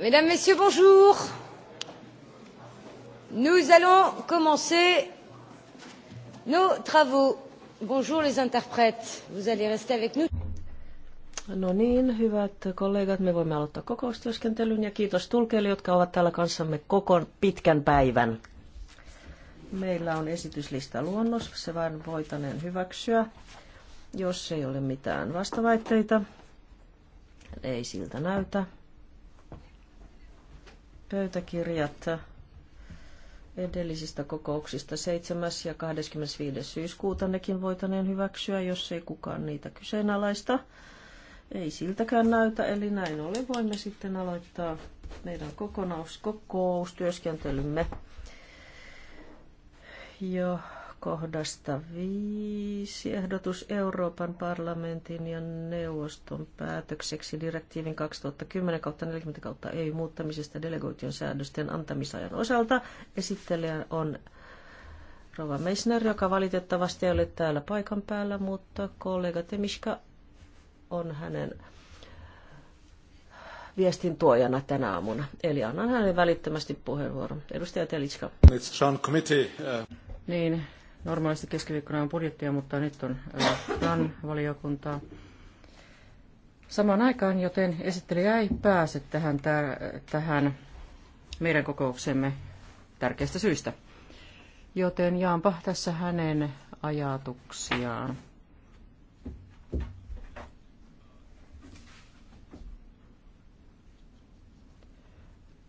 Mesdames, Messieurs, bonjour. Nous allons commencer nos travaux. Bonjour les interprètes. Vous allez rester avec nous. No niin, hyvät kollegat, me voimme aloittaa kokoustyöskentelyn ja kiitos tulkeille, jotka ovat täällä kanssamme koko pitkän päivän. Meillä on esityslista luonnos, se vain voitaneen hyväksyä, jos ei ole mitään vastaväitteitä. Ei siltä näytä. Pöytäkirjat edellisistä kokouksista 7. ja 25. syyskuuta nekin voitaneen hyväksyä, jos ei kukaan niitä kyseenalaista. Ei siltäkään näytä, eli näin ollen voimme sitten aloittaa meidän kokonauskokoustyöskentelymme. Joo kohdasta 5. Ehdotus Euroopan parlamentin ja neuvoston päätökseksi direktiivin 2010-40 EU muuttamisesta delegoition säädösten antamisajan osalta. Esittelijä on Rova Meissner, joka valitettavasti ei ole täällä paikan päällä, mutta kollega Temiska on hänen viestin tuojana tänä aamuna. Eli annan hänelle välittömästi puheenvuoron. Edustaja Telitska. Uh, niin, Normaalisti keskiviikkona on budjettia, mutta nyt on RAN-valiokuntaa samaan aikaan, joten esittelijä ei pääse tähän, tähän meidän kokouksemme tärkeistä syystä, Joten jaanpa tässä hänen ajatuksiaan.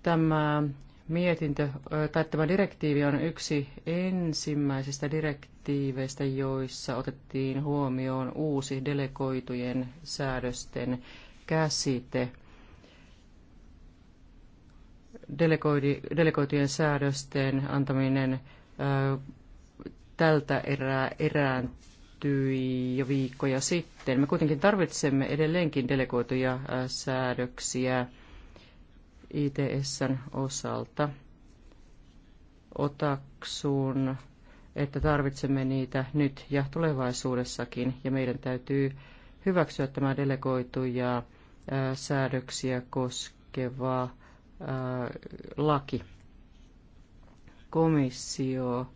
Tämä mietintö tai tämä direktiivi on yksi ensimmäisistä direktiiveistä, joissa otettiin huomioon uusi delegoitujen säädösten käsite. Delegoitujen säädösten antaminen ö, tältä erää erääntyi jo viikkoja sitten. Me kuitenkin tarvitsemme edelleenkin delegoituja säädöksiä ITSn osalta otaksun, että tarvitsemme niitä nyt ja tulevaisuudessakin, ja meidän täytyy hyväksyä tämä delegoituja ää, säädöksiä koskeva ää, laki. Komissio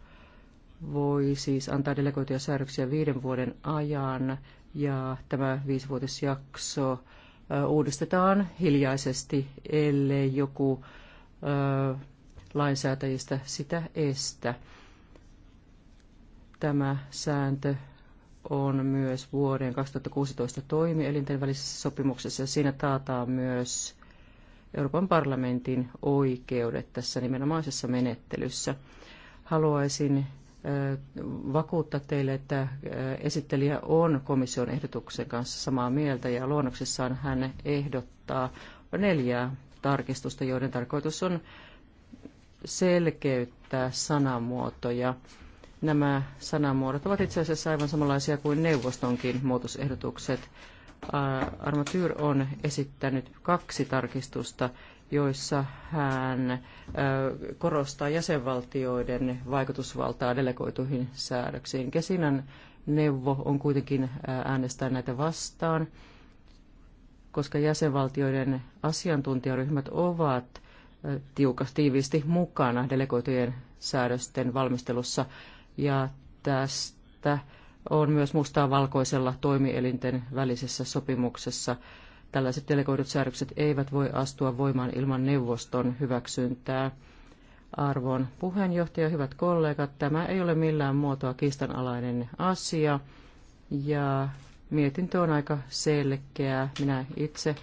voi siis antaa delegoituja säädöksiä viiden vuoden ajan, ja tämä viisivuotisjakso uudistetaan hiljaisesti, ellei joku lainsäätäjistä sitä estä. Tämä sääntö on myös vuoden 2016 toimielinten välisessä sopimuksessa ja siinä taataan myös Euroopan parlamentin oikeudet tässä nimenomaisessa menettelyssä. Haluaisin vakuuttaa teille, että esittelijä on komission ehdotuksen kanssa samaa mieltä ja luonnoksessaan hän ehdottaa neljää tarkistusta, joiden tarkoitus on selkeyttää sanamuotoja. Nämä sanamuodot ovat itse asiassa aivan samanlaisia kuin neuvostonkin muutosehdotukset. Armatyr on esittänyt kaksi tarkistusta, joissa hän korostaa jäsenvaltioiden vaikutusvaltaa delegoituihin säädöksiin. Kesinän neuvo on kuitenkin äänestää näitä vastaan, koska jäsenvaltioiden asiantuntijaryhmät ovat tiukasti tiiviisti mukana delegoitujen säädösten valmistelussa ja tästä on myös mustaa valkoisella toimielinten välisessä sopimuksessa Tällaiset delegoidut säädökset eivät voi astua voimaan ilman neuvoston hyväksyntää. Arvon puheenjohtaja, hyvät kollegat, tämä ei ole millään muotoa kiistanalainen asia ja mietintö on aika selkeä. Minä itse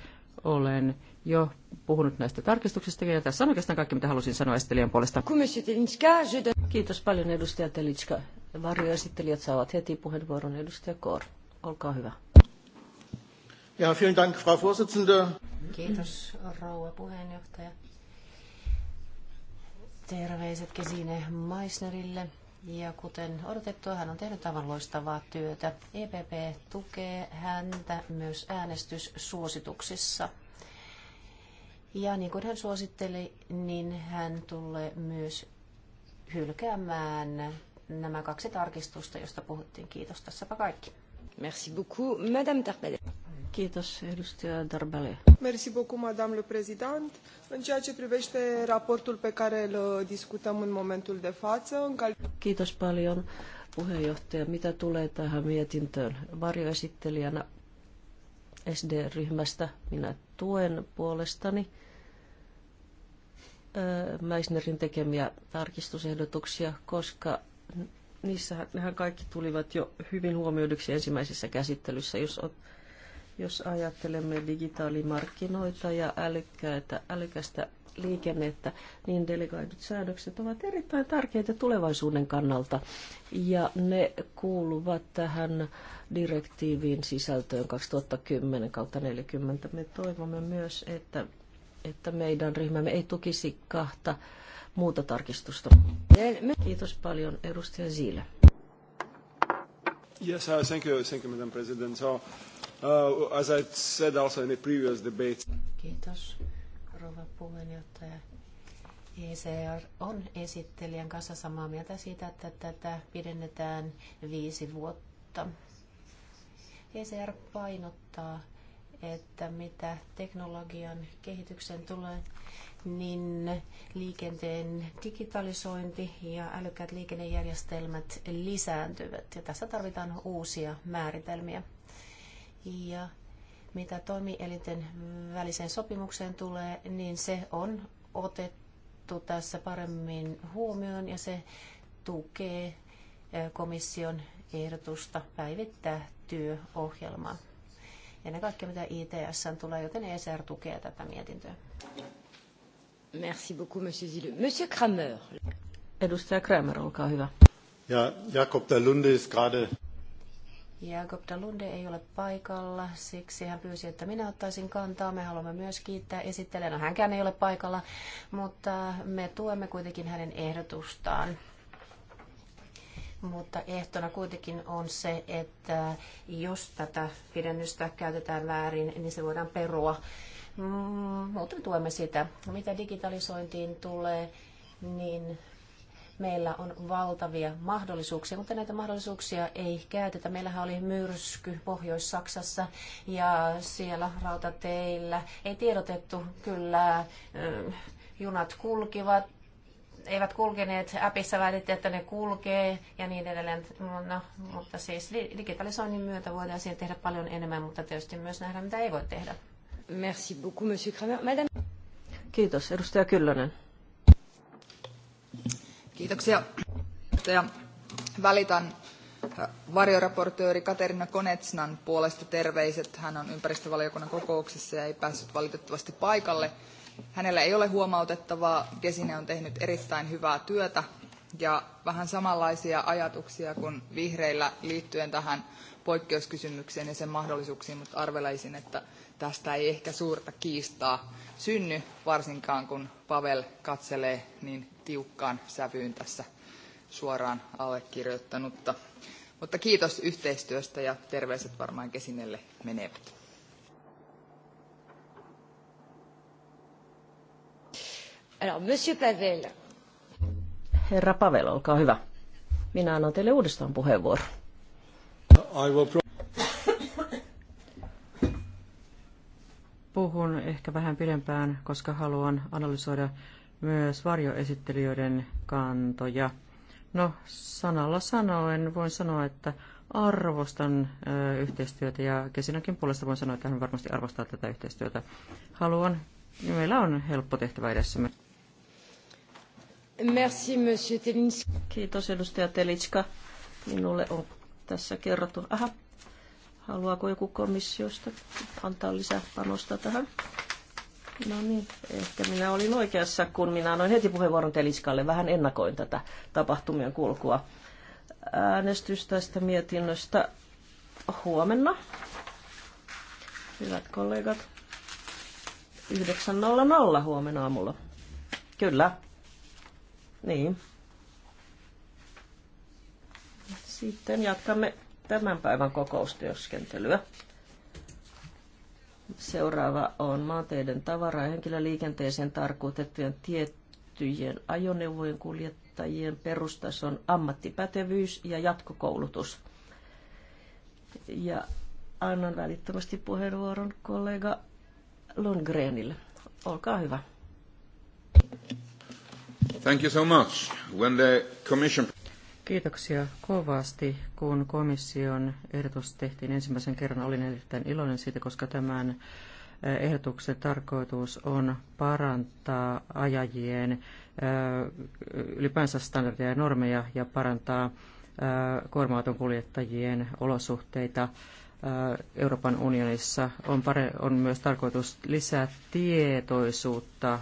olen jo puhunut näistä tarkistuksista ja tässä on oikeastaan kaikki, mitä halusin sanoa esittelijän puolesta. Kiitos paljon edustaja Telitska. Varjoesittelijät saavat heti puheenvuoron edustaja Koor. Olkaa hyvä. Ja, vielen Dank, Frau Vorsitzende. Kiitos, rouva puheenjohtaja. Terveiset Kesine Meissnerille. Ja kuten odotettua, hän on tehnyt aivan loistavaa työtä. EPP tukee häntä myös äänestyssuosituksissa. Ja niin kuin hän suositteli, niin hän tulee myös hylkäämään nämä kaksi tarkistusta, josta puhuttiin. Kiitos. Tässäpä kaikki. Merci beaucoup, Madame Tarpelle. Kiitos, edustaja Darbale. beaucoup, madame le président. În ceea ce privește raportul pe care îl discutăm în momentul de față... În cal... Kiitos paljon, puheenjohtaja. Mitä tulee tähän mietintöön? Varjoesittelijänä SD-ryhmästä minä tuen puolestani Mäisnerin tekemiä tarkistusehdotuksia, koska niissä nehän kaikki tulivat jo hyvin huomioiduksi ensimmäisessä käsittelyssä. Jos jos ajattelemme digitaalimarkkinoita ja älykkäitä, älykästä liikennettä, niin delegoidut säädökset ovat erittäin tärkeitä tulevaisuuden kannalta. Ja ne kuuluvat tähän direktiiviin sisältöön 2010 kautta 40. Me toivomme myös, että, että meidän ryhmämme ei tukisi kahta muuta tarkistusta. Kiitos paljon edustaja Ziile. Yes, uh, thank you, thank you, Madam President. So, uh, as I said also in the previous debate. Kiitos, rouva puheenjohtaja. ECR on esittelijän kanssa samaa mieltä siitä, että tätä pidennetään viisi vuotta. ECR painottaa, että mitä teknologian kehityksen tulee, niin liikenteen digitalisointi ja älykkäät liikennejärjestelmät lisääntyvät. Ja tässä tarvitaan uusia määritelmiä. Ja mitä toimielinten väliseen sopimukseen tulee, niin se on otettu tässä paremmin huomioon ja se tukee komission ehdotusta päivittää työohjelmaa. Ennen kaikkea mitä ITS tulee, joten ESR tukee tätä mietintöä. Merci beaucoup, monsieur Zille. Monsieur Kramer. Edustaja Kramer, olkaa hyvä. Ja Jakob der Lunde ist gerade... Jakob Dalunde ei ole paikalla, siksi hän pyysi, että minä ottaisin kantaa. Me haluamme myös kiittää esittelijänä. Hänkään ei ole paikalla, mutta me tuemme kuitenkin hänen ehdotustaan. Mutta ehtona kuitenkin on se, että jos tätä pidennystä käytetään väärin, niin se voidaan perua. Mm, muuten tuemme sitä. No, mitä digitalisointiin tulee, niin meillä on valtavia mahdollisuuksia, mutta näitä mahdollisuuksia ei käytetä. Meillähän oli myrsky Pohjois-Saksassa ja siellä rautateillä ei tiedotettu kyllä, mm, junat kulkivat, eivät kulkeneet, äpissä väitettiin, että ne kulkee ja niin edelleen. No, mutta siis digitalisoinnin myötä voidaan siihen tehdä paljon enemmän, mutta tietysti myös nähdä, mitä ei voi tehdä. Merci beaucoup, monsieur Kramer. Madame... Kiitos, edustaja Kyllönen. Kiitoksia. Ja välitän äh, varjoraportööri Katerina Konetsnan puolesta terveiset. Hän on ympäristövaliokunnan kokouksessa ja ei päässyt valitettavasti paikalle. Hänellä ei ole huomautettavaa. Kesine on tehnyt erittäin hyvää työtä ja vähän samanlaisia ajatuksia kuin vihreillä liittyen tähän poikkeuskysymykseen ja sen mahdollisuuksiin, mutta arvelaisin, että tästä ei ehkä suurta kiistaa synny, varsinkaan kun Pavel katselee niin tiukkaan sävyyn tässä suoraan allekirjoittanutta. Mutta kiitos yhteistyöstä ja terveiset varmaan Kesinelle menevät. Alors, Monsieur Pavel. Herra Pavel, olkaa hyvä. Minä annan teille uudestaan puheenvuoron. puhun ehkä vähän pidempään, koska haluan analysoida myös varjoesittelijöiden kantoja. No, sanalla sanoen voin sanoa, että arvostan ö, yhteistyötä ja Kesinäkin puolesta voin sanoa, että hän varmasti arvostaa tätä yhteistyötä. Haluan, meillä on helppo tehtävä edessämme. Merci, monsieur Telinska. Kiitos, edustaja Telitska. Minulle on tässä kerrottu. Aha, Haluaako joku komissiosta antaa lisää panosta tähän? No niin, ehkä minä olin oikeassa, kun minä annoin heti puheenvuoron Teliskalle. Vähän ennakoin tätä tapahtumien kulkua. Äänestys tästä mietinnöstä huomenna. Hyvät kollegat, 9.00 huomenna aamulla. Kyllä. Niin. Sitten jatkamme tämän päivän kokoustyöskentelyä. Seuraava on maanteiden tavara- ja henkilöliikenteeseen tarkoitettujen tiettyjen ajoneuvojen kuljettajien perustason ammattipätevyys ja jatkokoulutus. Ja annan välittömästi puheenvuoron kollega Lundgrenille. Olkaa hyvä. Thank you so much. When the commission... Kiitoksia kovasti, kun komission ehdotus tehtiin ensimmäisen kerran. Olin erittäin iloinen siitä, koska tämän eh, ehdotuksen tarkoitus on parantaa ajajien eh, ylipäänsä standardeja ja normeja ja parantaa eh, kuorma kuljettajien olosuhteita Euroopan unionissa. On, pare, on myös tarkoitus lisää tietoisuutta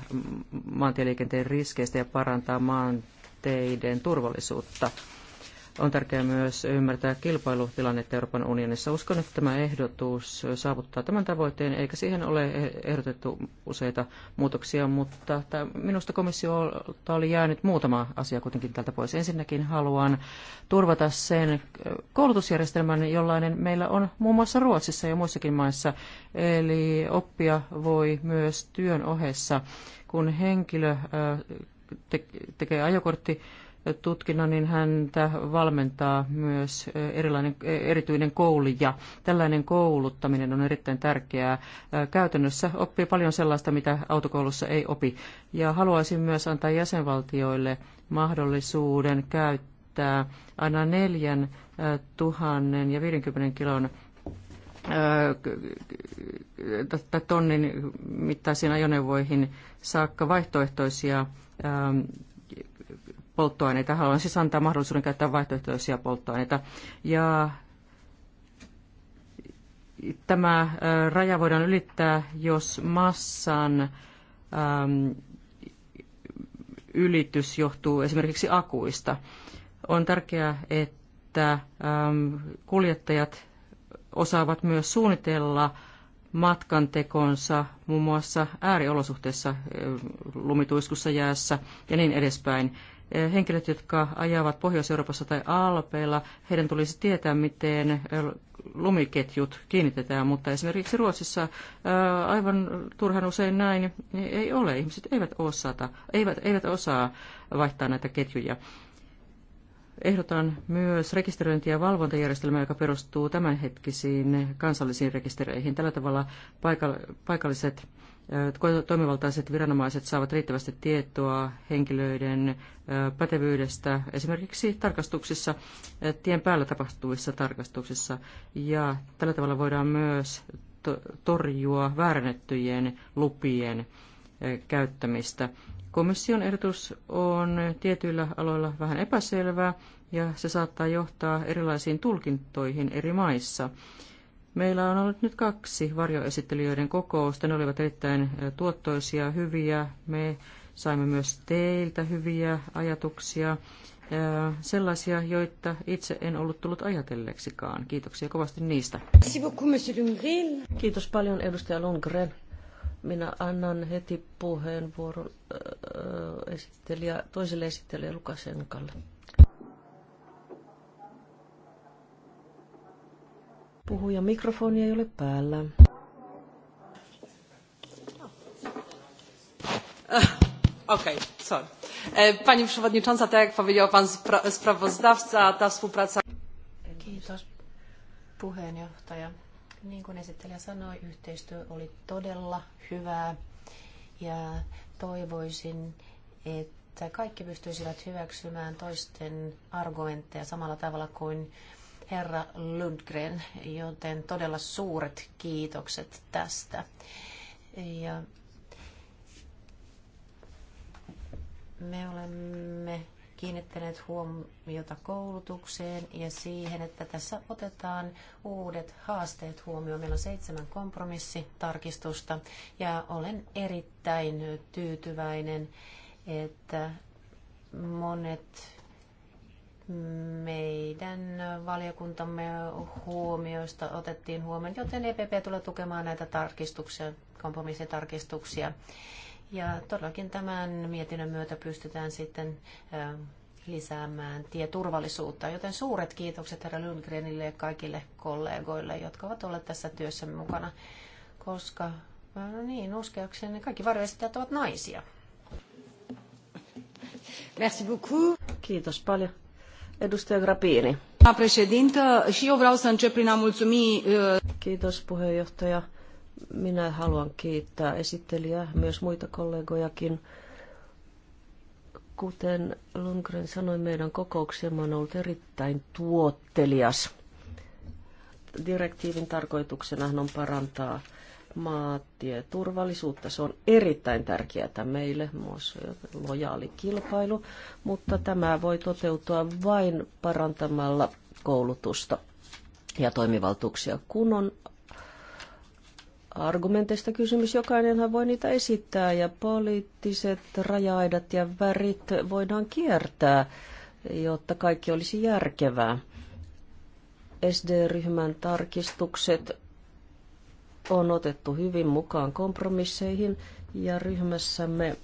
maantieliikenteen riskeistä ja parantaa maanteiden turvallisuutta. On tärkeää myös ymmärtää kilpailutilannetta Euroopan unionissa. Uskon, että tämä ehdotus saavuttaa tämän tavoitteen, eikä siihen ole ehdotettu useita muutoksia, mutta minusta komissiolta oli jäänyt muutama asia kuitenkin tältä pois. Ensinnäkin haluan turvata sen koulutusjärjestelmän, jollainen meillä on muun muassa Ruotsissa ja muissakin maissa. Eli oppia voi myös työn ohessa, kun henkilö tekee ajokortti tutkinnon, niin häntä valmentaa myös erilainen, erityinen koulija. Tällainen kouluttaminen on erittäin tärkeää. Käytännössä oppii paljon sellaista, mitä autokoulussa ei opi. Ja haluaisin myös antaa jäsenvaltioille mahdollisuuden käyttää aina neljän tuhannen ja 50 kilon tonnin mittaisiin ajoneuvoihin saakka vaihtoehtoisia polttoaineita. Haluan siis antaa mahdollisuuden käyttää vaihtoehtoisia polttoaineita. Ja tämä raja voidaan ylittää, jos massan äm, ylitys johtuu esimerkiksi akuista. On tärkeää, että äm, kuljettajat osaavat myös suunnitella matkantekonsa muun muassa ääriolosuhteissa, lumituiskussa jäässä ja niin edespäin henkilöt, jotka ajavat Pohjois-Euroopassa tai Alpeilla, heidän tulisi tietää, miten lumiketjut kiinnitetään, mutta esimerkiksi Ruotsissa aivan turhan usein näin ei ole. Ihmiset eivät, osata, eivät, eivät osaa vaihtaa näitä ketjuja. Ehdotan myös rekisteröinti- ja valvontajärjestelmää, joka perustuu tämänhetkisiin kansallisiin rekistereihin. Tällä tavalla paikalliset toimivaltaiset viranomaiset saavat riittävästi tietoa henkilöiden pätevyydestä esimerkiksi tarkastuksissa, tien päällä tapahtuvissa tarkastuksissa. Ja tällä tavalla voidaan myös torjua väärännettyjen lupien käyttämistä. Komission ehdotus on tietyillä aloilla vähän epäselvää ja se saattaa johtaa erilaisiin tulkintoihin eri maissa. Meillä on ollut nyt kaksi varjoesittelijöiden kokousta. Ne olivat erittäin tuottoisia, hyviä. Me saimme myös teiltä hyviä ajatuksia, sellaisia, joita itse en ollut tullut ajatelleeksikaan. Kiitoksia kovasti niistä. Kiitos paljon edustaja Lundgren. Minä annan heti puheenvuoron esittelijä, toiselle esittelijä Lukasenkalle. Puhuja mikrofoni ei ole päällä. Ah, okej, okay, sorry. E, pani Przewodnicząca, tak jak powiedział Pan spra sprawozdawca, ta współpraca... Kiitos puheenjohtaja. Niin kuin esittelijä sanoi, yhteistyö oli todella hyvää ja toivoisin, että kaikki pystyisivät hyväksymään toisten argumentteja samalla tavalla kuin herra Lundgren, joten todella suuret kiitokset tästä. Ja me olemme kiinnittäneet huomiota koulutukseen ja siihen, että tässä otetaan uudet haasteet huomioon. Meillä on seitsemän kompromissitarkistusta ja olen erittäin tyytyväinen, että monet meidän valiokuntamme huomioista otettiin huomioon, joten EPP tulee tukemaan näitä tarkistuksia, kompromissitarkistuksia. Ja todellakin tämän mietinnön myötä pystytään sitten lisäämään tieturvallisuutta. Joten suuret kiitokset herra Lundgrenille ja kaikille kollegoille, jotka ovat olleet tässä työssä mukana, koska no niin, uskeakseni kaikki varjoesittäjät ovat naisia. Merci beaucoup. Kiitos paljon. Edustaja Grappini. Președintă, și eu vreau să încep prin a mulțumi... Uh, Kiitos puheenjohtaja. Minä haluan kiittää esittelijää, myös muita kollegojakin. Kuten Lundgren sanoi, meidän kokouksemme on ollut erittäin tuottelias. Direktiivin tarkoituksena on parantaa maatieturvallisuutta. Se on erittäin tärkeää meille, myös lojaali kilpailu, mutta tämä voi toteutua vain parantamalla koulutusta ja toimivaltuuksia. Kun on argumenteista kysymys, jokainenhan voi niitä esittää ja poliittiset rajaidat ja värit voidaan kiertää, jotta kaikki olisi järkevää. SD-ryhmän tarkistukset on otettu hyvin mukaan kompromisseihin ja ryhmässämme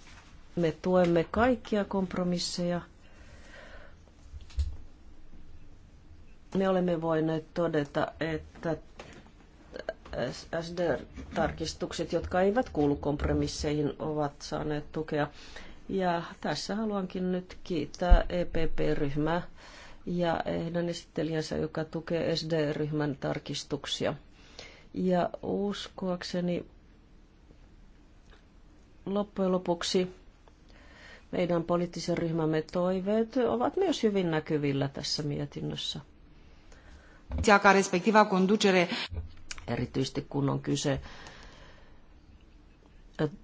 me tuemme kaikkia kompromisseja. Me olemme voineet todeta, että SD-tarkistukset, jotka eivät kuulu kompromisseihin, ovat saaneet tukea. Ja tässä haluankin nyt kiittää EPP-ryhmää ja heidän esittelijänsä, joka tukee SD-ryhmän tarkistuksia. Ja uskoakseni loppujen lopuksi meidän poliittisen ryhmämme toiveet ovat myös hyvin näkyvillä tässä mietinnössä. Erityisesti kun on kyse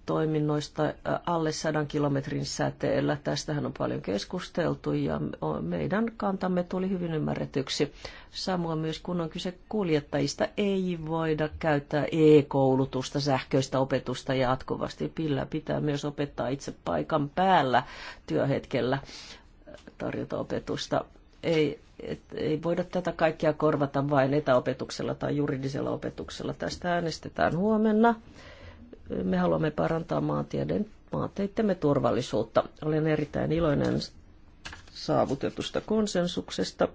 toiminnoista alle sadan kilometrin säteellä. Tästähän on paljon keskusteltu ja meidän kantamme tuli hyvin ymmärretyksi. Samoin myös kun on kyse kuljettajista, ei voida käyttää e-koulutusta, sähköistä opetusta jatkuvasti. Pillä pitää myös opettaa itse paikan päällä työhetkellä tarjota opetusta. Ei, et, ei voida tätä kaikkea korvata vain etäopetuksella tai juridisella opetuksella. Tästä äänestetään huomenna me haluamme parantaa maantieden, maanteittemme turvallisuutta. Olen erittäin iloinen saavutetusta konsensuksesta,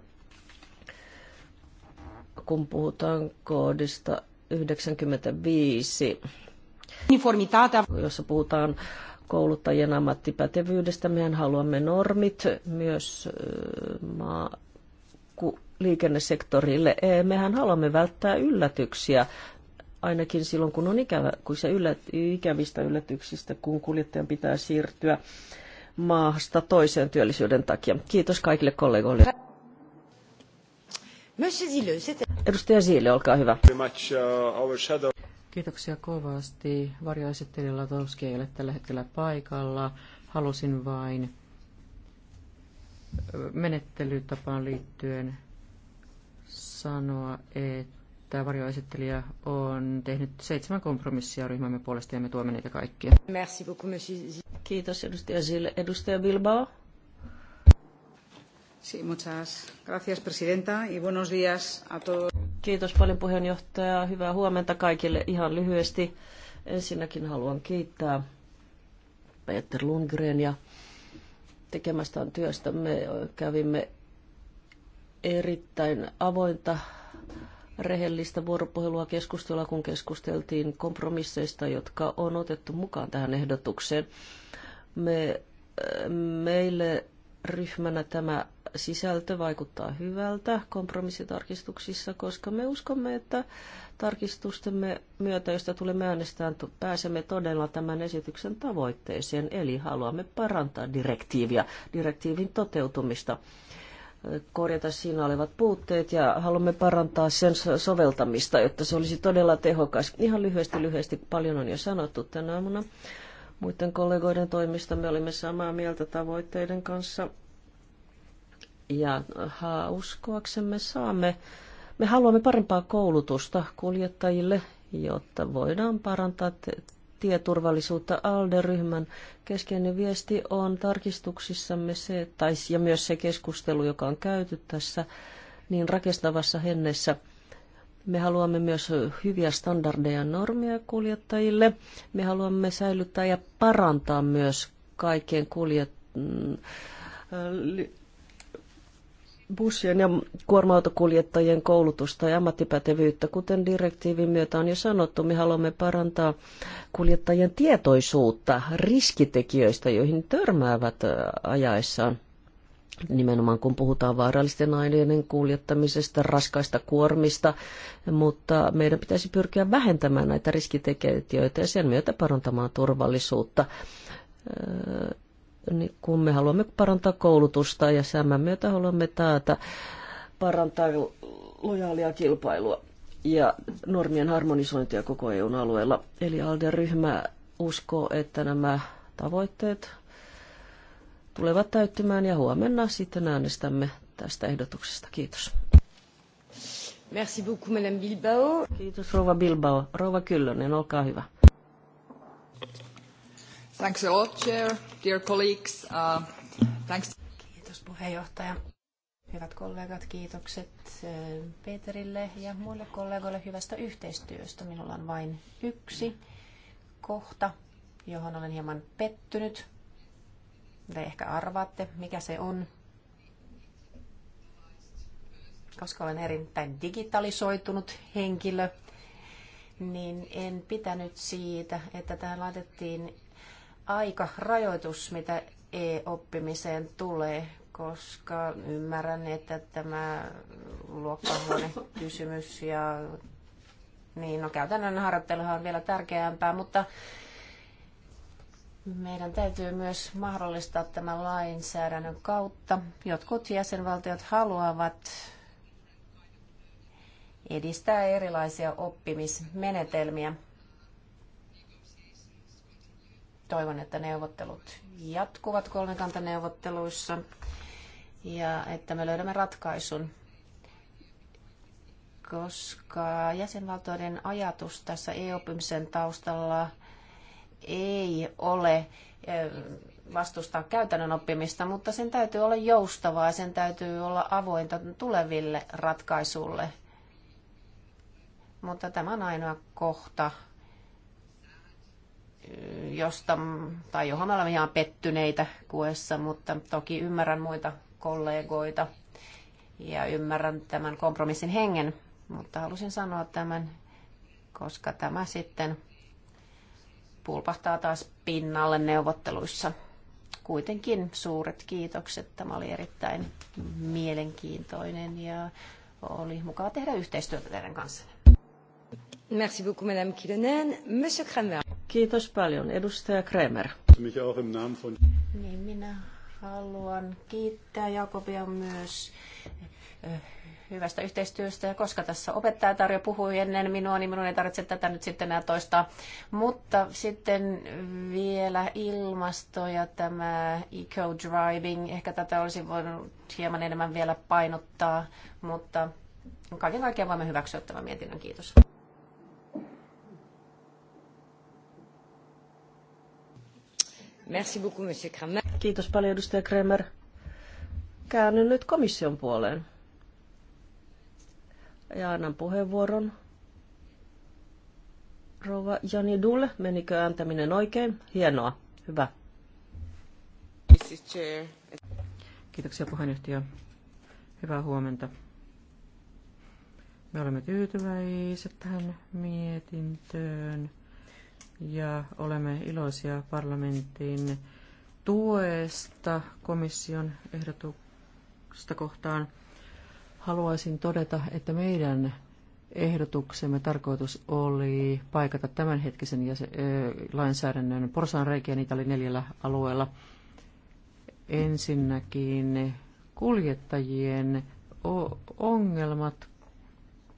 kun puhutaan koodista 95, jossa puhutaan kouluttajien ammattipätevyydestä. Mehän haluamme normit myös maa, liikennesektorille. E, mehän haluamme välttää yllätyksiä ainakin silloin, kun on ikävä, kun se yllät, ikävistä yllätyksistä, kun kuljettajan pitää siirtyä maasta toiseen työllisyyden takia. Kiitos kaikille kollegoille. Edustaja Siile, olkaa hyvä. Uh, Kiitoksia kovasti. Varjoesittelijä Latovski ei ole tällä hetkellä paikalla. Halusin vain menettelytapaan liittyen sanoa, että että varjoesittelijä on tehnyt seitsemän kompromissia ryhmämme puolesta ja me tuomme niitä kaikkia. Merci beaucoup, monsieur. Kiitos edustaja Zille. Edustaja Bilbao. Sí, muchas gracias, presidenta, y buenos días a todos. Kiitos paljon puheenjohtaja. Hyvää huomenta kaikille ihan lyhyesti. Ensinnäkin haluan kiittää Peter Lundgren ja tekemästään työstä. Me kävimme erittäin avointa rehellistä vuoropuhelua keskustella, kun keskusteltiin kompromisseista, jotka on otettu mukaan tähän ehdotukseen. Me, äh, meille ryhmänä tämä sisältö vaikuttaa hyvältä kompromissitarkistuksissa, koska me uskomme, että tarkistustemme myötä, josta tulemme äänestään, pääsemme todella tämän esityksen tavoitteeseen, eli haluamme parantaa direktiiviä, direktiivin toteutumista korjata siinä olevat puutteet ja haluamme parantaa sen soveltamista, jotta se olisi todella tehokas. Ihan lyhyesti, lyhyesti, paljon on jo sanottu tänä aamuna. Muiden kollegoiden toimista me olimme samaa mieltä tavoitteiden kanssa. Ja uskoaksemme saamme, me haluamme parempaa koulutusta kuljettajille, jotta voidaan parantaa tieturvallisuutta ALDE-ryhmän keskeinen viesti on tarkistuksissamme se, tai, ja myös se keskustelu, joka on käyty tässä niin rakestavassa hennessä. Me haluamme myös hyviä standardeja ja normeja kuljettajille. Me haluamme säilyttää ja parantaa myös kaikkien kuljet mm, bussien ja kuorma-autokuljettajien koulutusta ja ammattipätevyyttä. Kuten direktiivin myötä on jo sanottu, me haluamme parantaa kuljettajien tietoisuutta riskitekijöistä, joihin törmäävät ajaessaan. Nimenomaan kun puhutaan vaarallisten aineiden kuljettamisesta, raskaista kuormista, mutta meidän pitäisi pyrkiä vähentämään näitä riskitekijöitä ja sen myötä parantamaan turvallisuutta niin kun me haluamme parantaa koulutusta ja sämän myötä haluamme taata parantaa lojaalia kilpailua ja normien harmonisointia koko EUn alueella. Eli ALDE-ryhmä uskoo, että nämä tavoitteet tulevat täyttymään ja huomenna sitten äänestämme tästä ehdotuksesta. Kiitos. Merci beaucoup, Madame Bilbao. Kiitos, Rouva Bilbao. Rouva Kyllönen, olkaa hyvä. Uh, Kiitos puheenjohtaja. Hyvät kollegat, kiitokset eh, Peterille ja muille kollegoille hyvästä yhteistyöstä. Minulla on vain yksi kohta, johon olen hieman pettynyt. Te ehkä arvaatte, mikä se on. Koska olen erittäin digitalisoitunut henkilö, niin en pitänyt siitä, että tähän laitettiin Aika rajoitus, mitä e-oppimiseen tulee, koska ymmärrän, että tämä luokkahuonekysymys ja niin, no käytännön harjoitteluhan on vielä tärkeämpää, mutta meidän täytyy myös mahdollistaa tämä lainsäädännön kautta. Jotkut jäsenvaltiot haluavat edistää erilaisia oppimismenetelmiä. Toivon, että neuvottelut jatkuvat kolmikantaneuvotteluissa ja että me löydämme ratkaisun, koska jäsenvaltioiden ajatus tässä eu opimisen taustalla ei ole vastustaa käytännön oppimista, mutta sen täytyy olla joustavaa, sen täytyy olla avointa tuleville ratkaisuille. Mutta tämä on ainoa kohta, josta, tai johon olemme ihan pettyneitä kuessa, mutta toki ymmärrän muita kollegoita ja ymmärrän tämän kompromissin hengen, mutta halusin sanoa tämän, koska tämä sitten pulpahtaa taas pinnalle neuvotteluissa. Kuitenkin suuret kiitokset. Tämä oli erittäin mielenkiintoinen ja oli mukava tehdä yhteistyötä teidän kanssanne. Merci beaucoup, Madame Kilonen. Monsieur Kramer. Kiitos paljon, edustaja Kramer. Niin, minä haluan kiittää Jakobia myös eh, hyvästä yhteistyöstä. Ja koska tässä opettaja Tarja puhui ennen minua, niin minun ei tarvitse tätä nyt sitten enää toistaa. Mutta sitten vielä ilmasto ja tämä eco-driving. Ehkä tätä olisi voinut hieman enemmän vielä painottaa, mutta kaiken kaikkiaan voimme hyväksyä tämän mietinnön. Kiitos. Merci beaucoup, monsieur Kramer. Kiitos paljon, edustaja Kramer. Käännyn nyt komission puoleen. Ja annan puheenvuoron rouva Jani Dulle. Menikö ääntäminen oikein? Hienoa. Hyvä. Kiitoksia puheenjohtaja. Hyvää huomenta. Me olemme tyytyväiset tähän mietintöön ja olemme iloisia parlamentin tuesta komission ehdotuksesta kohtaan. Haluaisin todeta, että meidän ehdotuksemme tarkoitus oli paikata tämänhetkisen jäsen, ö, lainsäädännön porsaanreikiä, niitä oli neljällä alueella. Ensinnäkin kuljettajien ongelmat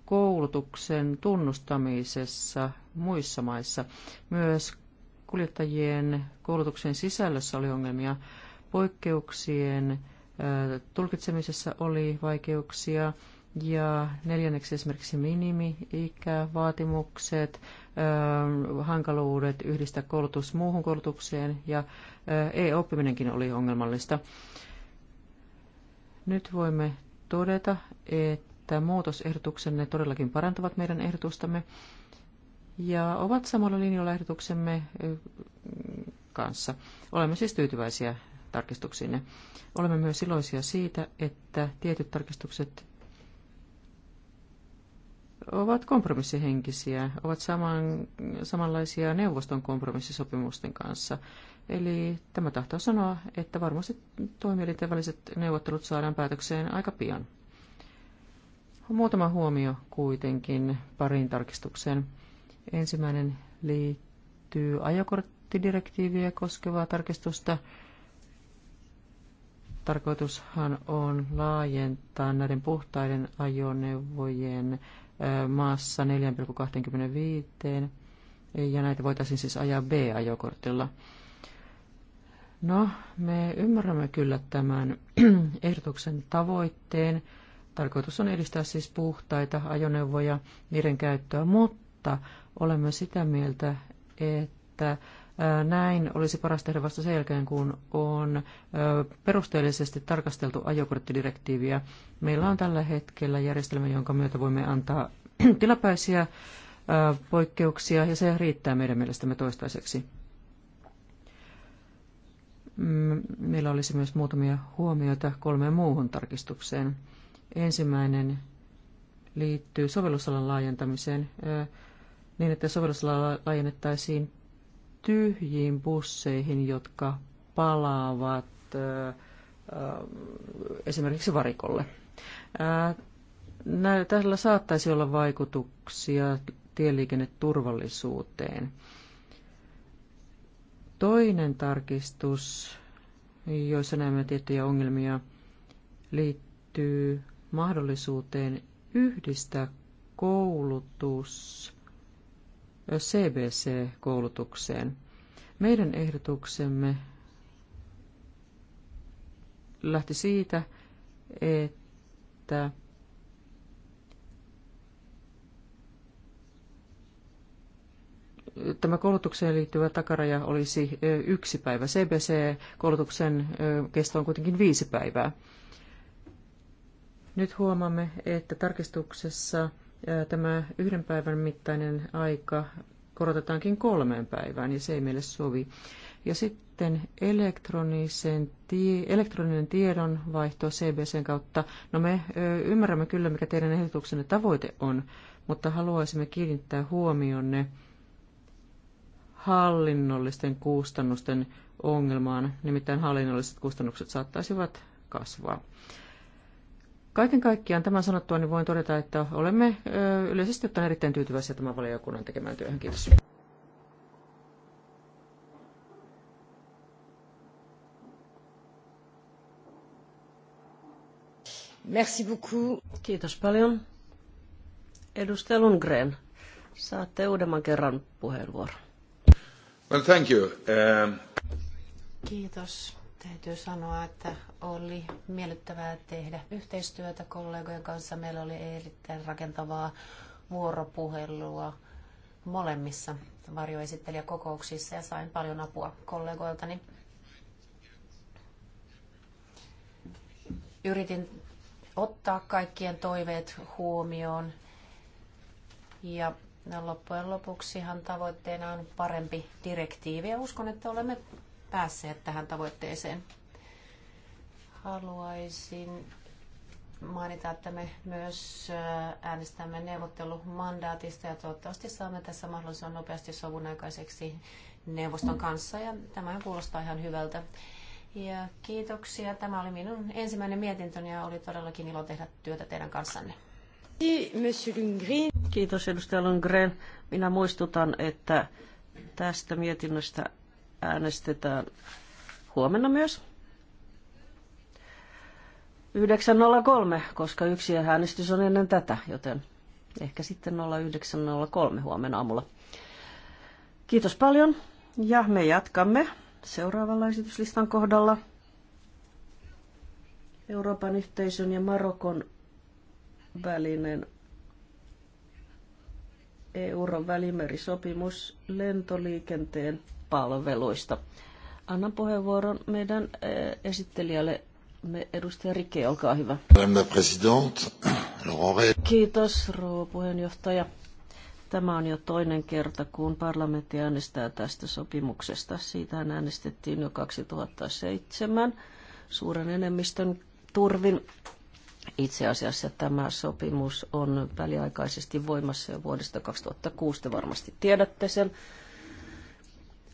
koulutuksen tunnustamisessa muissa maissa. Myös kuljettajien koulutuksen sisällössä oli ongelmia. Poikkeuksien tulkitsemisessa oli vaikeuksia ja neljänneksi esimerkiksi minimi-ikävaatimukset, hankaluudet yhdistää koulutus muuhun koulutukseen ja e-oppiminenkin oli ongelmallista. Nyt voimme todeta, että että muutosehdotuksenne todellakin parantavat meidän ehdotustamme ja ovat samalla linjalla ehdotuksemme kanssa. Olemme siis tyytyväisiä tarkistuksiinne. Olemme myös iloisia siitä, että tietyt tarkistukset ovat kompromissihenkisiä, ovat saman, samanlaisia neuvoston kompromissisopimusten kanssa. Eli tämä tahtoo sanoa, että varmasti toimielinten väliset neuvottelut saadaan päätökseen aika pian. Muutama huomio kuitenkin pariin tarkistukseen. Ensimmäinen liittyy ajokorttidirektiiviä koskevaa tarkistusta. Tarkoitushan on laajentaa näiden puhtaiden ajoneuvojen maassa 4,25 ja näitä voitaisiin siis ajaa B-ajokortilla. No, me ymmärrämme kyllä tämän ehdotuksen tavoitteen Tarkoitus on edistää siis puhtaita ajoneuvoja, niiden käyttöä, mutta olemme sitä mieltä, että näin olisi paras tehdä vasta sen jälkeen, kun on perusteellisesti tarkasteltu ajokorttidirektiiviä. Meillä on tällä hetkellä järjestelmä, jonka myötä voimme antaa tilapäisiä poikkeuksia, ja se riittää meidän mielestämme toistaiseksi. Mm, meillä olisi myös muutamia huomioita kolmeen muuhun tarkistukseen. Ensimmäinen liittyy sovellusalan laajentamiseen niin, että sovellusala laajennettaisiin tyhjiin busseihin, jotka palaavat esimerkiksi varikolle. Tällä saattaisi olla vaikutuksia tieliikenneturvallisuuteen. Toinen tarkistus, joissa näemme tiettyjä ongelmia, liittyy mahdollisuuteen yhdistää koulutus CBC-koulutukseen. Meidän ehdotuksemme lähti siitä, että tämä koulutukseen liittyvä takaraja olisi yksi päivä. CBC-koulutuksen kesto on kuitenkin viisi päivää. Nyt huomaamme, että tarkistuksessa tämä yhden päivän mittainen aika korotetaankin kolmeen päivään, ja se ei meille sovi. Ja sitten elektronisen tie, elektroninen tiedonvaihto CBCn kautta. No me ymmärrämme kyllä, mikä teidän ehdotuksenne tavoite on, mutta haluaisimme kiinnittää huomionne hallinnollisten kustannusten ongelmaan. Nimittäin hallinnolliset kustannukset saattaisivat kasvaa. Kaiken kaikkiaan tämän sanottua niin voin todeta, että olemme yleisesti ottaen erittäin tyytyväisiä tämän valiokunnan tekemään työhön. Kiitos. Merci beaucoup. Kiitos paljon. Edustaja Lundgren, saatte uudemman kerran puheenvuoron. Well, thank you. Um... Kiitos. Täytyy sanoa, että oli miellyttävää tehdä yhteistyötä kollegojen kanssa. Meillä oli erittäin rakentavaa vuoropuhelua molemmissa varjoesittelijäkokouksissa ja sain paljon apua kollegoiltani. Yritin ottaa kaikkien toiveet huomioon ja loppujen lopuksihan tavoitteena on parempi direktiivi ja uskon, että olemme päässeet tähän tavoitteeseen. Haluaisin mainita, että me myös äh, äänestämme neuvottelumandaatista ja toivottavasti saamme tässä mahdollisimman nopeasti sovun aikaiseksi neuvoston kanssa ja tämä kuulostaa ihan hyvältä. Ja kiitoksia. Tämä oli minun ensimmäinen mietintöni ja oli todellakin ilo tehdä työtä teidän kanssanne. Kiitos edustaja Lundgren. Minä muistutan, että tästä mietinnöstä äänestetään huomenna myös. 9.03, koska yksi äänestys on ennen tätä, joten ehkä sitten 09.03 huomenna aamulla. Kiitos paljon ja me jatkamme seuraavalla esityslistan kohdalla. Euroopan yhteisön ja Marokon välinen euron välimerisopimus lentoliikenteen palveluista. Annan puheenvuoron meidän eh, esittelijälle me edustaja Rike, olkaa hyvä. Kiitos, rouva puheenjohtaja. Tämä on jo toinen kerta, kun parlamentti äänestää tästä sopimuksesta. Siitä äänestettiin jo 2007 suuren enemmistön turvin. Itse asiassa tämä sopimus on väliaikaisesti voimassa jo vuodesta 2006, te varmasti tiedätte sen.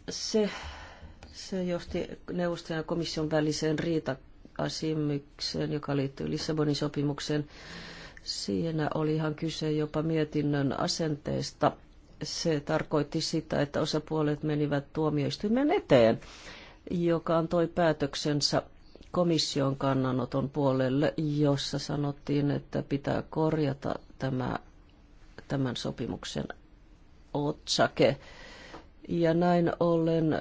Se, se johti neuvoston ja komission väliseen riita-asimykseen, joka liittyy Lissabonin sopimukseen. Siinä oli ihan kyse jopa mietinnön asenteesta. Se tarkoitti sitä, että osapuolet menivät tuomioistuimen eteen, joka antoi päätöksensä komission kannanoton puolelle, jossa sanottiin, että pitää korjata tämä, tämän sopimuksen otsake ja näin ollen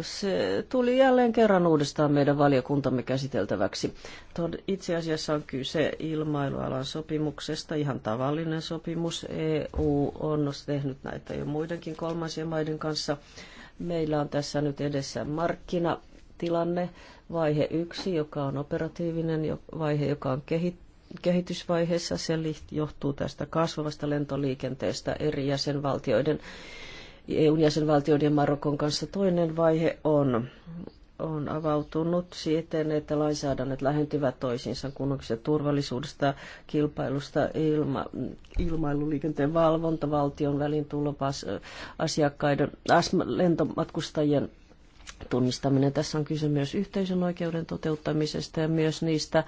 se tuli jälleen kerran uudestaan meidän valiokuntamme käsiteltäväksi. Itse asiassa on kyse ilmailualan sopimuksesta, ihan tavallinen sopimus. EU on tehnyt näitä jo muidenkin kolmansien maiden kanssa. Meillä on tässä nyt edessä markkinatilanne, vaihe yksi, joka on operatiivinen, vaihe, joka on kehittynyt kehitysvaiheessa. Se johtuu tästä kasvavasta lentoliikenteestä eri jäsenvaltioiden EUn jäsenvaltioiden Marokon kanssa. Toinen vaihe on, on avautunut siten, että lainsäädännöt lähentyvät toisiinsa, kun turvallisuudesta, kilpailusta, ilma, ilmailuliikenteen valvonta, valtion välin tulopas, asiakkaiden, lentomatkustajien tunnistaminen. Tässä on kyse myös yhteisön oikeuden toteuttamisesta ja myös niistä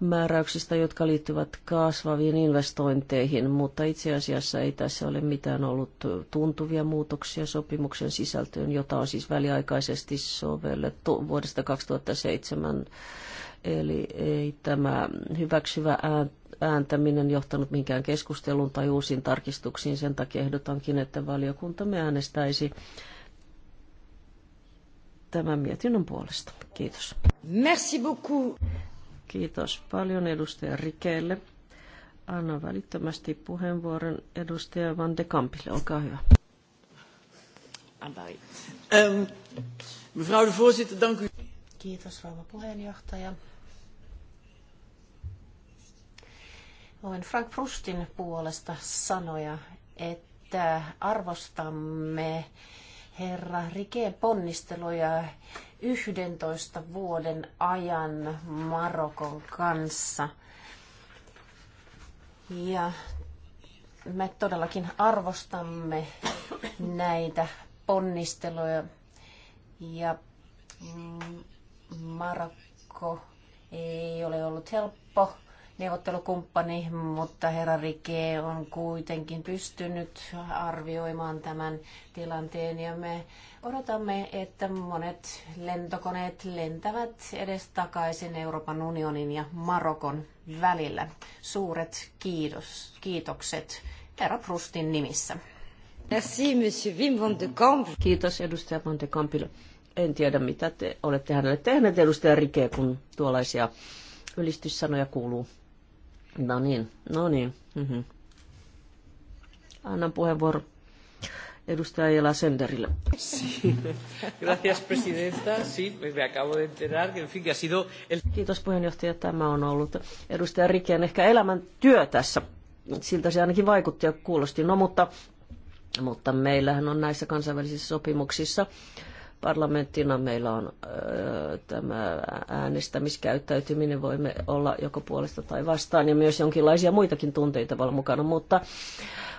määräyksistä, jotka liittyvät kasvaviin investointeihin, mutta itse asiassa ei tässä ole mitään ollut tuntuvia muutoksia sopimuksen sisältöön, jota on siis väliaikaisesti sovellettu vuodesta 2007. Eli ei tämä hyväksyvä ääntäminen johtanut minkään keskusteluun tai uusiin tarkistuksiin. Sen takia ehdotankin, että valiokuntamme äänestäisi tämän mietinnön puolesta. Kiitos. Merci beaucoup. Kiitos paljon edustaja Rikeelle. Anna välittömästi puheenvuoron edustaja Van de Kampille. Olkaa hyvä. Um, mevrouw de voorzitter, dank u. Kiitos rouva puheenjohtaja. Voin Frank Prustin puolesta sanoja, että arvostamme herra Rikeen ponnisteluja 11 vuoden ajan Marokon kanssa. Ja me todellakin arvostamme näitä ponnisteluja ja Marokko ei ole ollut helppo neuvottelukumppani, mutta herra Rike on kuitenkin pystynyt arvioimaan tämän tilanteen ja me odotamme, että monet lentokoneet lentävät edestakaisin Euroopan unionin ja Marokon välillä. Suuret kiitos, kiitokset herra Prustin nimissä. Merci, monsieur Wim van de Kamp. Kiitos, edustaja van de Kampille. En tiedä, mitä te olette hänelle tehneet, edustaja Rike, kun tuollaisia ylistyssanoja kuuluu. No niin, no niin. Mm-hmm. Annan puheenvuoro edustaja Jela Senderille. Sí. Gracias, presidenta. Sí, me acabo de enterar en fin, ha sido... El... Kiitos puheenjohtaja. Tämä on ollut edustaja Rikien ehkä elämän työ tässä. Siltä se ainakin vaikutti ja kuulosti. No, mutta, mutta meillähän on näissä kansainvälisissä sopimuksissa parlamenttina meillä on ö, tämä äänestämiskäyttäytyminen, voimme olla joko puolesta tai vastaan ja myös jonkinlaisia muitakin tunteita voi olla mukana, mutta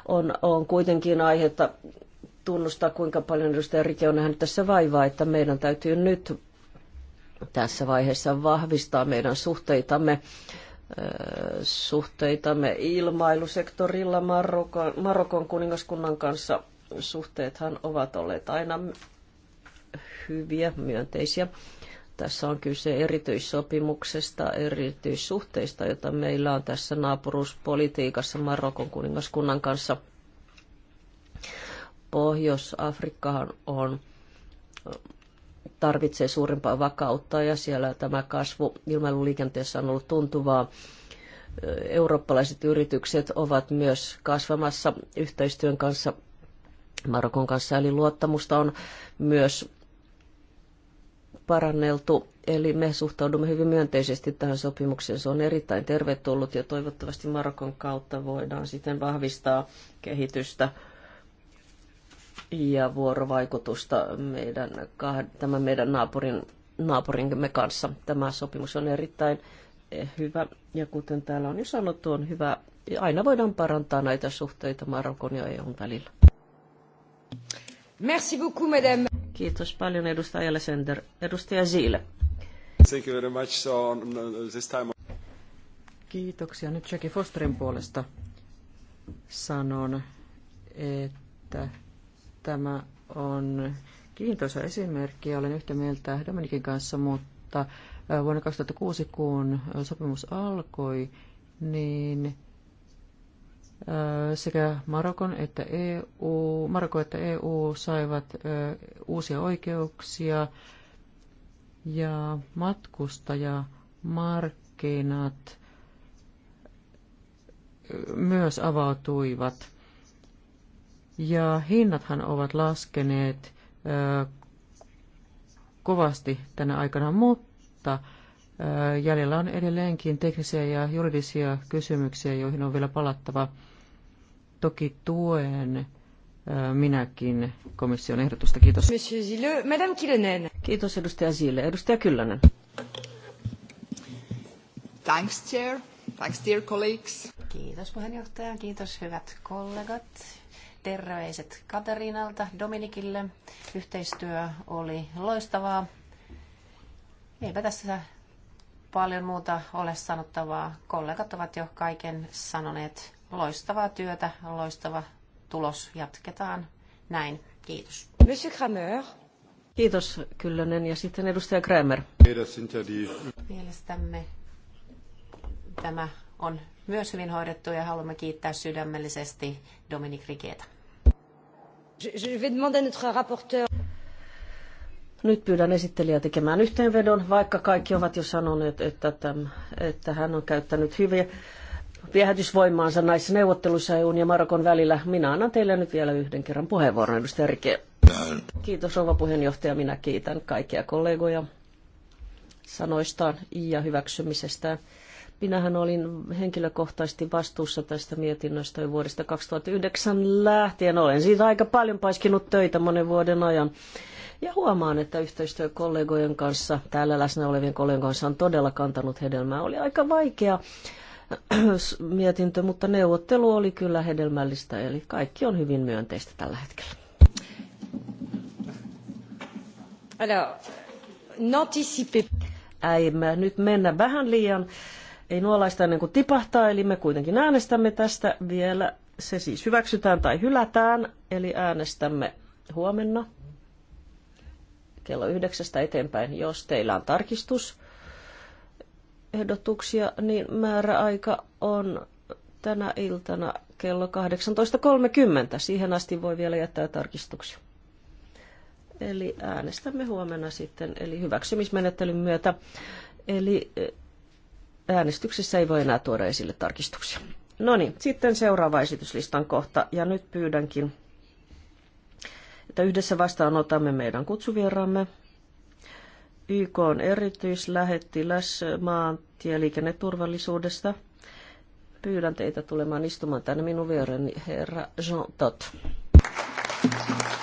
on, on kuitenkin aihetta tunnustaa, kuinka paljon edustaja Rike on nähnyt tässä vaivaa, että meidän täytyy nyt tässä vaiheessa vahvistaa meidän suhteitamme suhteitamme ilmailusektorilla Marokon, Marokon kuningaskunnan kanssa. Suhteethan ovat olleet aina hyviä, myönteisiä. Tässä on kyse erityissopimuksesta, erityissuhteista, jota meillä on tässä naapuruuspolitiikassa Marokon kuningaskunnan kanssa. Pohjois-Afrikkahan on tarvitsee suurempaa vakautta ja siellä tämä kasvu ilmailuliikenteessä on ollut tuntuvaa. Eurooppalaiset yritykset ovat myös kasvamassa yhteistyön kanssa Marokon kanssa, eli luottamusta on myös paranneltu, eli me suhtaudumme hyvin myönteisesti tähän sopimukseen. Se on erittäin tervetullut ja toivottavasti Marokon kautta voidaan sitten vahvistaa kehitystä ja vuorovaikutusta meidän, tämän meidän naapurin, naapurimme kanssa. Tämä sopimus on erittäin eh, hyvä ja kuten täällä on jo sanottu, on hyvä. Aina voidaan parantaa näitä suhteita Marokon ja EUn välillä. Merci beaucoup, madame. Kiitos paljon edustajalle Sender. Edustaja Ziile. Thank you very much. So, um, this time... Kiitoksia. Nyt Jackie Fosterin puolesta sanon, että tämä on kiintoisa esimerkki ja olen yhtä mieltä Dominikin kanssa, mutta vuonna 2006, kun sopimus alkoi, niin sekä Marokon että EU, Maroko että EU saivat uusia oikeuksia ja matkustajamarkkinat myös avautuivat. Ja hinnathan ovat laskeneet kovasti tänä aikana, mutta jäljellä on edelleenkin teknisiä ja juridisia kysymyksiä, joihin on vielä palattava. Toki tuen minäkin komission ehdotusta. Kiitos. Monsieur Zille, Madame Kiitos edustaja Zille. Edustaja Kyllönen. Thanks, Chair. Thanks, dear colleagues. Kiitos puheenjohtaja. Kiitos hyvät kollegat. Terveiset Katariinalta Dominikille. Yhteistyö oli loistavaa. Eipä tässä paljon muuta ole sanottavaa. Kollegat ovat jo kaiken sanoneet. Loistavaa työtä, loistava tulos. Jatketaan näin. Kiitos. Monsieur Kramer. Kiitos Kyllönen ja sitten edustaja Kramer. Mielestämme tämä on myös hyvin hoidettu ja haluamme kiittää sydämellisesti Dominik Riketä. Nyt pyydän esittelijää tekemään yhteenvedon, vaikka kaikki ovat jo sanoneet, että, tämän, että hän on käyttänyt hyviä viehätysvoimaansa näissä neuvotteluissa EUn ja Marokon välillä. Minä annan teille nyt vielä yhden kerran puheenvuoron, edustaja Rike. Kiitos rouva puheenjohtaja. Minä kiitän kaikkia kollegoja sanoistaan ja hyväksymisestään. Minähän olin henkilökohtaisesti vastuussa tästä mietinnöstä jo vuodesta 2009 lähtien. Olen siitä aika paljon paiskinut töitä monen vuoden ajan. Ja huomaan, että yhteistyö kollegojen kanssa, täällä läsnä olevien kollegojen kanssa on todella kantanut hedelmää. Oli aika vaikea mietintö, mutta neuvottelu oli kyllä hedelmällistä, eli kaikki on hyvin myönteistä tällä hetkellä. Alors, Äimä, nyt mennä vähän liian, ei nuolaista ennen kuin tipahtaa, eli me kuitenkin äänestämme tästä vielä. Se siis hyväksytään tai hylätään, eli äänestämme huomenna kello yhdeksästä eteenpäin, jos teillä on tarkistus ehdotuksia, niin määräaika on tänä iltana kello 18.30. Siihen asti voi vielä jättää tarkistuksia. Eli äänestämme huomenna sitten, eli hyväksymismenettelyn myötä. Eli eh, äänestyksessä ei voi enää tuoda esille tarkistuksia. No niin, sitten seuraava esityslistan kohta. Ja nyt pyydänkin, että yhdessä vastaanotamme meidän kutsuvieraamme. YK on erityislähettiläs maantieliikenneturvallisuudesta. Pyydän teitä tulemaan istumaan tänne minun vieren herra Jean Tot. Thank you.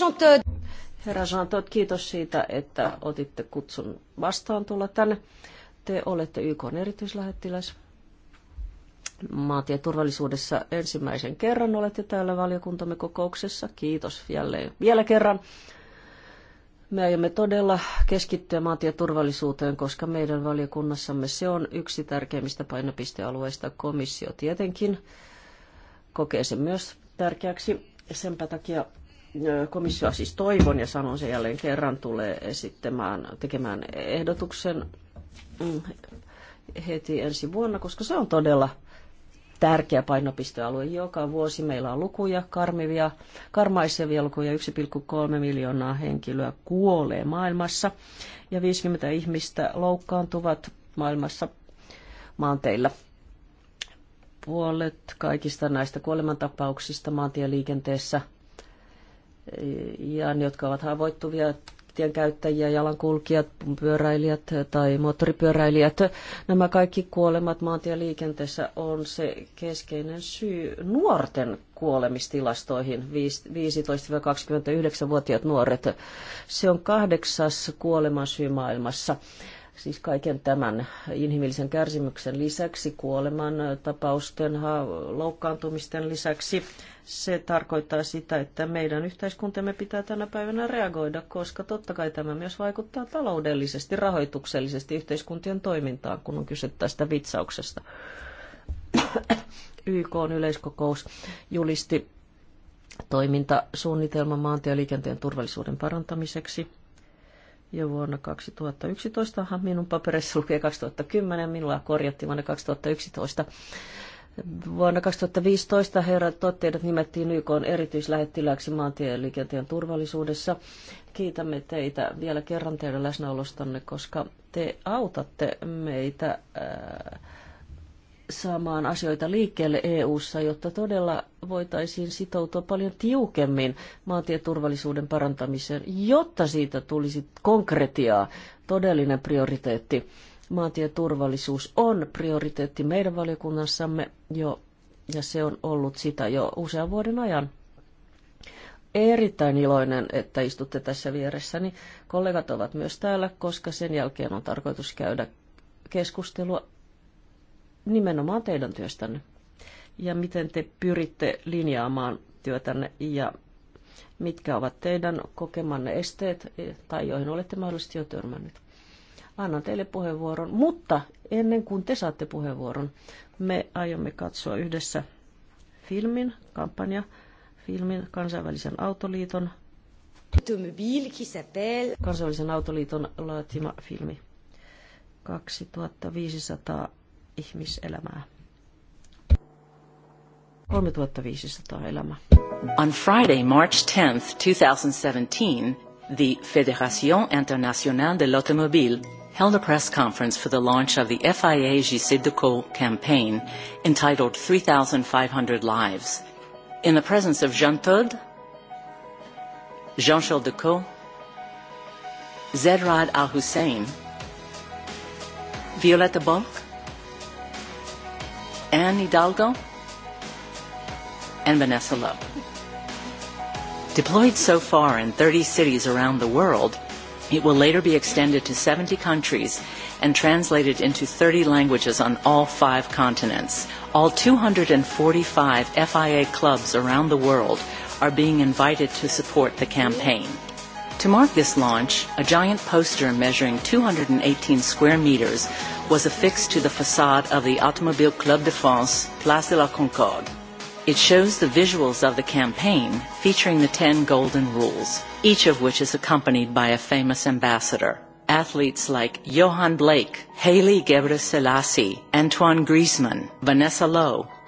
Jean Todt. Herra Jean Todt, kiitos siitä, että otitte kutsun vastaan tulla tänne. Te olette YK erityislähettiläs maantieturvallisuudessa ensimmäisen kerran olette täällä valiokuntamme kokouksessa. Kiitos jälleen vielä kerran. Me aiomme todella keskittyä maantieturvallisuuteen, koska meidän valiokunnassamme se on yksi tärkeimmistä painopistealueista. Komissio tietenkin kokee sen myös tärkeäksi. Senpä takia komissio siis toivon ja sanon sen jälleen kerran tulee esittämään, tekemään ehdotuksen mm, heti ensi vuonna, koska se on todella tärkeä painopistealue. Joka vuosi meillä on lukuja, karmivia, karmaisevia lukuja. 1,3 miljoonaa henkilöä kuolee maailmassa ja 50 ihmistä loukkaantuvat maailmassa maanteilla. Puolet kaikista näistä kuolemantapauksista maantieliikenteessä – ja jotka ovat haavoittuvia tienkäyttäjiä, jalankulkijat, pyöräilijät tai moottoripyöräilijät. Nämä kaikki kuolemat maantieliikenteessä on se keskeinen syy nuorten kuolemistilastoihin, 15-29-vuotiaat nuoret. Se on kahdeksas kuolemansyy maailmassa. Siis kaiken tämän inhimillisen kärsimyksen lisäksi, kuoleman tapausten, loukkaantumisten lisäksi, se tarkoittaa sitä, että meidän yhteiskuntamme pitää tänä päivänä reagoida, koska totta kai tämä myös vaikuttaa taloudellisesti, rahoituksellisesti yhteiskuntien toimintaan, kun on kyse tästä vitsauksesta. YK yleiskokous julisti toimintasuunnitelma maantieliikenteen turvallisuuden parantamiseksi jo vuonna 2011, minun paperissa lukee 2010, minulla korjattiin vuonna 2011. Vuonna 2015 herra Totteidot nimettiin YK ja liikenteen turvallisuudessa. Kiitämme teitä vielä kerran teidän läsnäolostanne, koska te autatte meitä ää, saamaan asioita liikkeelle EU:ssa, jotta todella voitaisiin sitoutua paljon tiukemmin maantieturvallisuuden parantamiseen, jotta siitä tulisi konkretiaa, todellinen prioriteetti. Maantieturvallisuus on prioriteetti meidän valiokunnassamme jo, ja se on ollut sitä jo usean vuoden ajan. Erittäin iloinen, että istutte tässä vieressäni. Kollegat ovat myös täällä, koska sen jälkeen on tarkoitus käydä keskustelua nimenomaan teidän työstänne ja miten te pyritte linjaamaan työtänne ja mitkä ovat teidän kokemanne esteet eh, tai joihin olette mahdollisesti jo törmänneet. Annan teille puheenvuoron, mutta ennen kuin te saatte puheenvuoron, me aiomme katsoa yhdessä filmin, kampanja, filmin kansainvälisen autoliiton, kansainvälisen autoliiton laatima filmi. 2500 ihmiselämää. 3500 elämää. On Friday, March 10, 2017, the Fédération Internationale de l'Automobile held a press conference for the launch of the FIA JC Decaux campaign entitled 3,500 Lives. In the presence of Jean Todt, Jean-Charles Decaux, Zedrad Al-Hussein, Violetta Balk, Anne Hidalgo and Vanessa Lowe. Deployed so far in 30 cities around the world, it will later be extended to 70 countries and translated into 30 languages on all five continents. All 245 FIA clubs around the world are being invited to support the campaign. To mark this launch, a giant poster measuring 218 square meters was affixed to the facade of the Automobile Club de France, Place de la Concorde. It shows the visuals of the campaign featuring the 10 golden rules, each of which is accompanied by a famous ambassador. Athletes like Johan Blake, Haley Gebre Selassie, Antoine Griezmann, Vanessa Lowe,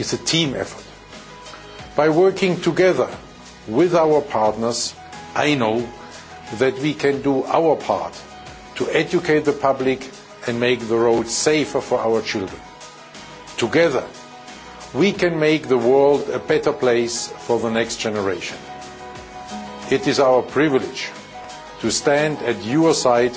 is a team effort. By working together with our partners, I know that we can do our part to educate the public and make the roads safer for our children. Together, we can make the world a better place for the next generation. It is our privilege to stand at your side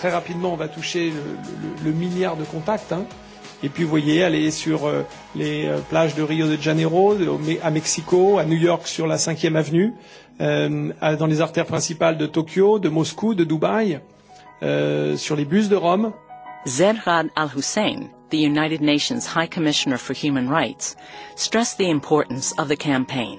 très rapidement, on va toucher le, le, le milliard de contacts. Hein. Et puis, vous voyez, aller sur euh, les euh, plages de Rio de Janeiro, de, à Mexico, à New York sur la 5e avenue, euh, à, dans les artères principales de Tokyo, de Moscou, de Dubaï, euh, sur les bus de Rome. Zedran al-Hussein, the United Nations High Commissioner for Human Rights, stressed the importance of the campaign.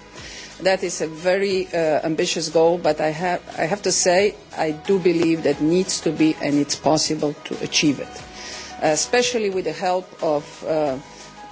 That is a very uh, ambitious goal, but I have, I have to say I do believe that needs to be and it's possible to achieve it, especially with the help of uh,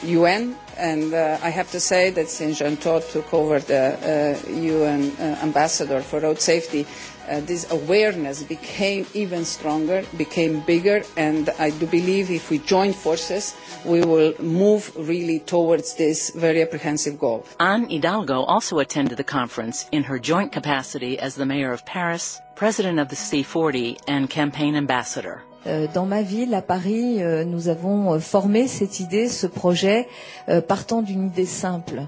UN, and uh, I have to say that since Jean Todt took over the uh, UN uh, ambassador for road safety, uh, this awareness became even stronger, became bigger, and I do believe if we join forces, we will move really towards this very apprehensive goal. Anne Hidalgo also attended the conference in her joint capacity as the mayor of Paris, president of the C40, and campaign ambassador. Euh, dans ma ville, à Paris, euh, nous avons euh, formé cette idée, ce projet, partant d'une idée simple.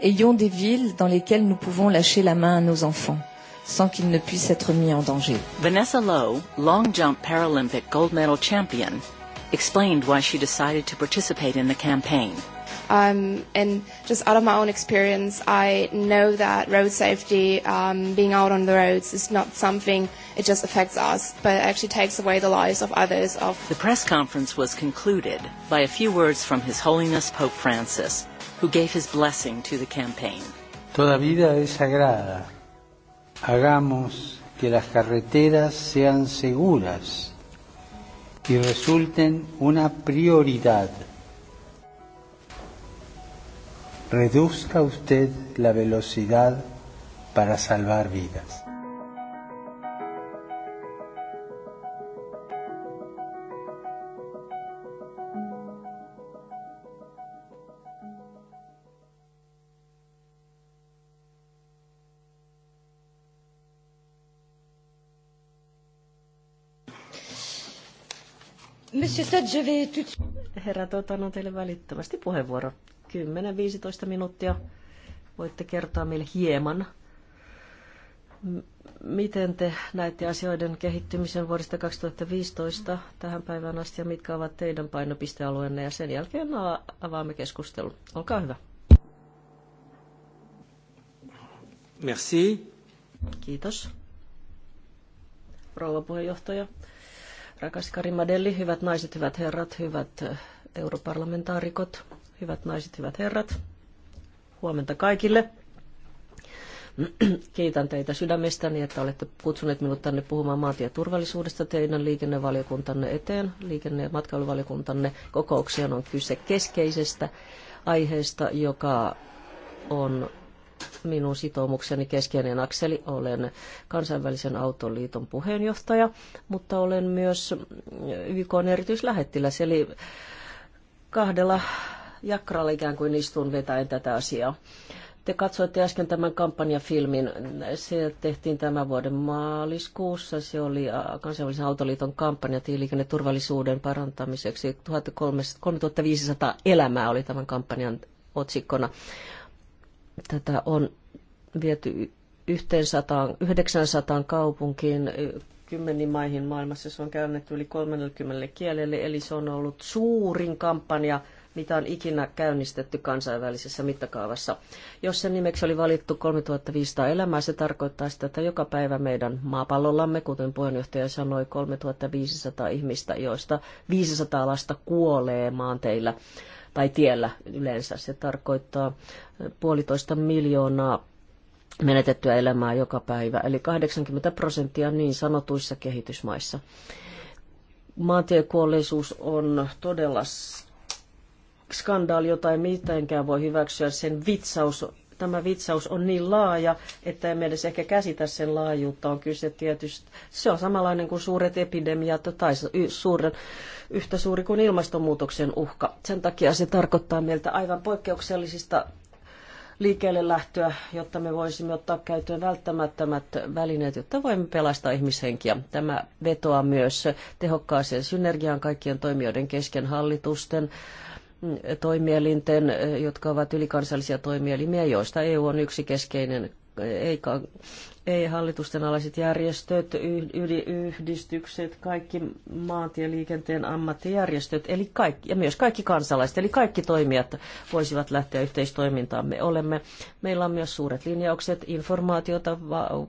Ayons des villes dans lesquelles nous pouvons lâcher la main à nos enfants sans qu'ils ne puissent être mis en danger. Vanessa Lowe, long jump Paralympic gold medal champion, explained why she decided to participate in the campaign. Um, and just out of my own experience, I know that road safety, um, being out on the roads, is not something it just affects us, but it actually takes away the lives of others. Of the press conference was concluded by a few words from His Holiness Pope Francis, who gave his blessing to the campaign. Toda vida es sagrada. Hagamos que las carreteras sean seguras y resulten una prioridad reduzca usted la velocidad para salvar vidas. Herra Totan on teille välittömästi puheenvuoro. 10-15 minuuttia. Voitte kertoa meille hieman, miten te näette asioiden kehittymisen vuodesta 2015 tähän päivään asti ja mitkä ovat teidän painopistealueenne ja sen jälkeen avaamme keskustelun. Olkaa hyvä. Merci. Kiitos. Rouva puheenjohtaja, rakas Madelli, hyvät naiset, hyvät herrat, hyvät europarlamentaarikot. Hyvät naiset, hyvät herrat, huomenta kaikille. Kiitän teitä sydämestäni, että olette kutsuneet minut tänne puhumaan maantieturvallisuudesta teidän liikennevaliokuntanne eteen. Liikenne- ja matkailuvaliokuntanne kokoukseen on kyse keskeisestä aiheesta, joka on minun sitoumukseni keskeinen akseli. Olen kansainvälisen autoliiton puheenjohtaja, mutta olen myös YK erityislähettiläs, eli kahdella jakralla ikään kuin istun vetäen tätä asiaa. Te katsoitte äsken tämän kampanjafilmin. Se tehtiin tämän vuoden maaliskuussa. Se oli kansainvälisen autoliiton kampanja turvallisuuden parantamiseksi. 3500 elämää oli tämän kampanjan otsikkona. Tätä on viety yhteen 900 kaupunkiin kymmeniin maihin maailmassa. Se on käynnetty yli 30 kielelle, eli se on ollut suurin kampanja – mitä on ikinä käynnistetty kansainvälisessä mittakaavassa. Jos sen nimeksi oli valittu 3500 elämää, se tarkoittaa sitä, että joka päivä meidän maapallollamme, kuten puheenjohtaja sanoi, 3500 ihmistä, joista 500 lasta kuolee maanteillä tai tiellä yleensä. Se tarkoittaa puolitoista miljoonaa menetettyä elämää joka päivä, eli 80 prosenttia niin sanotuissa kehitysmaissa. Maantiekuolleisuus on todella skandaali, jota ei mitenkään voi hyväksyä. Sen vitsaus, tämä vitsaus on niin laaja, että emme edes ehkä käsitä sen laajuutta. On kyse tietysti. Se on samanlainen kuin suuret epidemiat tai suuren, yhtä suuri kuin ilmastonmuutoksen uhka. Sen takia se tarkoittaa meiltä aivan poikkeuksellisista liikkeelle lähtöä, jotta me voisimme ottaa käyttöön välttämättömät välineet, jotta voimme pelastaa ihmishenkiä. Tämä vetoaa myös tehokkaaseen synergiaan kaikkien toimijoiden kesken hallitusten, toimielinten, eh, jotka ovat ylikansallisia toimielimiä, joista EU on yksi keskeinen eh, ei ei hallitusten alaiset järjestöt, yhdistykset, kaikki maantieliikenteen ammattijärjestöt, eli kaikki, ja myös kaikki kansalaiset, eli kaikki toimijat voisivat lähteä yhteistoimintaan. Me olemme, meillä on myös suuret linjaukset, informaatiota,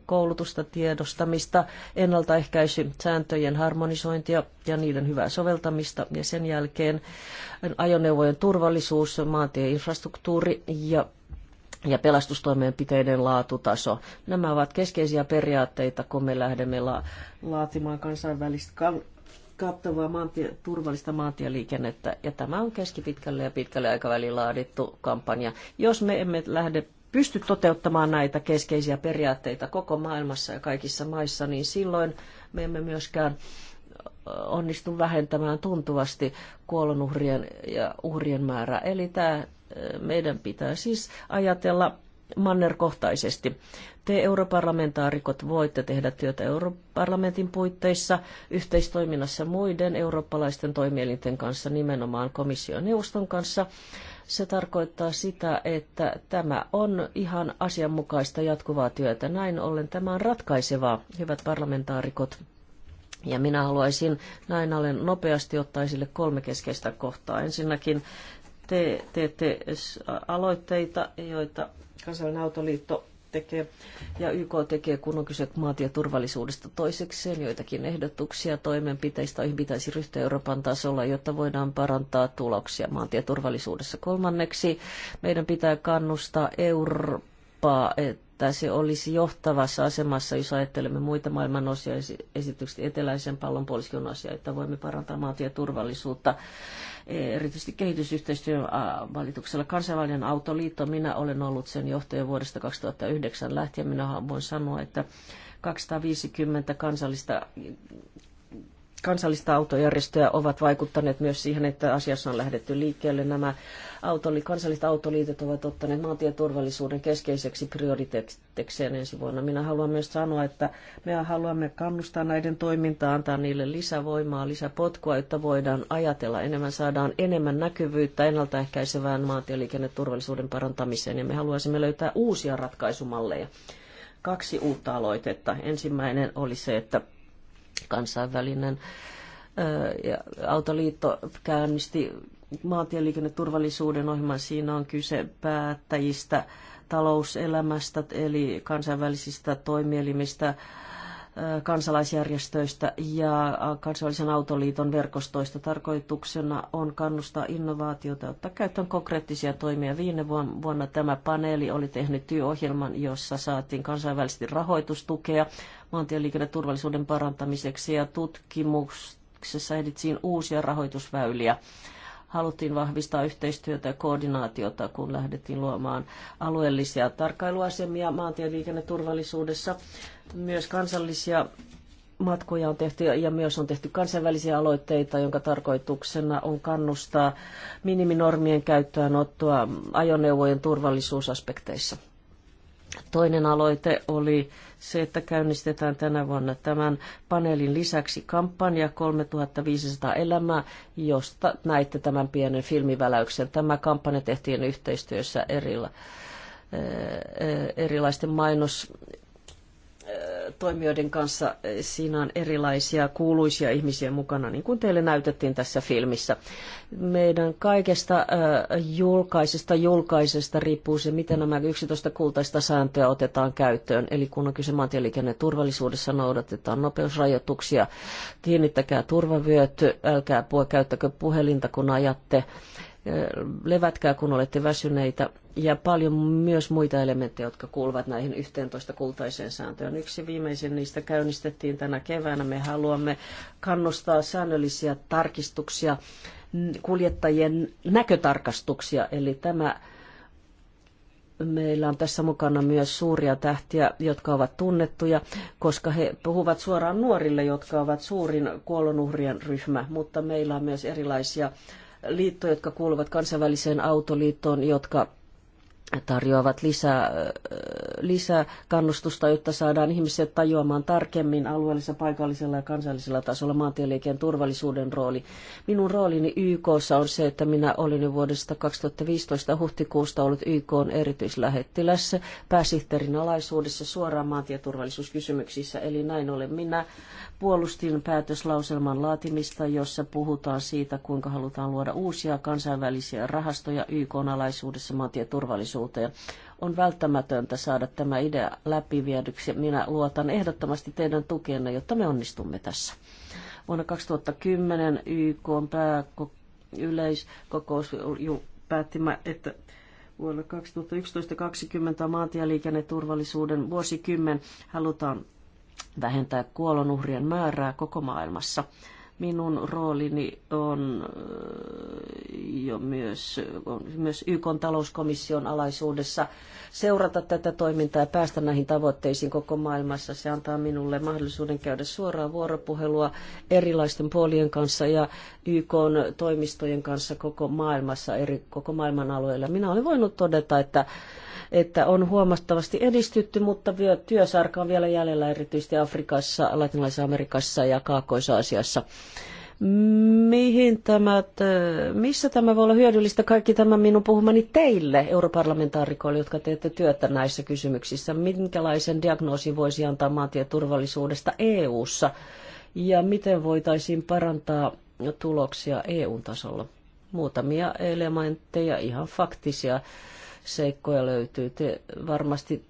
koulutusta, tiedostamista, ennaltaehkäisy, sääntöjen harmonisointia ja niiden hyvää soveltamista, ja sen jälkeen ajoneuvojen turvallisuus, maantieinfrastruktuuri ja ja pelastustoimenpiteiden laatutaso. Nämä ovat keskeisiä periaatteita, kun me lähdemme la- laatimaan kansainvälistä kan- kattavaa maantie- turvallista maantieliikennettä. Ja tämä on keskipitkälle ja pitkälle aikavälillä laadittu kampanja. Jos me emme lähde pysty toteuttamaan näitä keskeisiä periaatteita koko maailmassa ja kaikissa maissa, niin silloin me emme myöskään onnistun vähentämään tuntuvasti kuolonuhrien ja uhrien määrää. Eli tämä e, meidän pitää siis ajatella mannerkohtaisesti. Te europarlamentaarikot voitte tehdä työtä europarlamentin puitteissa yhteistoiminnassa muiden eurooppalaisten toimielinten kanssa, nimenomaan komission neuvoston kanssa. Se tarkoittaa sitä, että tämä on ihan asianmukaista jatkuvaa työtä. Näin ollen tämä on ratkaisevaa, hyvät parlamentaarikot. Ja minä haluaisin näin ollen nopeasti ottaa esille kolme keskeistä kohtaa. Ensinnäkin te teette aloitteita, joita kansallinen autoliitto tekee ja YK tekee, kun on kyse maantieturvallisuudesta toisekseen, joitakin ehdotuksia toimenpiteistä, joihin pitäisi ryhtyä Euroopan tasolla, jotta voidaan parantaa tuloksia maantieturvallisuudessa. Kolmanneksi meidän pitää kannustaa Eurooppaa että se olisi johtavassa asemassa, jos ajattelemme muita maailman osia, esityksesti eteläisen puoliskin osia, että voimme parantaa maantieturvallisuutta e, erityisesti kehitysyhteistyön valituksella. Kansainvälinen autoliitto, minä olen ollut sen johtaja vuodesta 2009 lähtien. Minä voin sanoa, että 250 kansallista kansallista autojärjestöjä ovat vaikuttaneet myös siihen, että asiassa on lähdetty liikkeelle. Nämä Autoli, kansalliset autoliitot ovat ottaneet maantieturvallisuuden keskeiseksi prioriteettikseen ensi vuonna. Minä haluan myös sanoa, että me haluamme kannustaa näiden toimintaa, antaa niille lisävoimaa, lisäpotkua, jotta voidaan ajatella enemmän, saadaan enemmän näkyvyyttä ennaltaehkäisevään maantieliikenneturvallisuuden parantamiseen ja me haluaisimme löytää uusia ratkaisumalleja. Kaksi uutta aloitetta. Ensimmäinen oli se, että kansainvälinen autoliitto käynnisti maantieliikenneturvallisuuden ohjelman. Siinä on kyse päättäjistä, talouselämästä, eli kansainvälisistä toimielimistä, kansalaisjärjestöistä ja kansainvälisen autoliiton verkostoista. Tarkoituksena on kannustaa innovaatiota ja ottaa käyttöön konkreettisia toimia. Viime vuonna tämä paneeli oli tehnyt työohjelman, jossa saatiin kansainvälisesti rahoitustukea maantieliikenneturvallisuuden parantamiseksi ja tutkimuksessa etsiin uusia rahoitusväyliä haluttiin vahvistaa yhteistyötä ja koordinaatiota, kun lähdettiin luomaan alueellisia tarkkailuasemia maantieliikenneturvallisuudessa. Myös kansallisia matkoja on tehty ja myös on tehty kansainvälisiä aloitteita, jonka tarkoituksena on kannustaa miniminormien käyttöönottoa ajoneuvojen turvallisuusaspekteissa. Toinen aloite oli se, että käynnistetään tänä vuonna tämän paneelin lisäksi kampanja 3500 elämää, josta näitte tämän pienen filmiväläyksen. Tämä kampanja tehtiin yhteistyössä erillä, eh, eh, erilaisten mainos toimijoiden kanssa. Eh, siinä on erilaisia kuuluisia ihmisiä mukana, niin kuin teille näytettiin tässä filmissä. Meidän kaikesta eh, julkaisesta julkaisesta riippuu se, miten nämä 11 kultaista sääntöä otetaan käyttöön. Eli kun on kyse turvallisuudessa, noudatetaan nopeusrajoituksia, kiinnittäkää turvavyöt, älkää käyttäkö puhelinta, kun ajatte levätkää kun olette väsyneitä ja paljon myös muita elementtejä, jotka kuuluvat näihin 11 kultaiseen sääntöön. Yksi viimeisin niistä käynnistettiin tänä keväänä. Me haluamme kannustaa säännöllisiä tarkistuksia, kuljettajien näkötarkastuksia, eli tämä Meillä on tässä mukana myös suuria tähtiä, jotka ovat tunnettuja, koska he puhuvat suoraan nuorille, jotka ovat suurin kuolonuhrien ryhmä, mutta meillä on myös erilaisia liittoja, jotka kuuluvat kansainväliseen autoliittoon, jotka tarjoavat lisää, äh, lisää kannustusta, jotta saadaan ihmiset tajuamaan tarkemmin alueellisella, paikallisella ja kansallisella tasolla maantieliikenteen turvallisuuden rooli. Minun roolini YK on se, että minä olin jo vuodesta 2015 huhtikuusta ollut YK on erityislähettilässä pääsihteerin alaisuudessa suoraan maantieturvallisuuskysymyksissä. Eli näin olen minä puolustin päätöslauselman laatimista, jossa puhutaan siitä, kuinka halutaan luoda uusia kansainvälisiä rahastoja YK alaisuudessa maantieturvallisuudessa tulevaisuuteen. On välttämätöntä saada tämä idea läpiviedyksi. Minä luotan ehdottomasti teidän tukenne, jotta me onnistumme tässä. Vuonna 2010 YK on pääyleiskokous päätti, että vuonna 2011-2020 maantieliikenneturvallisuuden vuosikymmen halutaan vähentää kuolonuhrien määrää koko maailmassa. Minun roolini on äh, jo myös, on myös YK talouskomission alaisuudessa seurata tätä toimintaa ja päästä näihin tavoitteisiin koko maailmassa. Se antaa minulle mahdollisuuden käydä suoraa vuoropuhelua erilaisten puolien kanssa ja YK toimistojen kanssa koko maailmassa, eri, koko maailman alueella. Minä olen voinut todeta, että että on huomattavasti edistytty, mutta työsarka on vielä jäljellä erityisesti Afrikassa, Latinalaisessa Amerikassa ja Kaakkois-Aasiassa mihin tämä, missä tämä voi olla hyödyllistä kaikki tämä minun puhumani teille, europarlamentaarikoille, jotka teette työtä näissä kysymyksissä? Minkälaisen diagnoosin voisi antaa maantieturvallisuudesta EU-ssa ja miten voitaisiin parantaa tuloksia EU-tasolla? Muutamia elementtejä, ihan faktisia seikkoja löytyy. Te varmasti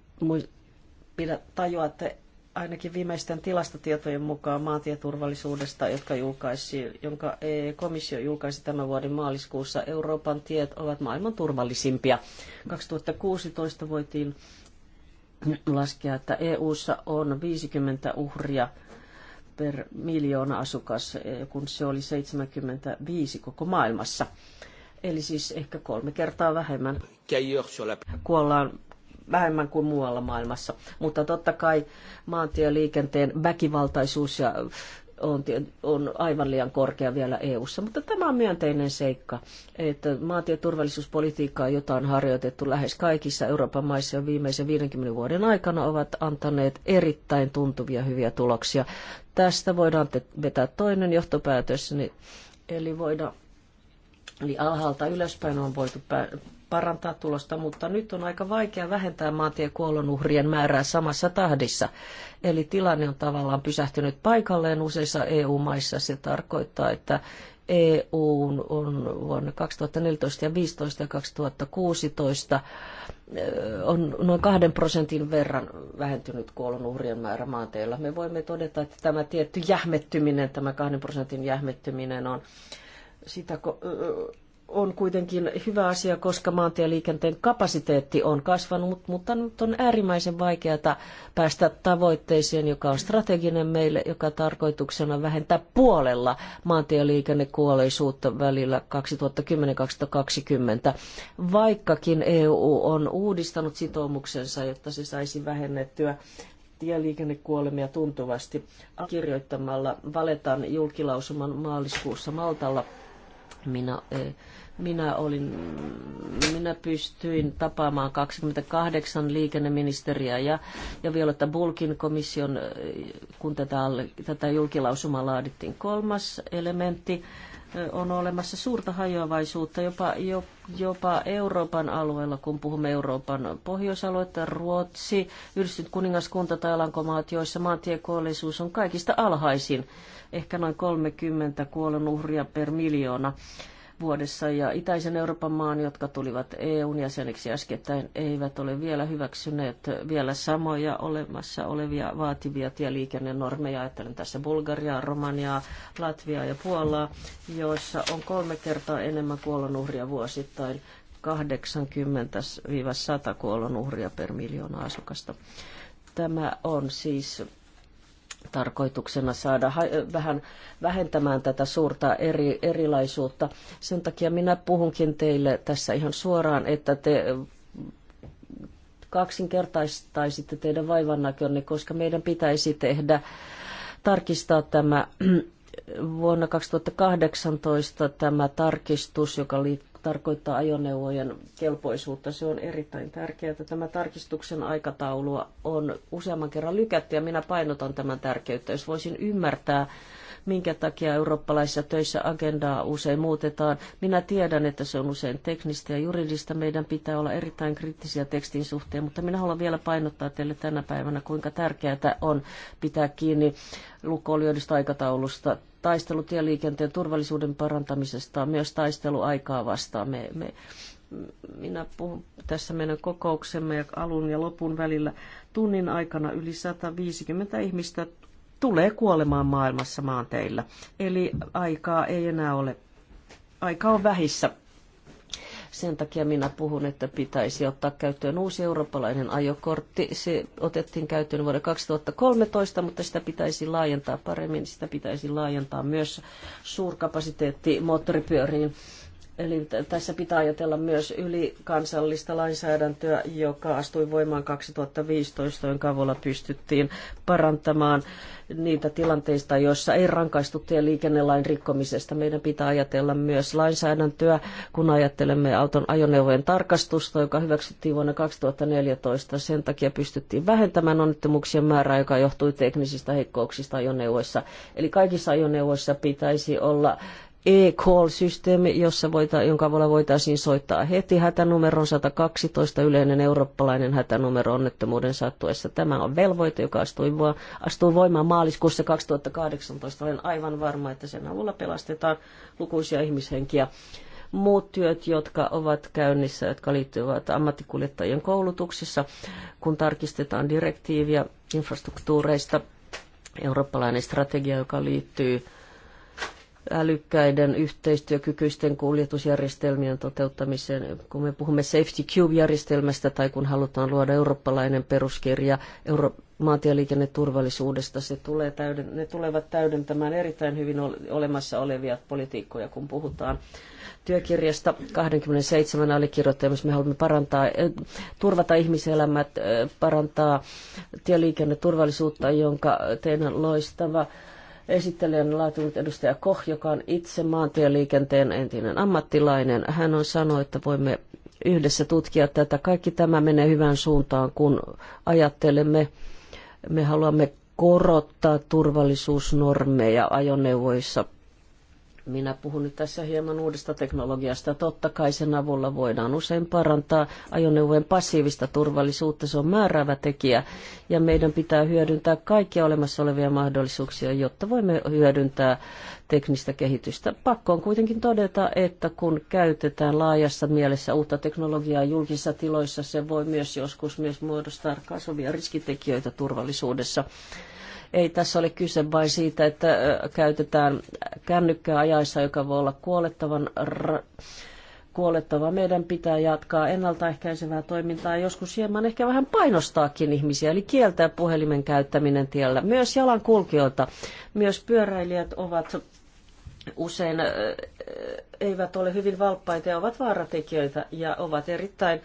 tajuatte ainakin viimeisten tilastotietojen mukaan maantieturvallisuudesta, jotka julkaisi, jonka komissio julkaisi tämän vuoden maaliskuussa, Euroopan tiet ovat maailman turvallisimpia. 2016 voitiin laskea, että EU:ssa on 50 uhria per miljoona asukas, kun se oli 75 koko maailmassa. Eli siis ehkä kolme kertaa vähemmän kuollaan vähemmän kuin muualla maailmassa. Mutta totta kai maantieliikenteen väkivaltaisuus ja on, on aivan liian korkea vielä EU:ssa, mutta tämä on myönteinen seikka, että maantieturvallisuuspolitiikkaa, jota on harjoitettu lähes kaikissa Euroopan maissa jo viimeisen 50 vuoden aikana, ovat antaneet erittäin tuntuvia hyviä tuloksia. Tästä voidaan vetää toinen johtopäätös, niin- eli voidaan Eli alhaalta ylöspäin on voitu parantaa tulosta, mutta nyt on aika vaikea vähentää maantiekuolonuhrien määrää samassa tahdissa. Eli tilanne on tavallaan pysähtynyt paikalleen useissa EU-maissa. Se tarkoittaa, että EU on vuonna 2014 ja 2015 ja 2016 on noin kahden prosentin verran vähentynyt kuolonuhrien määrä maanteilla. Me voimme todeta, että tämä tietty jähmettyminen, tämä kahden prosentin jähmettyminen on sitä on kuitenkin hyvä asia, koska maantieliikenteen kapasiteetti on kasvanut, mutta nyt on äärimmäisen vaikeaa päästä tavoitteeseen, joka on strateginen meille, joka tarkoituksena vähentää puolella maantieliikennekuolleisuutta välillä 2010-2020, vaikkakin EU on uudistanut sitoumuksensa, jotta se saisi vähennettyä tieliikennekuolemia tuntuvasti kirjoittamalla Valetan julkilausuman maaliskuussa Maltalla – minä, minä, olin, minä pystyin tapaamaan 28 liikenneministeriä ja, ja Violetta Bulkin komission, kun tätä, tätä julkilausumaa laadittiin. Kolmas elementti on olemassa suurta hajoavaisuutta jopa, jo, jopa Euroopan alueella, kun puhumme Euroopan pohjoisalueita, Ruotsi, Yhdistynyt kuningaskunta tai Alankomaat, joissa maantiekollisuus on kaikista alhaisin ehkä noin 30 kuolonuhria per miljoona vuodessa. Ja itäisen Euroopan maan, jotka tulivat EUn jäseniksi äskettäin, eivät ole vielä hyväksyneet vielä samoja olemassa olevia vaativia tieliikennenormeja. Ajattelen tässä Bulgariaa, Romaniaa, Latviaa ja Puolaa, joissa on kolme kertaa enemmän kuolonuhria vuosittain 80-100 kuolonuhria per miljoona asukasta. Tämä on siis tarkoituksena saada vähän vähentämään tätä suurta eri, erilaisuutta. Sen takia minä puhunkin teille tässä ihan suoraan, että te kaksinkertaistaisitte teidän vaivannäkönne, koska meidän pitäisi tehdä, tarkistaa tämä vuonna 2018 tämä tarkistus, joka liittyy tarkoittaa ajoneuvojen kelpoisuutta. Se on erittäin tärkeää. Tämä tarkistuksen aikataulu on useamman kerran lykätty ja minä painotan tämän tärkeyttä. Jos voisin ymmärtää, minkä takia eurooppalaisissa töissä agendaa usein muutetaan. Minä tiedän, että se on usein teknistä ja juridista. Meidän pitää olla erittäin kriittisiä tekstin suhteen, mutta minä haluan vielä painottaa teille tänä päivänä, kuinka tärkeää on pitää kiinni lukoilijoidista aikataulusta taistelu tieliikenteen turvallisuuden parantamisesta on myös taistelu aikaa vastaan. Me, me, minä puhun tässä meidän kokouksemme ja alun ja lopun välillä tunnin aikana yli 150 ihmistä tulee kuolemaan maailmassa maanteillä. Eli aikaa ei enää ole. Aika on vähissä. Sen takia minä puhun, että pitäisi ottaa käyttöön uusi eurooppalainen ajokortti. Se otettiin käyttöön vuoden 2013, mutta sitä pitäisi laajentaa paremmin. Sitä pitäisi laajentaa myös suurkapasiteetti moottoripyöriin. Eli tässä pitää ajatella myös ylikansallista lainsäädäntöä, joka astui voimaan 2015, jonka avulla pystyttiin parantamaan niitä tilanteista, joissa ei rankaistu liikennelain rikkomisesta. Meidän pitää ajatella myös lainsäädäntöä, kun ajattelemme auton ajoneuvojen tarkastusta, joka hyväksyttiin vuonna 2014. Sen takia pystyttiin vähentämään onnettomuuksien määrää, joka johtui teknisistä heikkouksista ajoneuvoissa. Eli kaikissa ajoneuvoissa pitäisi olla e-call-systeemi, jossa voita, jonka avulla voitaisiin soittaa heti hätänumeron 112, yleinen eurooppalainen hätänumero onnettomuuden sattuessa. Tämä on velvoite, joka astui, astuu voimaan maaliskuussa 2018. Olen aivan varma, että sen avulla pelastetaan lukuisia ihmishenkiä. Muut työt, jotka ovat käynnissä, jotka liittyvät ammattikuljettajien koulutuksessa, kun tarkistetaan direktiiviä infrastruktuureista, eurooppalainen strategia, joka liittyy älykkäiden yhteistyökykyisten kuljetusjärjestelmien toteuttamiseen. Kun me puhumme Safety Cube-järjestelmästä tai kun halutaan luoda eurooppalainen peruskirja Euro- maantieliikenneturvallisuudesta, se tulee täyden, ne tulevat täydentämään erittäin hyvin olemassa olevia politiikkoja, kun puhutaan työkirjasta 27 allekirjoittajamassa. Me haluamme parantaa, eh, turvata ihmiselämät, eh, parantaa tieliikenneturvallisuutta, jonka teidän loistava Esittelijän laatunut edustaja Koh, joka on itse maantieliikenteen entinen ammattilainen. Hän on sanonut, että voimme yhdessä tutkia tätä. Kaikki tämä menee hyvään suuntaan, kun ajattelemme, me haluamme korottaa turvallisuusnormeja ajoneuvoissa – minä puhun nyt tässä hieman uudesta teknologiasta. Totta kai sen avulla voidaan usein parantaa ajoneuvojen passiivista turvallisuutta. Se on määräävä tekijä ja meidän pitää hyödyntää kaikkia olemassa olevia mahdollisuuksia, jotta voimme hyödyntää teknistä kehitystä. Pakko on kuitenkin todeta, että kun käytetään laajassa mielessä uutta teknologiaa julkisissa tiloissa, se voi myös joskus myös muodostaa kasvavia riskitekijöitä turvallisuudessa. Ei tässä ole kyse vain siitä, että käytetään kännykkää ajaessa, joka voi olla kuolettavan kuolettava. Meidän pitää jatkaa ennaltaehkäisevää toimintaa ja joskus hieman ehkä vähän painostaakin ihmisiä, eli kieltää puhelimen käyttäminen tiellä. Myös jalankulkijoilta, myös pyöräilijät ovat usein eivät ole hyvin valppaita ja ovat vaaratekijöitä ja ovat erittäin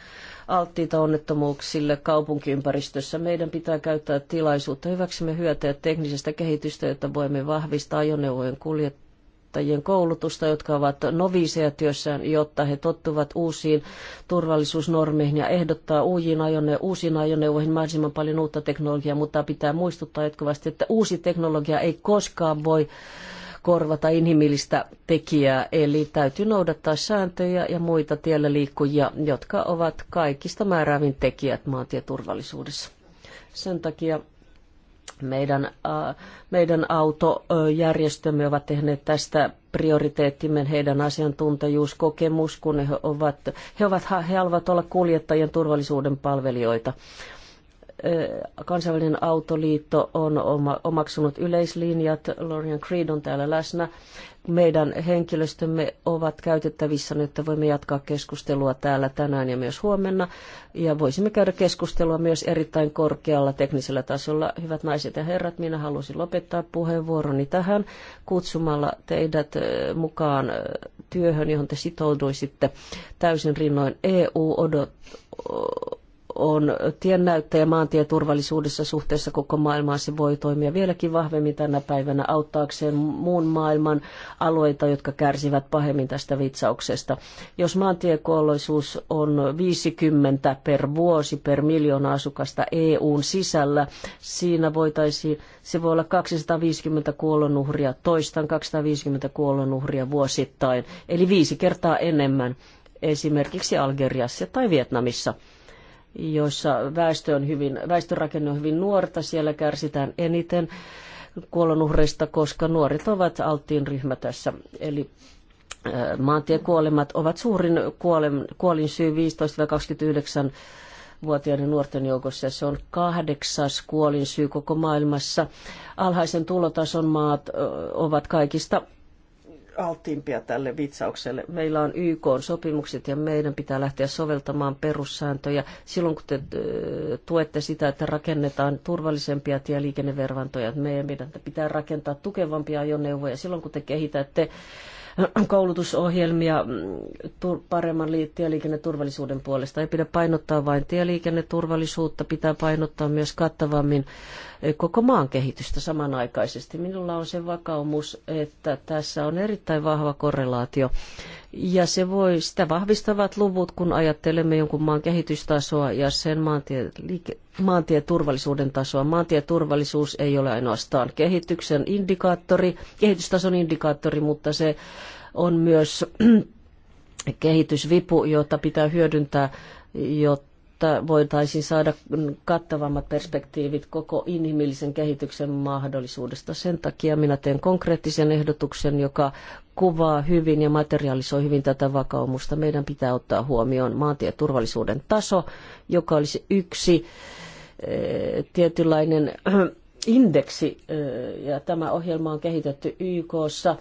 alttiita onnettomuuksille kaupunkiympäristössä. Meidän pitää käyttää tilaisuutta hyväksymme hyötyä teknisestä kehitystä, jotta voimme vahvistaa ajoneuvojen kuljettajien koulutusta, jotka ovat noviseja työssään, jotta he tottuvat uusiin turvallisuusnormeihin ja ehdottaa uusiin, ajone- uusiin ajoneuvoihin mahdollisimman paljon uutta teknologiaa, mutta pitää muistuttaa jatkuvasti, että uusi teknologia ei koskaan voi korvata inhimillistä tekijää, eli täytyy noudattaa sääntöjä ja muita tiellä liikkujia, jotka ovat kaikista määräävin tekijät maantieturvallisuudessa. Sen takia meidän, meidän autojärjestömme ovat tehneet tästä prioriteettimme heidän asiantuntijuuskokemus, kun he ovat, he ovat, he haluavat olla kuljettajien turvallisuuden palvelijoita. Kansainvälinen autoliitto on omaksunut yleislinjat. Lorian Creed on täällä läsnä. Meidän henkilöstömme ovat käytettävissä nyt, että voimme jatkaa keskustelua täällä tänään ja myös huomenna. Ja voisimme käydä keskustelua myös erittäin korkealla teknisellä tasolla. Hyvät naiset ja herrat, minä halusin lopettaa puheenvuoroni tähän kutsumalla teidät mukaan työhön, johon te sitouduisitte täysin rinnoin. EU odot, on tiennäyttäjä maantieturvallisuudessa suhteessa koko maailmaan. Se voi toimia vieläkin vahvemmin tänä päivänä auttaakseen muun maailman alueita, jotka kärsivät pahemmin tästä vitsauksesta. Jos maantiekuolloisuus on 50 per vuosi per miljoona asukasta EUn sisällä, siinä voitaisiin, se voi olla 250 kuolonuhria, toistan 250 kuolonuhria vuosittain, eli viisi kertaa enemmän esimerkiksi Algeriassa tai Vietnamissa joissa väestö on hyvin, väestörakenne on hyvin nuorta, siellä kärsitään eniten kuolonuhreista, koska nuoret ovat alttiin ryhmä tässä. Eli maantiekuolemat ovat suurin kuolin kuolinsyy 15-29 vuotiaiden nuorten joukossa ja se on kahdeksas kuolinsyy koko maailmassa. Alhaisen tulotason maat ovat kaikista alttiimpia tälle vitsaukselle. Meillä on YK-sopimukset ja meidän pitää lähteä soveltamaan perussääntöjä silloin, kun te tuette sitä, että rakennetaan turvallisempia tieliikennevervantoja. Meidän pitää rakentaa tukevampia ajoneuvoja silloin, kun te kehitätte koulutusohjelmia mm, paremman tieliikenneturvallisuuden puolesta. Ei pidä painottaa vain tieliikenneturvallisuutta, pitää painottaa myös kattavammin eh, koko maan kehitystä samanaikaisesti. Minulla on se vakaumus, että tässä on erittäin vahva korrelaatio ja se voi, sitä vahvistavat luvut, kun ajattelemme jonkun maan kehitystasoa ja sen maantie, liike, maantieturvallisuuden tasoa. Maantieturvallisuus ei ole ainoastaan kehityksen indikaattori, kehitystason indikaattori, mutta se on myös kehitysvipu, jota pitää hyödyntää, jotta jotta voitaisiin saada kattavammat perspektiivit koko inhimillisen kehityksen mahdollisuudesta. Sen takia minä teen konkreettisen ehdotuksen, joka kuvaa hyvin ja materialisoi hyvin tätä vakaumusta. Meidän pitää ottaa huomioon maantieturvallisuuden taso, joka olisi yksi eh, tietynlainen indeksi, ja tämä ohjelma on kehitetty YKssa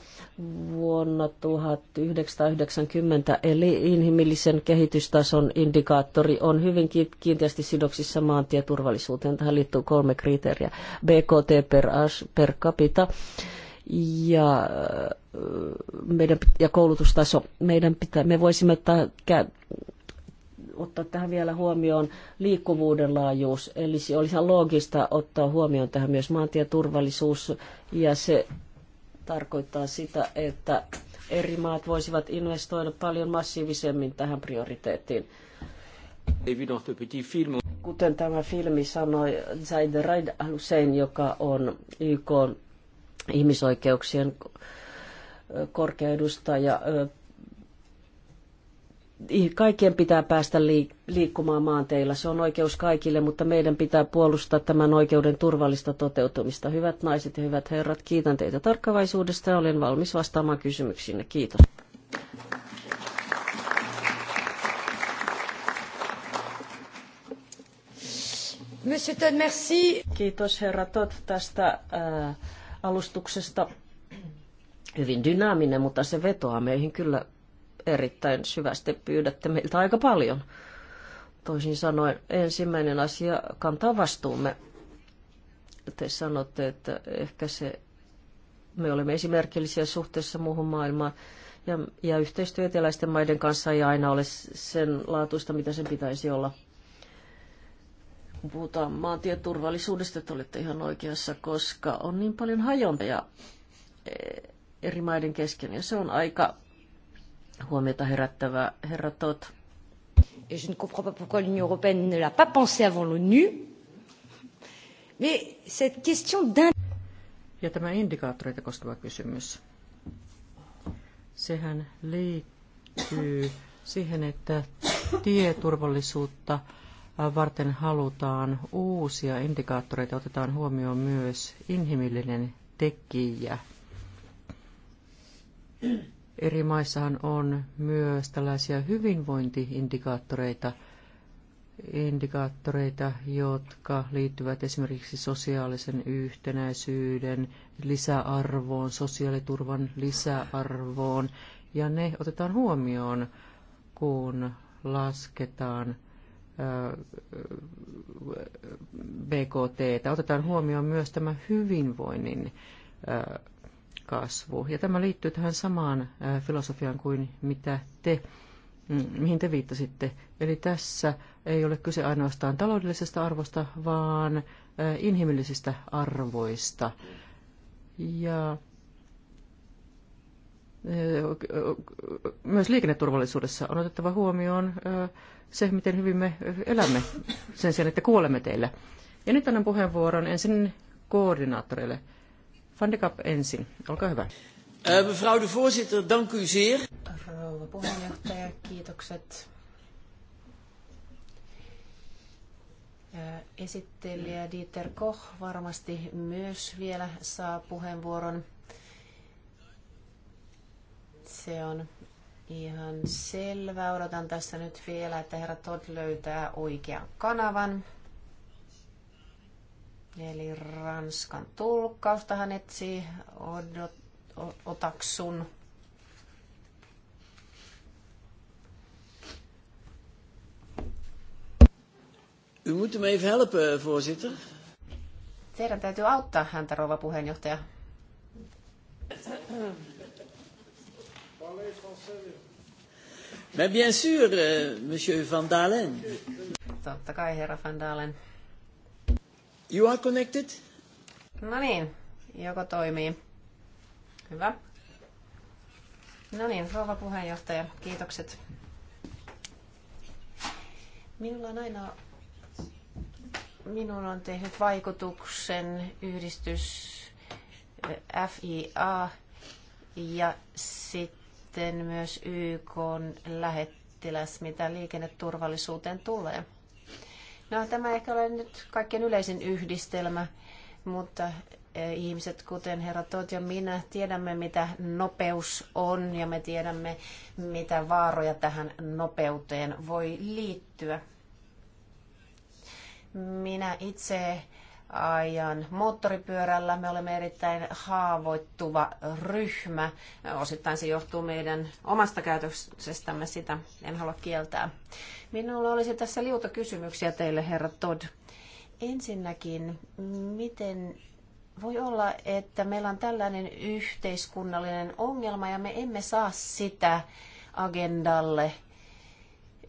vuonna 1990, eli inhimillisen kehitystason indikaattori on hyvin kiinteästi sidoksissa maantieturvallisuuteen. Tähän liittyy kolme kriteeriä, BKT per, as, per capita ja, meidän, ja koulutustaso. Meidän pitää, me voisimme ta, kä, ottaa tähän vielä huomioon liikkuvuuden laajuus. Eli se olisi loogista ottaa huomioon tähän myös maantieturvallisuus. Ja se tarkoittaa sitä, että eri maat voisivat investoida paljon massiivisemmin tähän prioriteettiin. Kuten tämä filmi sanoi, Zaid Raid Hussein, joka on YK ihmisoikeuksien korkeudusta ja kaikkien pitää päästä liikkumaan maanteilla. Se on oikeus kaikille, mutta meidän pitää puolustaa tämän oikeuden turvallista toteutumista. Hyvät naiset ja hyvät herrat, kiitän teitä tarkkavaisuudesta ja olen valmis vastaamaan kysymyksiinne. Kiitos. Monsieur merci. Kiitos herra Tot tästä ää, äh, alustuksesta. Hyvin dynaaminen, mutta se vetoaa meihin kyllä erittäin syvästi. Pyydätte meiltä aika paljon. Toisin sanoen, ensimmäinen asia kantaa vastuumme. Te sanotte, että ehkä se, me olemme esimerkillisiä suhteessa muuhun maailmaan. Ja, ja yhteistyö eteläisten maiden kanssa ei aina ole sen laatuista, mitä sen pitäisi olla kun puhutaan maantieturvallisuudesta, että olette ihan oikeassa, koska on niin paljon hajontaja e, eri maiden kesken ja se on aika huomiota herättävä herra Et Je ne comprends pas pourquoi l'Union européenne ne l'a pas pensé avant l'ONU. Mais cette question d'un... Ja tämä indikaattoreita koskeva kysymys. Sehän liittyy siihen, että tieturvallisuutta varten halutaan uusia indikaattoreita, otetaan huomioon myös inhimillinen tekijä. Eri maissahan on myös tällaisia hyvinvointiindikaattoreita, indikaattoreita, jotka liittyvät esimerkiksi sosiaalisen yhtenäisyyden lisäarvoon, sosiaaliturvan lisäarvoon, ja ne otetaan huomioon, kun lasketaan BKT. Otetaan huomioon myös tämä hyvinvoinnin kasvu. Ja tämä liittyy tähän samaan filosofiaan kuin mitä te, mm, mihin te viittasitte. Eli tässä ei ole kyse ainoastaan taloudellisesta arvosta, vaan inhimillisistä arvoista. Ja myös liikenneturvallisuudessa on otettava huomioon se, miten hyvin me elämme sen sijaan, että kuolemme teillä. Ja nyt annan puheenvuoron ensin koordinaattoreille. Van de Kap ensin, olkaa hyvä. Eh, mevrouw de voorzitter, dank u zeer. Rouva puheenjohtaja, kiitokset. Esittelijä Dieter Koch varmasti myös vielä saa puheenvuoron. Se on ihan selvä. Odotan tässä nyt vielä, että herra Todd löytää oikean kanavan. Eli Ranskan tulkkausta hän etsii, odot, otaksun. U moet me even helpen, voorzitter. Teidän täytyy auttaa häntä, rouva puheenjohtaja. Mais bien sûr, eh, monsieur Van Dalen. Totta kai, herra Van Dalen. You are connected? No niin, joko toimii. Hyvä. No niin, rouva puheenjohtaja, kiitokset. Minulla on aina minun on tehnyt vaikutuksen yhdistys eh, FIA ja sitten myös YK lähettiläs, mitä liikenneturvallisuuteen tulee. No, tämä ei ehkä ole nyt kaikkein yleisin yhdistelmä, mutta e, ihmiset, kuten herra Tot ja minä, tiedämme, mitä nopeus on ja me tiedämme, mitä vaaroja tähän nopeuteen voi liittyä. Minä itse ajan moottoripyörällä. Me olemme erittäin haavoittuva ryhmä. Osittain se johtuu meidän omasta käytöksestämme, sitä en halua kieltää. Minulla olisi tässä liuta kysymyksiä teille, herra Todd. Ensinnäkin, miten voi olla, että meillä on tällainen yhteiskunnallinen ongelma ja me emme saa sitä agendalle.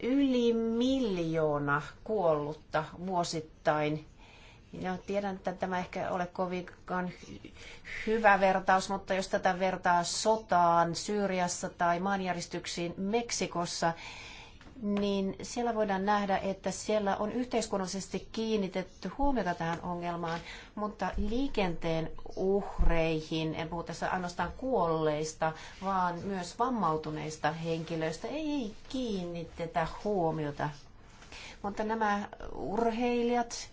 Yli miljoona kuollutta vuosittain ja tiedän, että tämä ehkä ole kovinkaan hyvä vertaus, mutta jos tätä vertaa sotaan Syyriassa tai maanjäristyksiin Meksikossa, niin siellä voidaan nähdä, että siellä on yhteiskunnallisesti kiinnitetty huomiota tähän ongelmaan, mutta liikenteen uhreihin, en puhu tässä ainoastaan kuolleista, vaan myös vammautuneista henkilöistä, ei kiinnitetä huomiota. Mutta nämä urheilijat,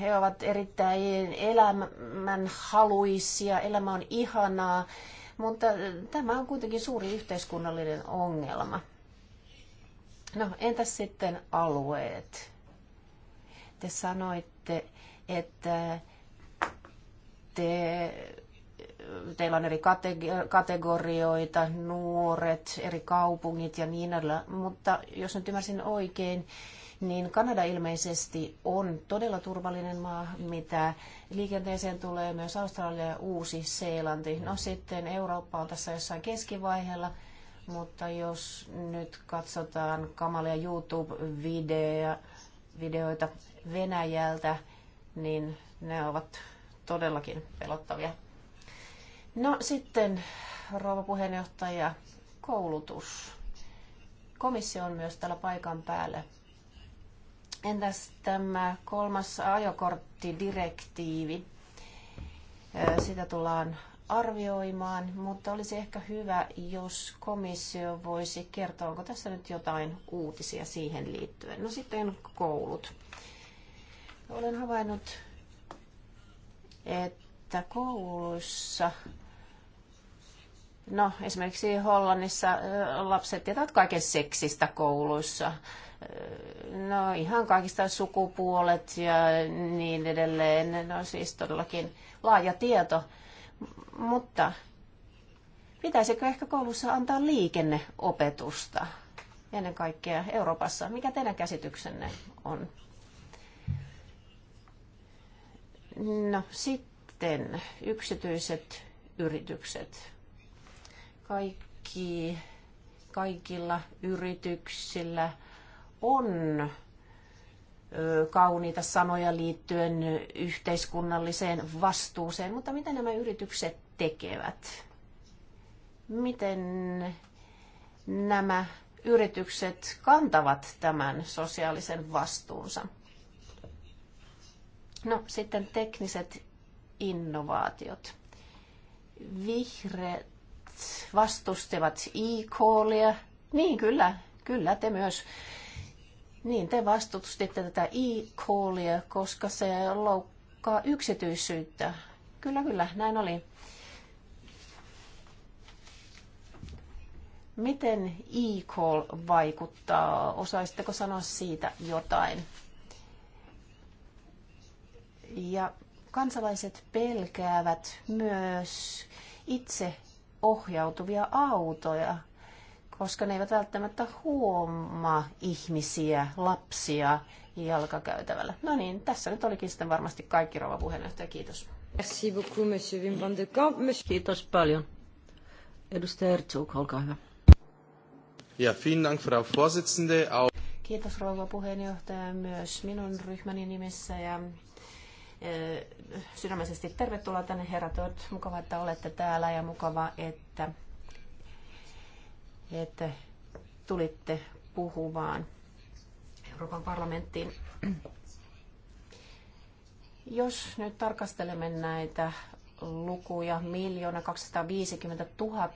he ovat erittäin elämänhaluisia, elämä on ihanaa, mutta tämä on kuitenkin suuri yhteiskunnallinen ongelma. No, entäs sitten alueet? Te sanoitte, että te, teillä on eri kategorioita, nuoret, eri kaupungit ja niin edelleen, mutta jos nyt ymmärsin oikein, niin Kanada ilmeisesti on todella turvallinen maa, mitä liikenteeseen tulee myös Australia ja Uusi-Seelanti. No sitten Eurooppa on tässä jossain keskivaiheella, mutta jos nyt katsotaan kamalia YouTube-videoita Venäjältä, niin ne ovat todellakin pelottavia. No sitten, rouva puheenjohtaja, koulutus. Komissio on myös täällä paikan päällä Entäs tämä kolmas ajokorttidirektiivi? Sitä tullaan arvioimaan, mutta olisi ehkä hyvä, jos komissio voisi kertoa, onko tässä nyt jotain uutisia siihen liittyen. No sitten koulut. Olen havainnut, että kouluissa, no esimerkiksi Hollannissa lapset tietävät kaiken seksistä kouluissa, no ihan kaikista sukupuolet ja niin edelleen. No siis todellakin laaja tieto. Mutta pitäisikö ehkä koulussa antaa liikenneopetusta ennen kaikkea Euroopassa? Mikä teidän käsityksenne on? No sitten yksityiset yritykset. Kaikki, kaikilla yrityksillä – on kauniita sanoja liittyen yhteiskunnalliseen vastuuseen, mutta mitä nämä yritykset tekevät? Miten nämä yritykset kantavat tämän sosiaalisen vastuunsa? No sitten tekniset innovaatiot. Vihreät vastustivat e-callia. Niin kyllä, kyllä te myös niin, te vastustitte tätä e-callia, koska se loukkaa yksityisyyttä. Kyllä, kyllä, näin oli. Miten e-call vaikuttaa? Osaisitteko sanoa siitä jotain? Ja kansalaiset pelkäävät myös itse ohjautuvia autoja koska ne eivät välttämättä huomaa ihmisiä, lapsia jalkakäytävällä. No niin, tässä nyt olikin sitten varmasti kaikki, rouva puheenjohtaja. Kiitos. Merci beaucoup, monsieur Wim de Camp. Kiitos paljon. Edustaja Erzog, olkaa hyvä. Ja, vielen Dank, Frau Vorsitzende. Kiitos rouva puheenjohtaja myös minun ryhmäni nimissä ja sydämisesti tervetuloa tänne herrat. mukava, että olette täällä ja mukava, että että tulitte puhumaan Euroopan parlamenttiin. Jos nyt tarkastelemme näitä lukuja, miljoona 250 000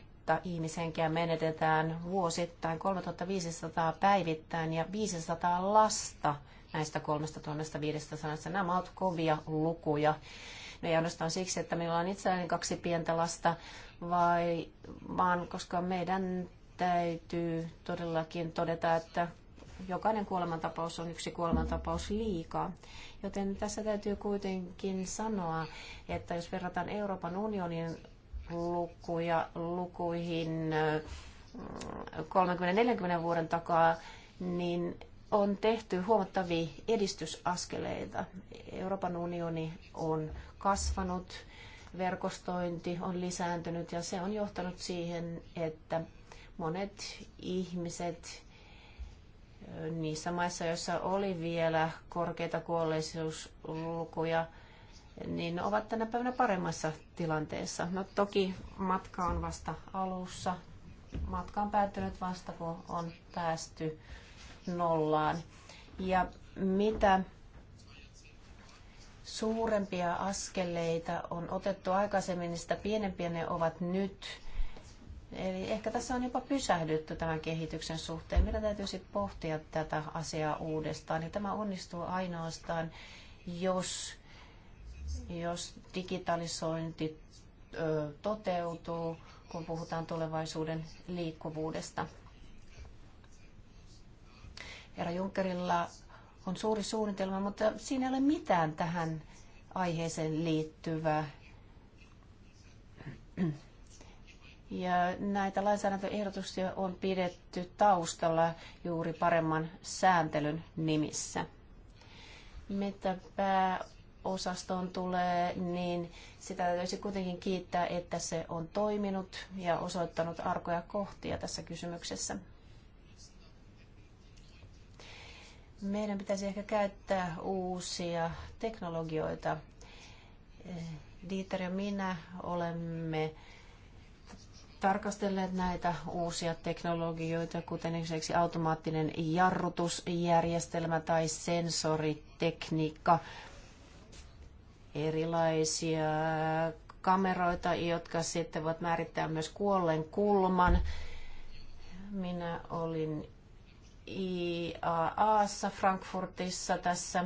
ihmishenkeä menetetään vuosittain, 3500 päivittäin ja 500 lasta näistä 3500. Nämä ovat kovia lukuja. Ne ei ainoastaan siksi, että meillä on itselläni kaksi pientä lasta, vai, vaan koska meidän täytyy todellakin todeta, että jokainen kuolemantapaus on yksi kuolemantapaus liikaa. Joten tässä täytyy kuitenkin sanoa, että jos verrataan Euroopan unionin lukuja lukuihin 30-40 mm, vuoden takaa, niin on tehty huomattavia edistysaskeleita. Euroopan unioni on kasvanut, verkostointi on lisääntynyt ja se on johtanut siihen, että monet ihmiset niissä maissa, joissa oli vielä korkeita kuolleisuuslukuja, niin ovat tänä päivänä paremmassa tilanteessa. No toki matka on vasta alussa. Matka on päättynyt vasta, kun on päästy nollaan. Ja mitä suurempia askeleita on otettu aikaisemmin, niin sitä pienempiä ne ovat nyt. Eli ehkä tässä on jopa pysähdytty tämän kehityksen suhteen. Meidän täytyisi pohtia tätä asiaa uudestaan. Ja tämä onnistuu ainoastaan, jos, jos digitalisointi toteutuu, kun puhutaan tulevaisuuden liikkuvuudesta. Herra Junckerilla on suuri suunnitelma, mutta siinä ei ole mitään tähän aiheeseen liittyvää ja näitä lainsäädäntöehdotuksia on pidetty taustalla juuri paremman sääntelyn nimissä. Mitä pääosastoon tulee, niin sitä täytyisi kuitenkin kiittää, että se on toiminut ja osoittanut arkoja kohtia tässä kysymyksessä. Meidän pitäisi ehkä käyttää uusia teknologioita. Eh, Dieter ja minä olemme tarkastelleet näitä uusia teknologioita, kuten esimerkiksi automaattinen jarrutusjärjestelmä tai sensoritekniikka, erilaisia kameroita, jotka sitten voivat määrittää myös kuolleen kulman. Minä olin IAAssa Frankfurtissa tässä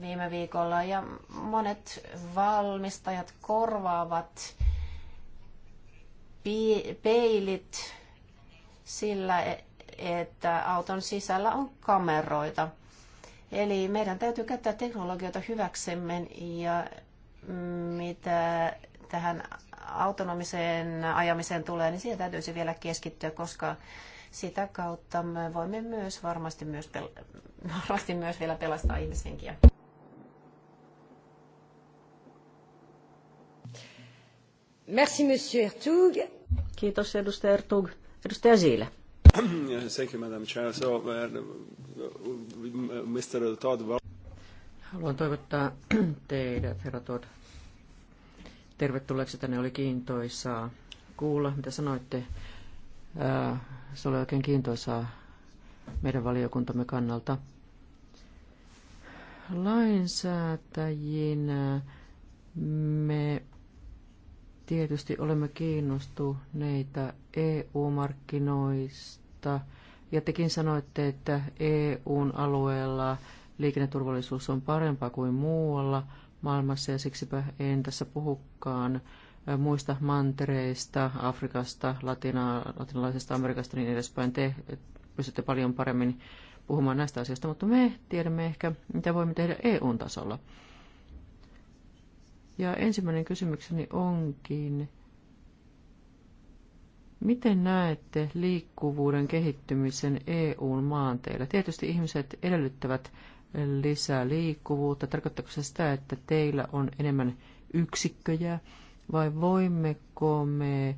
viime viikolla ja monet valmistajat korvaavat peilit sillä, e-, että auton sisällä on kameroita. Eli meidän täytyy käyttää teknologioita hyväksemme ja mitä tähän autonomiseen ajamiseen tulee, niin siihen täytyisi vielä keskittyä, koska sitä kautta me voimme myös varmasti myös, varmasti myös vielä pelastaa ihmishenkiä. Merci, monsieur Ertug. Kiitos, edustaja Ertug. Edustaja Ziile. Thank you, Madam Chair. So, uh, uh, Mr. Todd... Haluan toivottaa teidät, herra Todd, tervetulleeksi tänne. Oli kiintoisaa kuulla, mitä sanoitte. Äh, se oli oikein kiintoisaa meidän valiokuntamme kannalta. Lainsäätäjinä me Tietysti olemme kiinnostuneita EU-markkinoista. Ja tekin sanoitte, että EUn alueella liikenneturvallisuus on parempaa kuin muualla maailmassa ja siksipä en tässä puhukaan muista mantereista, Afrikasta, Latina, latinalaisesta Amerikasta niin edespäin. Te pystytte paljon paremmin puhumaan näistä asioista, mutta me tiedämme ehkä, mitä voimme tehdä EUn tasolla. Ja ensimmäinen kysymykseni onkin, miten näette liikkuvuuden kehittymisen EUn maanteilla? Tietysti ihmiset edellyttävät lisää liikkuvuutta. Tarkoittaako se sitä, että teillä on enemmän yksikköjä vai voimmeko me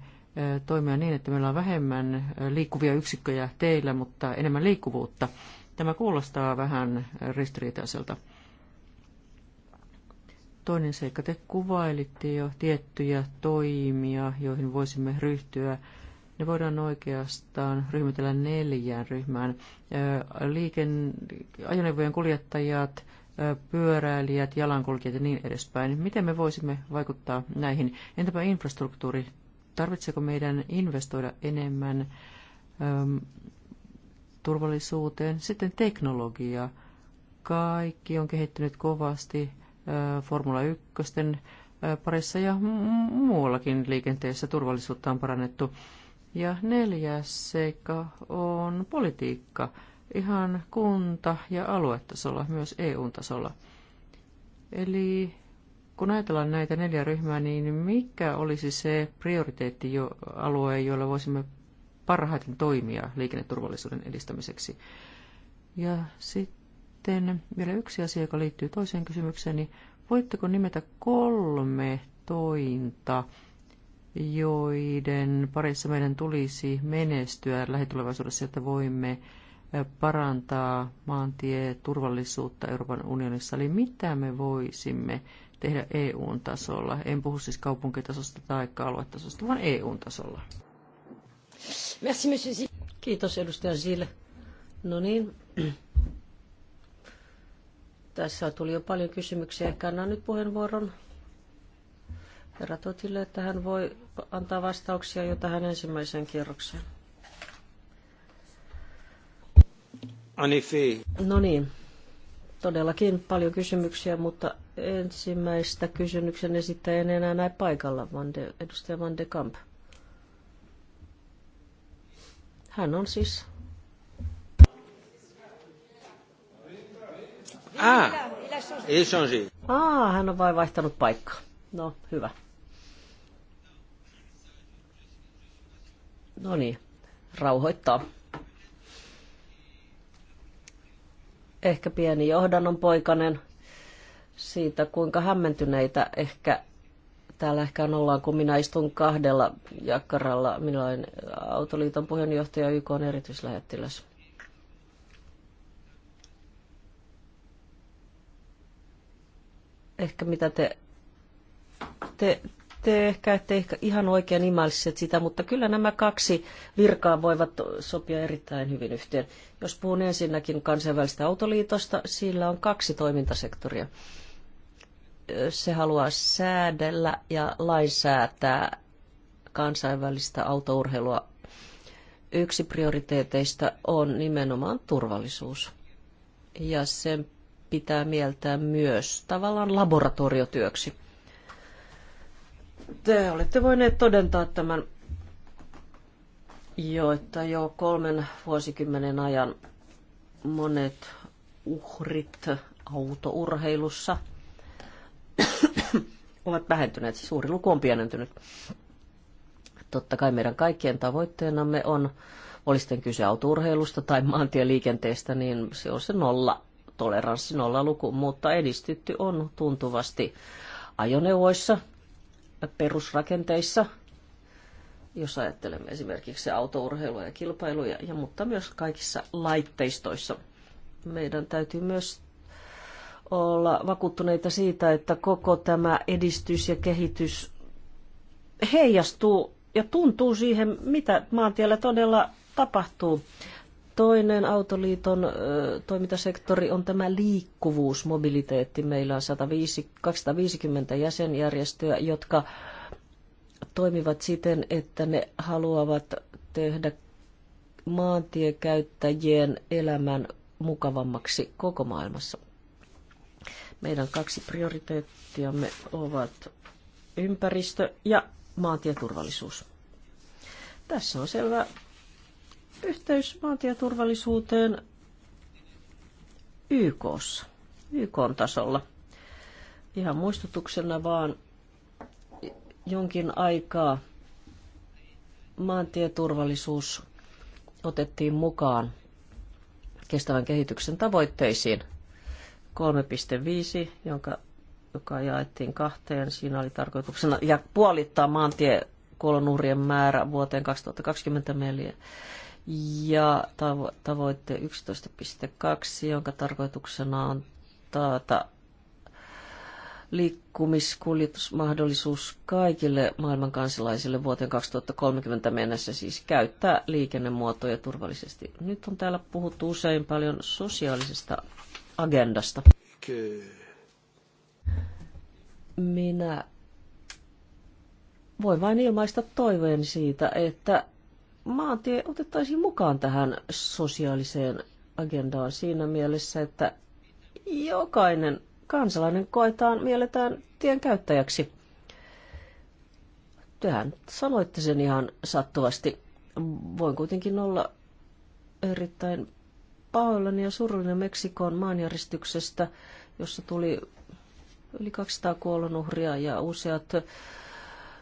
toimia niin, että meillä on vähemmän liikkuvia yksikköjä teillä, mutta enemmän liikkuvuutta? Tämä kuulostaa vähän ristiriitaiselta. Toinen seikka, te kuvailitte jo tiettyjä toimia, joihin voisimme ryhtyä. Ne voidaan oikeastaan ryhmitellä neljään ryhmään. Liiken, ajoneuvojen kuljettajat, pyöräilijät, jalankulkijat ja niin edespäin. Miten me voisimme vaikuttaa näihin? Entäpä infrastruktuuri? Tarvitseeko meidän investoida enemmän äm, turvallisuuteen? Sitten teknologia. Kaikki on kehittynyt kovasti Formula 1 parissa ja muuallakin liikenteessä turvallisuutta on parannettu. Ja neljäs seikka on politiikka, ihan kunta- ja aluetasolla, myös EU-tasolla. Eli kun ajatellaan näitä neljä ryhmää, niin mikä olisi se prioriteettialue, jolla voisimme parhaiten toimia liikenneturvallisuuden edistämiseksi? Ja sitten sitten vielä yksi asia, joka liittyy toiseen kysymykseeni. Niin voitteko nimetä kolme tointa, joiden parissa meidän tulisi menestyä lähitulevaisuudessa, että voimme parantaa maantieturvallisuutta Euroopan unionissa? Eli mitä me voisimme tehdä EU-tasolla? En puhu siis kaupunkitasosta tai aluetasosta, vaan EU-tasolla. Merci, monsieur Kiitos, edustaja Sille. No niin, tässä tuli jo paljon kysymyksiä. Ehkä annan nyt puheenvuoron herra Totille, että hän voi antaa vastauksia jo tähän ensimmäiseen kierrokseen. No niin, todellakin paljon kysymyksiä, mutta ensimmäistä kysymyksen esittäjä en enää näe paikalla, Van de, edustaja Van de Kamp. Hän on siis Ah, il change. Ah, hän on vain vaihtanut paikkaa. No, hyvä. No niin, rauhoittaa. Ehkä pieni johdannon poikanen siitä, kuinka hämmentyneitä ehkä täällä ehkä on ollaan, kun minä istun kahdella jakkaralla. Minä olen Autoliiton puheenjohtaja YK on erityislähettiläs. ehkä mitä te, te, te ehkä ette ehkä ihan oikein imailliset sitä, mutta kyllä nämä kaksi virkaa voivat sopia erittäin hyvin yhteen. Jos puhun ensinnäkin kansainvälistä autoliitosta, sillä on kaksi toimintasektoria. Se haluaa säädellä ja lainsäätää kansainvälistä autourheilua. Yksi prioriteeteista on nimenomaan turvallisuus. Ja sen pitää mieltää myös tavallaan laboratoriotyöksi. Te olette voineet todentaa tämän jo, että jo kolmen vuosikymmenen ajan monet uhrit autourheilussa ovat vähentyneet, siis suuri luku on pienentynyt. Totta kai meidän kaikkien tavoitteenamme on, olis'ten kyse autourheilusta tai maantieliikenteestä, niin se on se nolla toleranssi luku, mutta edistytty on tuntuvasti ajoneuvoissa, perusrakenteissa, jos ajattelemme esimerkiksi autourheilua ja kilpailuja, ja, mutta myös kaikissa laitteistoissa. Meidän täytyy myös olla vakuuttuneita siitä, että koko tämä edistys ja kehitys heijastuu ja tuntuu siihen, mitä maantiellä todella tapahtuu. Toinen autoliiton toimintasektori on tämä liikkuvuus, mobiliteetti. Meillä on 150, 250 jäsenjärjestöä, jotka toimivat siten, että ne haluavat tehdä maantiekäyttäjien elämän mukavammaksi koko maailmassa. Meidän kaksi prioriteettiamme ovat ympäristö ja maantieturvallisuus. Tässä on selvä Yhteys maantieturvallisuuteen YKssa, YKn tasolla. Ihan muistutuksena vaan jonkin aikaa maantieturvallisuus otettiin mukaan kestävän kehityksen tavoitteisiin. 3.5, jonka, joka jaettiin kahteen, siinä oli tarkoituksena ja puolittaa maantiekuolonuhrien määrä vuoteen 2024 ja tavo- tavoitte 11.2, jonka tarkoituksena on taata liikkumiskuljetusmahdollisuus kaikille maailman kansalaisille vuoteen 2030 mennessä, siis käyttää liikennemuotoja turvallisesti. Nyt on täällä puhuttu usein paljon sosiaalisesta agendasta. Minä voin vain ilmaista toiveen siitä, että maantie otettaisiin mukaan tähän sosiaaliseen agendaan siinä mielessä, että jokainen kansalainen koetaan, mielletään tien käyttäjäksi. Tehän sanoitte sen ihan sattuvasti. Voin kuitenkin olla erittäin pahoillani ja surullinen Meksikon maanjäristyksestä, jossa tuli yli 200 kuolonuhria ja useat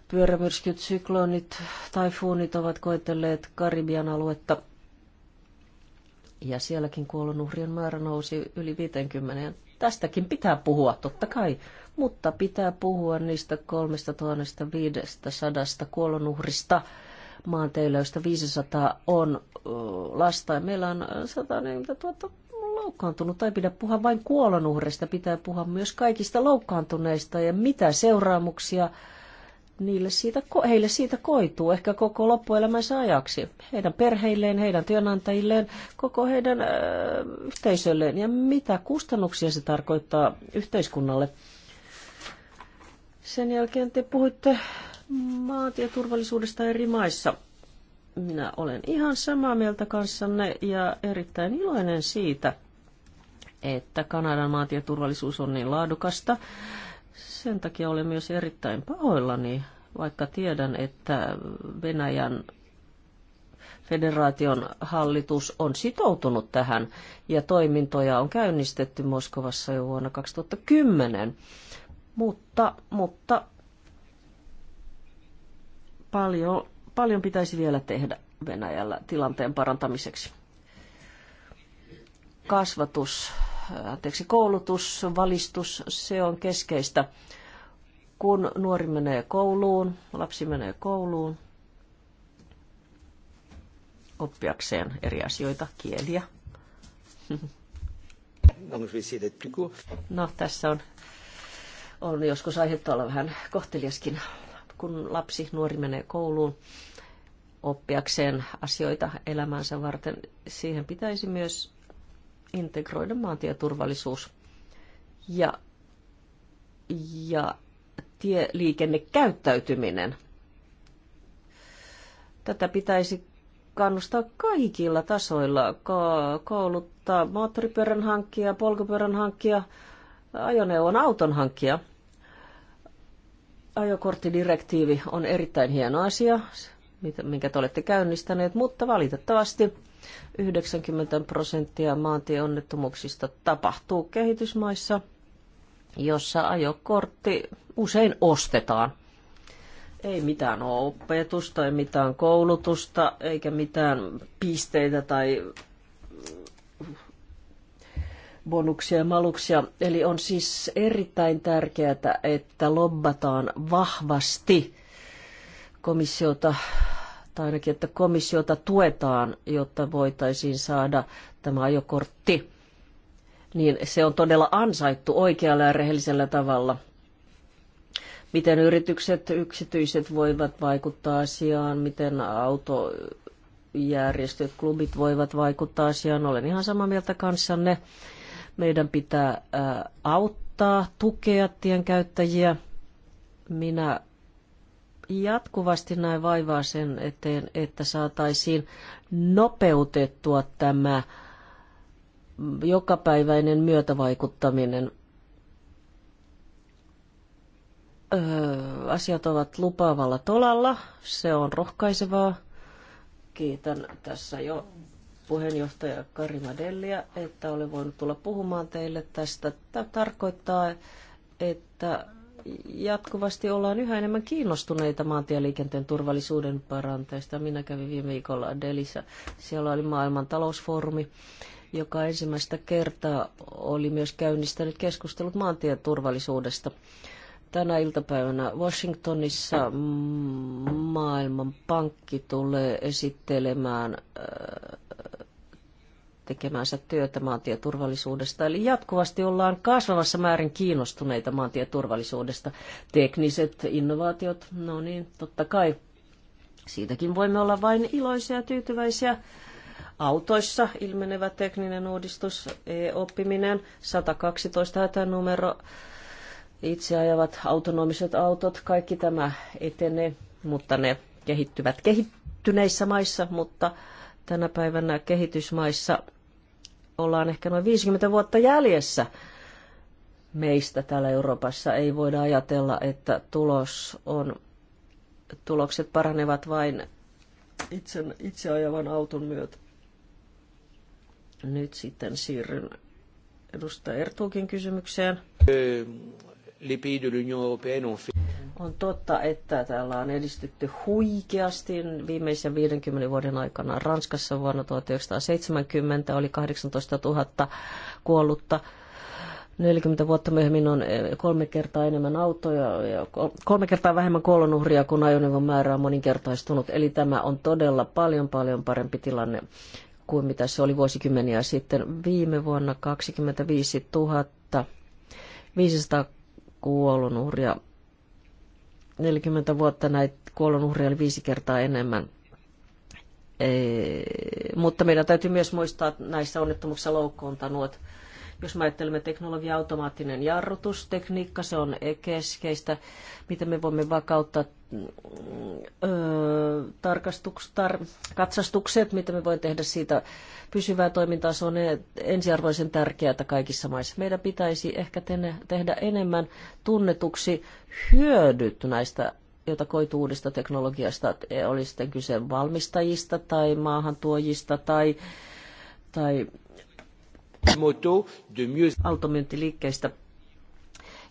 Pyörämyrskyt, syklonit, taifuunit ovat koetelleet Karibian aluetta. Ja sielläkin kuolonuhrien määrä nousi yli 50. Tästäkin pitää puhua, totta kai. Mutta pitää puhua niistä 3500 kuolonuhrista, maanteille, joista 500 on lasta. Ja meillä on 140 000 loukkaantunut. Tai pidä puhua vain kuolonuhreista, pitää puhua myös kaikista loukkaantuneista ja mitä seuraamuksia niille siitä, heille siitä koituu ehkä koko loppuelämänsä ajaksi. Heidän perheilleen, heidän työnantajilleen, koko heidän ö, äh, yhteisölleen ja mitä kustannuksia se tarkoittaa yhteiskunnalle. Sen jälkeen te puhuitte maantieturvallisuudesta eri maissa. Minä olen ihan samaa mieltä kanssanne ja erittäin iloinen siitä, että Kanadan maantieturvallisuus on niin laadukasta sen takia olen myös erittäin pahoillani, vaikka tiedän, että Venäjän federaation hallitus on sitoutunut tähän ja toimintoja on käynnistetty Moskovassa jo vuonna 2010. Mutta, mutta paljon, paljon pitäisi vielä tehdä Venäjällä tilanteen parantamiseksi. Kasvatus anteeksi, koulutus, valistus, se on keskeistä. Kun nuori menee kouluun, lapsi menee kouluun oppiakseen eri asioita, kieliä. No, tässä on, on joskus aihetta olla vähän kohteliaskin. Kun lapsi, nuori menee kouluun, oppiakseen asioita elämänsä varten. Siihen pitäisi myös integroida maantieturvallisuus ja, ja tieliikennekäyttäytyminen. Tätä pitäisi kannustaa kaikilla tasoilla, Ko- kouluttaa moottoripyörän hankkia, polkupyörän hankkia, ajoneuvon auton hankkia. Ajokorttidirektiivi on erittäin hieno asia, minkä te olette käynnistäneet, mutta valitettavasti 90 prosenttia maantieonnettomuuksista tapahtuu kehitysmaissa, jossa ajokortti usein ostetaan. Ei mitään opetusta, ei mitään koulutusta, eikä mitään pisteitä tai bonuksia ja maluksia. Eli on siis erittäin tärkeää, että lobbataan vahvasti komissiota tai ainakin, että komissiota tuetaan, jotta voitaisiin saada tämä ajokortti, niin se on todella ansaittu oikealla ja rehellisellä tavalla. Miten yritykset, yksityiset voivat vaikuttaa asiaan, miten autojärjestöt, klubit voivat vaikuttaa asiaan. Olen ihan samaa mieltä kanssanne. Meidän pitää auttaa, tukea tienkäyttäjiä. Minä jatkuvasti näin vaivaa sen eteen, että saataisiin nopeutettua tämä jokapäiväinen myötävaikuttaminen. Öö, asiat ovat lupaavalla tolalla, se on rohkaisevaa. Kiitän tässä jo puheenjohtaja Kari Madellia, että olen voinut tulla puhumaan teille tästä. Tämä tarkoittaa, että jatkuvasti ollaan yhä enemmän kiinnostuneita maantieliikenteen turvallisuuden parantajista. Minä kävin viime viikolla Delissä. Siellä oli maailman talousfoorumi, joka ensimmäistä kertaa oli myös käynnistänyt keskustelut maantieturvallisuudesta. Tänä iltapäivänä Washingtonissa maailman pankki tulee esittelemään äh, tekemänsä työtä maantieturvallisuudesta. Eli jatkuvasti ollaan kasvavassa määrin kiinnostuneita maantieturvallisuudesta. Tekniset innovaatiot, no niin, totta kai. Siitäkin voimme olla vain iloisia ja tyytyväisiä. Autoissa ilmenevä tekninen uudistus, e-oppiminen, 112 hätänumero, itse ajavat autonomiset autot, kaikki tämä etenee, mutta ne kehittyvät kehittyneissä maissa, mutta Tänä päivänä kehitysmaissa ollaan ehkä noin 50 vuotta jäljessä meistä täällä Euroopassa. Ei voida ajatella, että tulos on, tulokset paranevat vain itse, itse ajavan auton myötä. Nyt sitten siirryn edustaja Ertuukin kysymykseen. Eh, Les pays de l'Union européenne fait... On totta, että täällä on edistytty huikeasti viimeisen 50 vuoden aikana. Ranskassa vuonna 1970 oli 18 000 kuollutta. 40 vuotta myöhemmin on eh, kolme kertaa enemmän autoja ja kolme kertaa vähemmän kuolonuhria, kun ajoneuvon määrä on moninkertaistunut. Eli tämä on todella paljon paljon parempi tilanne kuin mitä se oli vuosikymmeniä sitten. Viime vuonna 25 000 500 kuolonuhria 40 vuotta näitä kuolonuhreja oli viisi kertaa enemmän. Ee, mutta meidän täytyy myös muistaa, että näissä onnettomuuksissa loukkoontanut jos me ajattelemme teknologia, automaattinen jarrutustekniikka, se on keskeistä. Miten me voimme vakauttaa mm, tar, katsastukset, mitä me voimme tehdä siitä pysyvää toimintaa, se on ensiarvoisen tärkeää kaikissa maissa. Meidän pitäisi ehkä tehdä enemmän tunnetuksi hyödyt näistä jota koituu uudesta teknologiasta, oli sitten kyse valmistajista tai maahantuojista tai, tai automyyntiliikkeistä.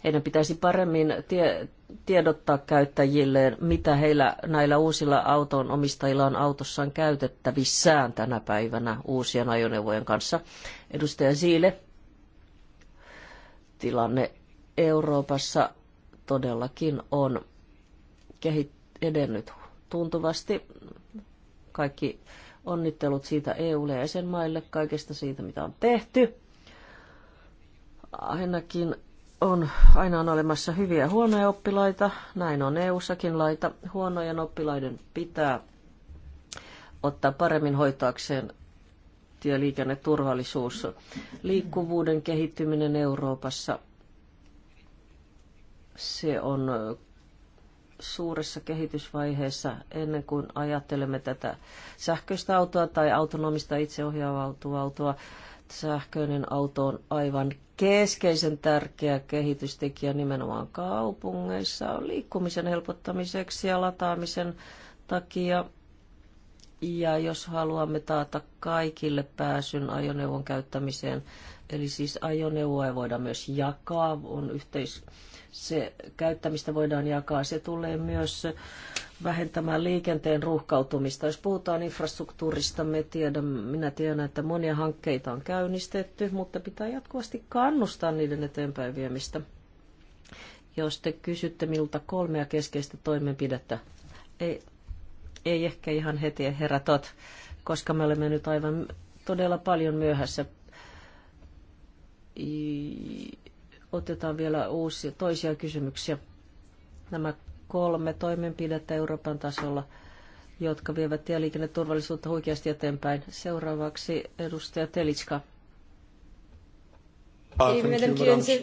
Heidän pitäisi paremmin tie, tiedottaa käyttäjilleen, mitä heillä näillä uusilla auton omistajilla on autossaan käytettävissään tänä päivänä uusien ajoneuvojen kanssa. Edustaja Siile, tilanne Euroopassa todellakin on kehit- edennyt tuntuvasti. Kaikki Onnittelut siitä EUlle ja jäsenmaille kaikesta siitä, mitä on tehty. Ainakin on, aina on olemassa hyviä ja huonoja oppilaita. Näin on EU-sakin laita. Huonojen oppilaiden pitää ottaa paremmin hoitaakseen tieliikenneturvallisuus, liikkuvuuden kehittyminen Euroopassa. Se on suuressa kehitysvaiheessa ennen kuin ajattelemme tätä sähköistä autoa tai autonomista itseohjaavautua autoa. Sähköinen auto on aivan keskeisen tärkeä kehitystekijä nimenomaan kaupungeissa liikkumisen helpottamiseksi ja lataamisen takia. Ja jos haluamme taata kaikille pääsyn ajoneuvon käyttämiseen, eli siis ajoneuvoa voidaan myös jakaa, on yhteis, se käyttämistä voidaan jakaa. Se tulee myös vähentämään liikenteen ruuhkautumista. Jos puhutaan infrastruktuurista, me tiedän, minä tiedän, että monia hankkeita on käynnistetty, mutta pitää jatkuvasti kannustaa niiden eteenpäin viemistä. Jos te kysytte minulta kolmea keskeistä toimenpidettä, ei, ei ehkä ihan heti herätot, koska me olemme nyt aivan todella paljon myöhässä otetaan vielä uusia toisia kysymyksiä. Nämä kolme toimenpidettä Euroopan tasolla, jotka vievät tieliikenneturvallisuutta huikeasti eteenpäin. Seuraavaksi edustaja Telitska. Madame ah, se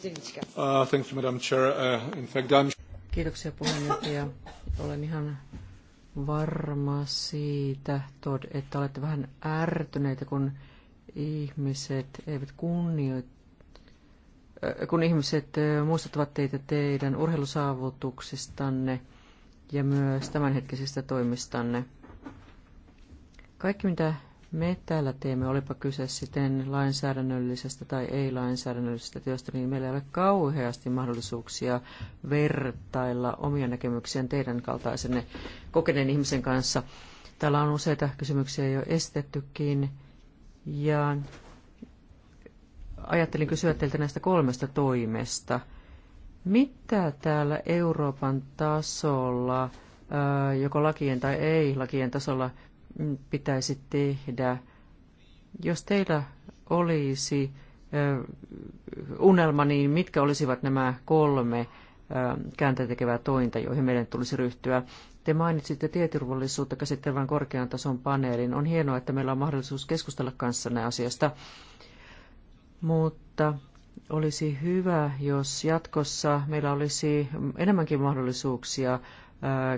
thank you, Madame Kiitoksia puheenjohtaja. Olen ihan varma siitä, että olette vähän ärtyneitä, kun ihmiset eivät kunnioita äh, kun ihmiset äh, muistuttavat teitä teidän urheilusaavutuksistanne ja myös tämänhetkisistä toimistanne. Kaikki, mitä me täällä teemme, olipa kyse sitten lainsäädännöllisestä tai ei-lainsäädännöllisestä työstä, niin meillä ei ole kauheasti mahdollisuuksia vertailla omia näkemyksiä teidän kaltaisenne kokeneen ihmisen kanssa. Täällä on useita kysymyksiä jo estettykin ja ajattelin kysyä teiltä näistä kolmesta toimesta. Mitä täällä Euroopan tasolla, joko lakien tai ei lakien tasolla, mm, pitäisi tehdä, jos teillä olisi unelma, niin mitkä olisivat nämä kolme kääntätekevää tointa, joihin meidän tulisi ryhtyä. Te mainitsitte tieturvallisuutta käsittelevän korkean tason paneelin. On hienoa, että meillä on mahdollisuus keskustella kanssanne asiasta. Mutta olisi hyvä, jos jatkossa meillä olisi enemmänkin mahdollisuuksia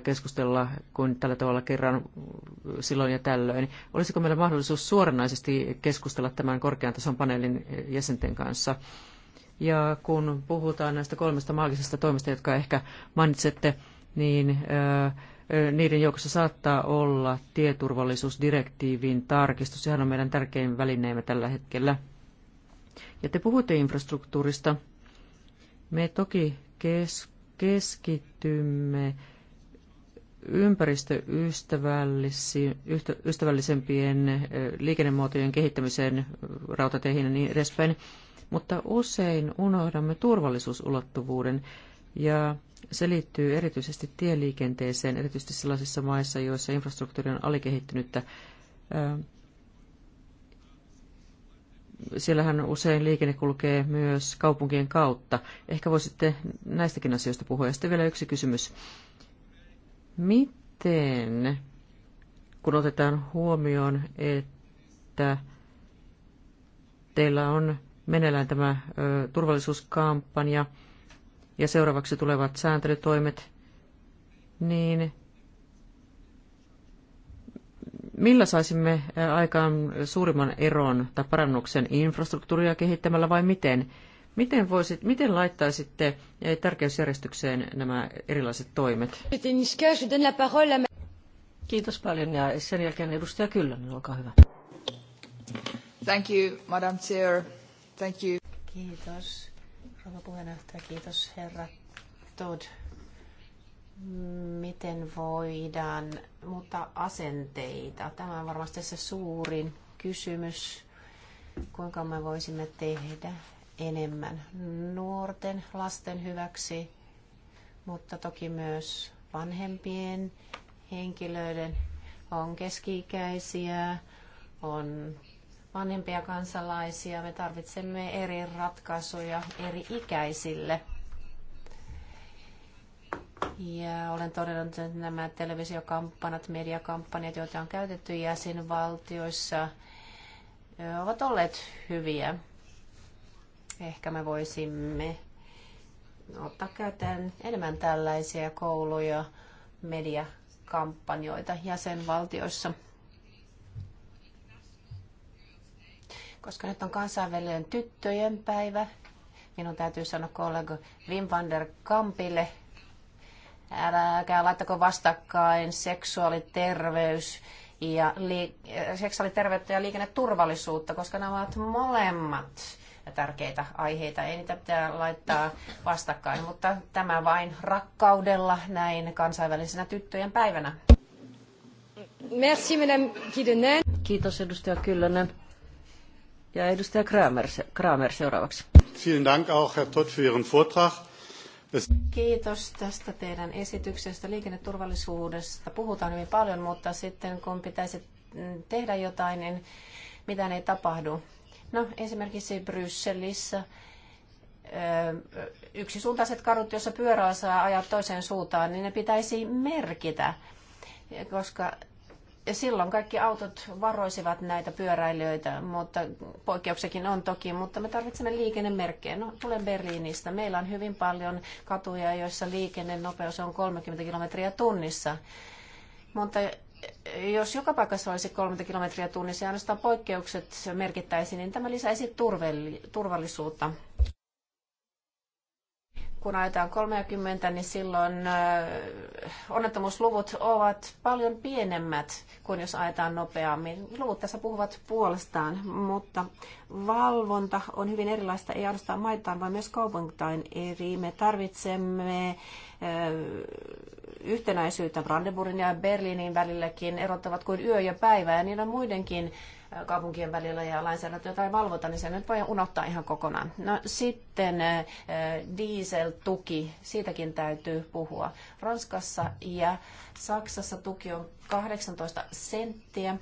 keskustella kuin tällä tavalla kerran silloin ja tällöin. Olisiko meillä mahdollisuus suoranaisesti keskustella tämän korkean tason paneelin jäsenten kanssa? Ja kun puhutaan näistä kolmesta maagisesta toimesta, jotka ehkä mainitsette, niin niiden joukossa saattaa olla tieturvallisuusdirektiivin tarkistus. Sehän on meidän tärkein välineemme tällä hetkellä. Ja te puhutte infrastruktuurista. Me toki kes- keskitymme ympäristöystävällisempien liikennemuotojen kehittämiseen rautateihin ja niin edespäin, mutta usein unohdamme turvallisuusulottuvuuden. Ja se liittyy erityisesti tieliikenteeseen, erityisesti sellaisissa maissa, joissa infrastruktuuri on alikehittynyttä. Siellähän usein liikenne kulkee myös kaupunkien kautta. Ehkä voisitte näistäkin asioista puhua. Ja sitten vielä yksi kysymys. Miten, kun otetaan huomioon, että teillä on meneillään tämä turvallisuuskampanja – ja seuraavaksi tulevat sääntelytoimet, niin millä saisimme aikaan suurimman eron tai parannuksen infrastruktuuria kehittämällä vai miten? Miten, voisit, miten laittaisitte tärkeysjärjestykseen nämä erilaiset toimet? Kiitos paljon ja sen jälkeen edustaja Kyllönen, olkaa hyvä. Thank you, Madam Chair. Thank you. Kiitos rouva puheenjohtaja. Kiitos, herra Todd. Miten voidaan muuttaa asenteita? Tämä on varmasti se suurin kysymys. Kuinka me voisimme tehdä enemmän nuorten lasten hyväksi, mutta toki myös vanhempien henkilöiden on keski-ikäisiä, on vanhempia kansalaisia. Me tarvitsemme eri ratkaisuja eri ikäisille. Ja olen todennut, että nämä televisiokampanjat, mediakampanjat, joita on käytetty jäsenvaltioissa, ovat olleet hyviä. Ehkä me voisimme ottaa käyttöön enemmän tällaisia kouluja, mediakampanjoita jäsenvaltioissa. koska nyt on kansainvälinen tyttöjen päivä. Minun täytyy sanoa kollega Wim van der Kampille, älkää laittako vastakkain seksuaaliterveys ja li- seksuaaliterveyttä ja liikenneturvallisuutta, koska nämä ovat molemmat tärkeitä aiheita. Ei niitä pitää laittaa vastakkain, mutta tämä vain rakkaudella näin kansainvälisenä tyttöjen päivänä. Merci, Kiitos edustaja Kyllönen. Ja edustaja Kramer, Kramer seuraavaksi. Vielen Dank auch, Herr Todt, für Ihren Vortrag. Kiitos tästä teidän esityksestä. Liikenneturvallisuudesta puhutaan hyvin paljon, mutta sitten kun pitäisi tehdä jotain, niin mitään ei tapahdu. No, esimerkiksi Brysselissä yksisuuntaiset kadut, joissa pyörää saa ajaa toiseen suuntaan, niin ne pitäisi merkitä, koska ja silloin kaikki autot varoisivat näitä pyöräilijöitä, mutta poikkeuksekin on toki, mutta me tarvitsemme liikennemerkkejä. No, tulen Berliinistä. Meillä on hyvin paljon katuja, joissa liikennenopeus on 30 kilometriä tunnissa. Mutta jos joka paikassa olisi 30 kilometriä tunnissa ja ainoastaan poikkeukset merkittäisiin, niin tämä lisäisi turvallisuutta kun ajetaan 30, niin silloin äh, onnettomuusluvut ovat paljon pienemmät kuin jos ajetaan nopeammin. Luvut tässä puhuvat puolestaan, mutta valvonta on hyvin erilaista, ei ainoastaan maitaan, vaan myös kaupunkitain eri. Me tarvitsemme äh, yhtenäisyyttä Brandenburgin ja Berliinin välilläkin erottavat kuin yö ja päivä, ja niillä muidenkin kaupunkien välillä ja lainsäädäntö tai valvota, niin se nyt voi unohtaa ihan kokonaan. No sitten eh, tuki, siitäkin täytyy puhua. Ranskassa ja Saksassa tuki on 18 senttiä.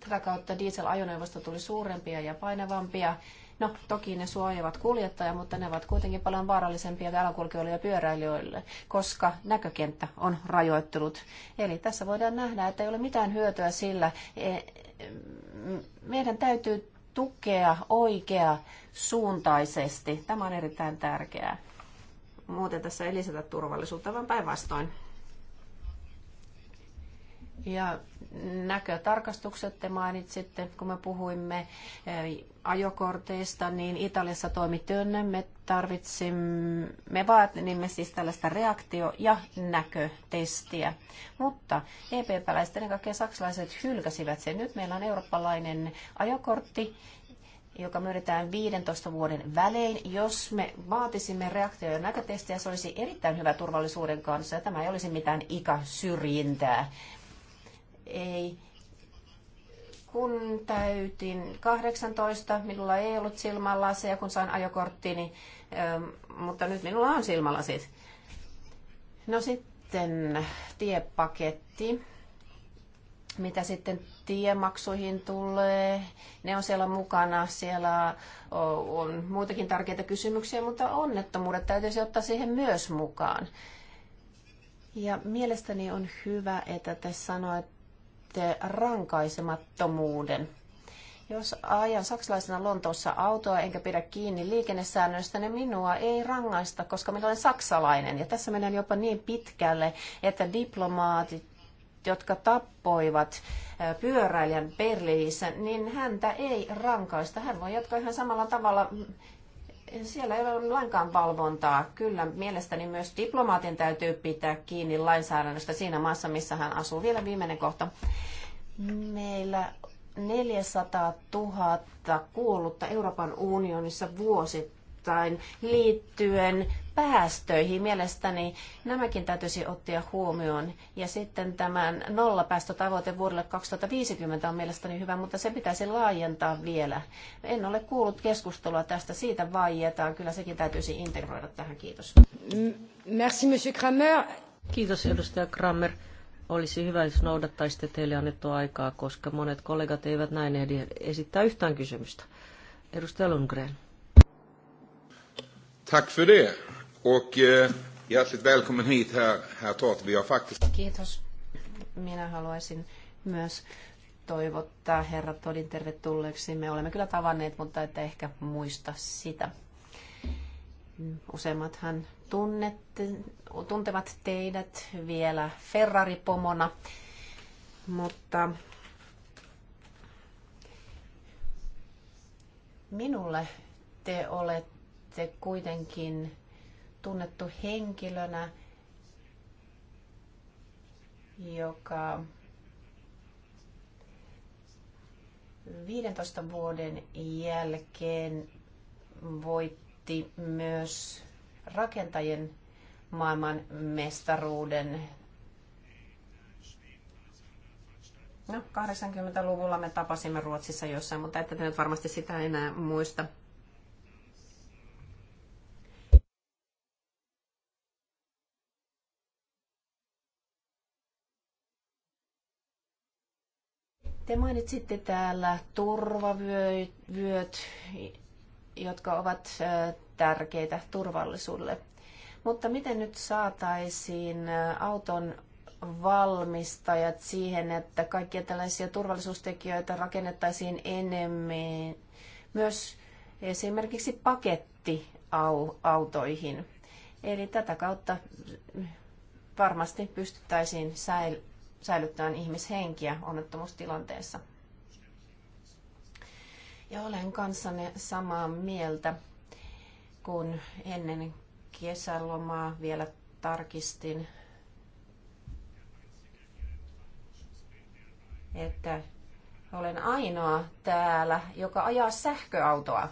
Tätä kautta diesel diesel-ajoneuvosta tuli suurempia ja painavampia. No, toki ne suojavat kuljettajia, mutta ne ovat kuitenkin paljon vaarallisempia jalankulkijoille ja pyöräilijöille, koska näkökenttä on rajoittunut. Eli tässä voidaan nähdä, että ei ole mitään hyötyä sillä, e- meidän täytyy tukea oikea suuntaisesti. Tämä on erittäin tärkeää. Muuten tässä ei lisätä turvallisuutta, vaan päinvastoin. Ja näkötarkastukset te mainitsitte, kun me puhuimme eh, ajokorteista, niin Italiassa toimi työnne. Me tarvitsimme, me vaatimme siis tällaista reaktio- ja näkötestiä. Mutta EP-päläiset, ja kaikkea saksalaiset, hylkäsivät sen. Nyt meillä on eurooppalainen ajokortti, joka myönnetään 15 vuoden välein. Jos me vaatisimme reaktio- ja näkötestiä, se olisi erittäin hyvä turvallisuuden kanssa ja tämä ei olisi mitään ikäsyrjintää, ei. Kun täytin 18, minulla ei ollut silmälaseja, kun sain ajokorttini, niin, ähm, mutta nyt minulla on silmälasit. No sitten tiepaketti. Mitä sitten tiemaksuihin tulee, ne on siellä mukana. Siellä on muitakin tärkeitä kysymyksiä, mutta onnettomuudet täytyisi ottaa siihen myös mukaan. Ja mielestäni on hyvä, että te sanoitte, rankaisemattomuuden. Jos ajan saksalaisena Lontoossa autoa enkä pidä kiinni liikennesäännöistä, niin minua ei rangaista, koska minä olen saksalainen. Ja tässä menen jopa niin pitkälle, että diplomaatit jotka tappoivat pyöräilijän Berliinissä, niin häntä ei rankaista. Hän voi jatkaa ihan samalla tavalla siellä ei ole lainkaan valvontaa. Kyllä, mielestäni myös diplomaatin täytyy pitää kiinni lainsäädännöstä siinä maassa, missä hän asuu. Vielä viimeinen kohta. Meillä 400 000 kuollutta Euroopan unionissa vuosittain liittyen päästöihin. Mielestäni nämäkin täytyisi ottaa huomioon. Ja sitten tämän nollapäästötavoite vuodelle 2050 on mielestäni hyvä, mutta se pitäisi laajentaa vielä. En ole kuullut keskustelua tästä, siitä vaietaan. Kyllä sekin täytyisi integroida tähän. Kiitos. Merci, monsieur Kramer. Kiitos, edustaja Kramer. Olisi hyvä, jos noudattaisitte teille annettua aikaa, koska monet kollegat eivät näin ehdi esittää yhtään kysymystä. Edustaja Lundgren. Tack för det. Och eh, hjärtligt välkommen hit här, herr Tortby. faktiskt... Kiitos. Minä haluaisin myös toivottaa herra Todin tervetulleeksi. Me olemme kyllä tavanneet, mutta ette ehkä muista sitä. Useimmathan tunnette, tuntevat teidät vielä Ferrari-pomona, mutta minulle te olette kuitenkin tunnettu henkilönä, joka 15 vuoden jälkeen voitti myös rakentajien maailman mestaruuden. No, 80-luvulla me tapasimme Ruotsissa jossain, mutta ette nyt varmasti sitä enää muista. Te mainitsitte täällä turvavyöt, jotka ovat tärkeitä turvallisuudelle. Mutta miten nyt saataisiin auton valmistajat siihen, että kaikkia tällaisia turvallisuustekijöitä rakennettaisiin enemmän myös esimerkiksi pakettiautoihin. Eli tätä kautta varmasti pystyttäisiin säil- säilyttäen ihmishenkiä onnettomuustilanteessa. Ja olen kanssanne samaa mieltä, kun ennen kesälomaa vielä tarkistin, että olen ainoa täällä, joka ajaa sähköautoa.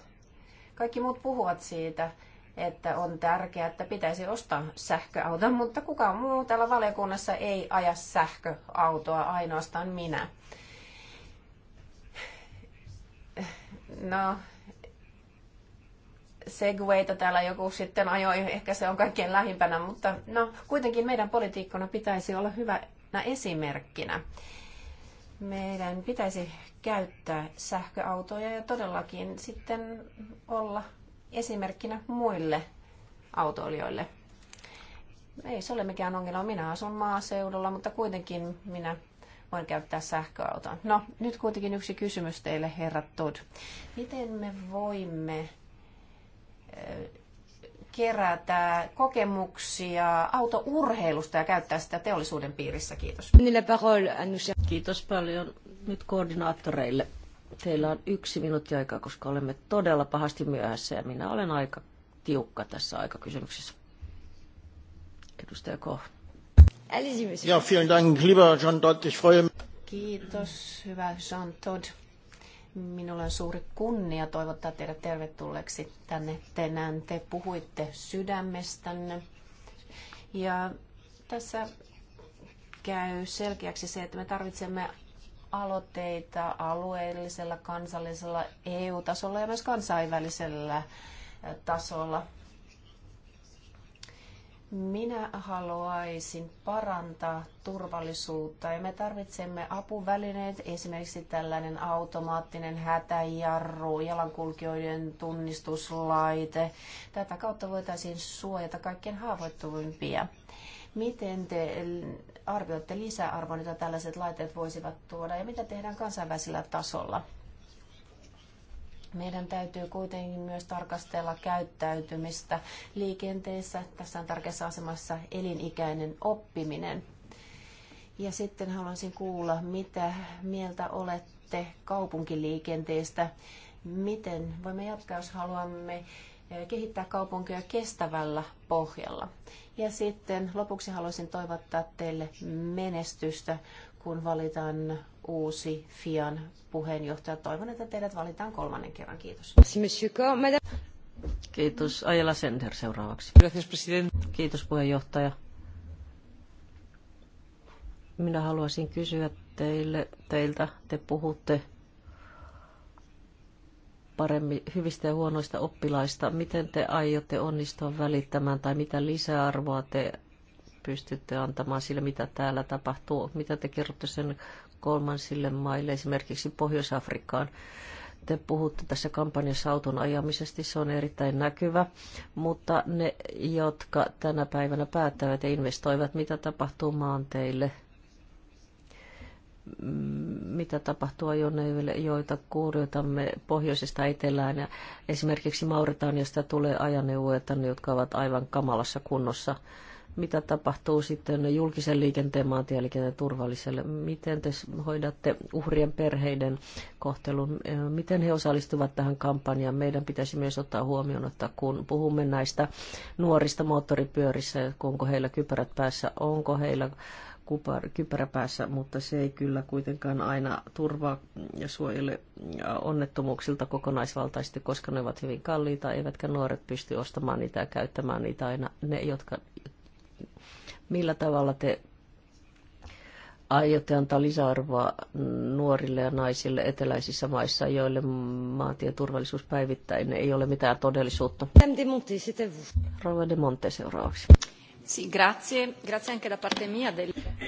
Kaikki muut puhuvat siitä, että on tärkeää, että pitäisi ostaa sähköauto, mutta kukaan muu täällä valiokunnassa ei aja sähköautoa, ainoastaan minä. No, segwayta täällä joku sitten ajoi, ehkä se on kaikkein lähimpänä, mutta no, kuitenkin meidän politiikkona pitäisi olla hyvänä esimerkkinä. Meidän pitäisi käyttää sähköautoja ja todellakin sitten olla esimerkkinä muille autoilijoille. Ei se ole mikään ongelma. Minä asun maaseudulla, mutta kuitenkin minä voin käyttää sähköautoa. No, nyt kuitenkin yksi kysymys teille, herra Todd. Miten me voimme kerätä kokemuksia autourheilusta ja käyttää sitä teollisuuden piirissä. Kiitos. Kiitos paljon nyt koordinaattoreille. Teillä on yksi minuutti aikaa, koska olemme todella pahasti myöhässä ja minä olen aika tiukka tässä aikakysymyksessä. Edustaja Koh. Ja, vielen Dank, lieber John Dodd. Ich freue Kiitos, hyvä Jean Todd. Minulla on suuri kunnia toivottaa teidät tervetulleeksi tänne tänään. Te puhuitte sydämestänne. Ja tässä käy selkeäksi se, että me tarvitsemme aloitteita alueellisella, kansallisella, EU-tasolla ja myös kansainvälisellä tasolla. Minä haluaisin parantaa turvallisuutta ja me tarvitsemme apuvälineet, esimerkiksi tällainen automaattinen hätäjarru, jalankulkijoiden tunnistuslaite. Tätä kautta voitaisiin suojata kaikkien haavoittuvimpia. Miten te arvioitte lisäarvon, niin jota tällaiset laitteet voisivat tuoda ja mitä tehdään kansainvälisellä tasolla? Meidän täytyy kuitenkin myös tarkastella käyttäytymistä liikenteessä. Tässä on tärkeässä asemassa elinikäinen oppiminen. Ja sitten haluaisin kuulla, mitä mieltä olette kaupunkiliikenteestä. Miten voimme jatkaa, jos haluamme kehittää kaupunkia kestävällä pohjalla. Ja sitten lopuksi haluaisin toivottaa teille menestystä, kun valitaan uusi FIAN puheenjohtaja. Toivon, että teidät valitaan kolmannen kerran. Kiitos. Kiitos. Ajela Sender seuraavaksi. Kiitos puheenjohtaja. Minä haluaisin kysyä teille, teiltä, te puhutte paremmin hyvistä ja huonoista oppilaista. Miten te aiotte onnistua välittämään tai mitä lisäarvoa te pystytte antamaan sille, mitä täällä tapahtuu? Mitä te kerrotte sen kolmansille maille, esimerkiksi pohjois afrikkaan te puhutte tässä kampanjassa auton ajamisesta, se on erittäin näkyvä, mutta ne, jotka tänä päivänä päättävät ja investoivat, mitä tapahtuu maanteille, mitä tapahtuu ajoneuvoille, joita kuuriotamme pohjoisesta etelään. Ja esimerkiksi Mauritaniasta tulee ajoneuvoja, jotka ovat aivan kamalassa kunnossa. Mitä tapahtuu sitten julkisen liikenteen, maantieliikenteen turvalliselle? Miten te hoidatte uhrien perheiden kohtelun? Miten he osallistuvat tähän kampanjaan? Meidän pitäisi myös ottaa huomioon, että kun puhumme näistä nuorista moottoripyörissä, onko heillä kypärät päässä, onko heillä kupar, kypäräpäässä, mutta se ei kyllä kuitenkaan aina turvaa ja suojele onnettomuuksilta kokonaisvaltaisesti, koska ne ovat hyvin kalliita, eivätkä nuoret pysty ostamaan niitä ja käyttämään niitä aina. Ne, jotka, millä tavalla te aiotte antaa lisäarvoa nuorille ja naisille eteläisissä maissa, joille maantieturvallisuus päivittäin ei ole mitään todellisuutta? Rova de Monte seuraavaksi.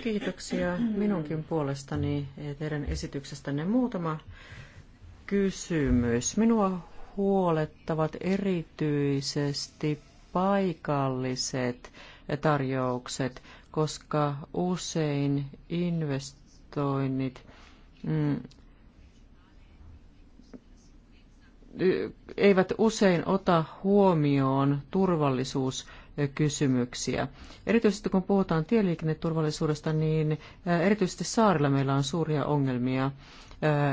Kiitoksia minunkin puolestani teidän esityksestänne. Muutama kysymys. Minua huolettavat erityisesti paikalliset tarjoukset, koska usein investoinnit mm, eivät usein ota huomioon turvallisuus kysymyksiä. Erityisesti kun puhutaan tieliikenneturvallisuudesta, niin erityisesti saarilla meillä on suuria ongelmia.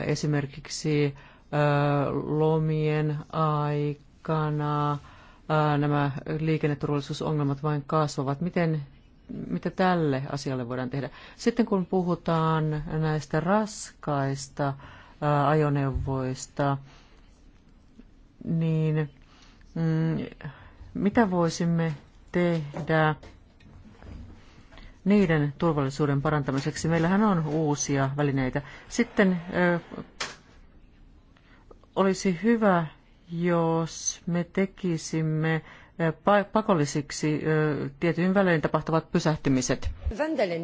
Esimerkiksi lomien aikana nämä liikenneturvallisuusongelmat vain kasvavat. Miten mitä tälle asialle voidaan tehdä. Sitten kun puhutaan näistä raskaista ajoneuvoista, niin mm, mitä voisimme tehdä niiden turvallisuuden parantamiseksi? Meillähän on uusia välineitä. Sitten olisi hyvä, jos me tekisimme pakollisiksi tietyin välein tapahtuvat pysähtymiset. Vandalen,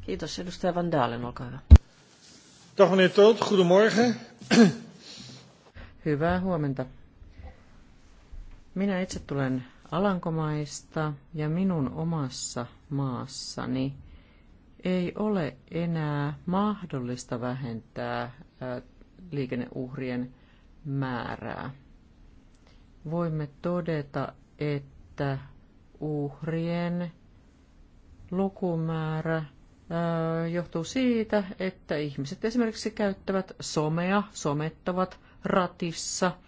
Kiitos, edustaja Vandalen, olkaa hyvä. Dag meneer Toot, goedemorgen. Hyvää huomenta. Minä itse tulen Alankomaista ja minun omassa maassani ei ole enää mahdollista vähentää liikenneuhrien määrää. Voimme todeta, että uhrien lukumäärä johtuu siitä, että ihmiset esimerkiksi käyttävät somea, somettavat ratissa –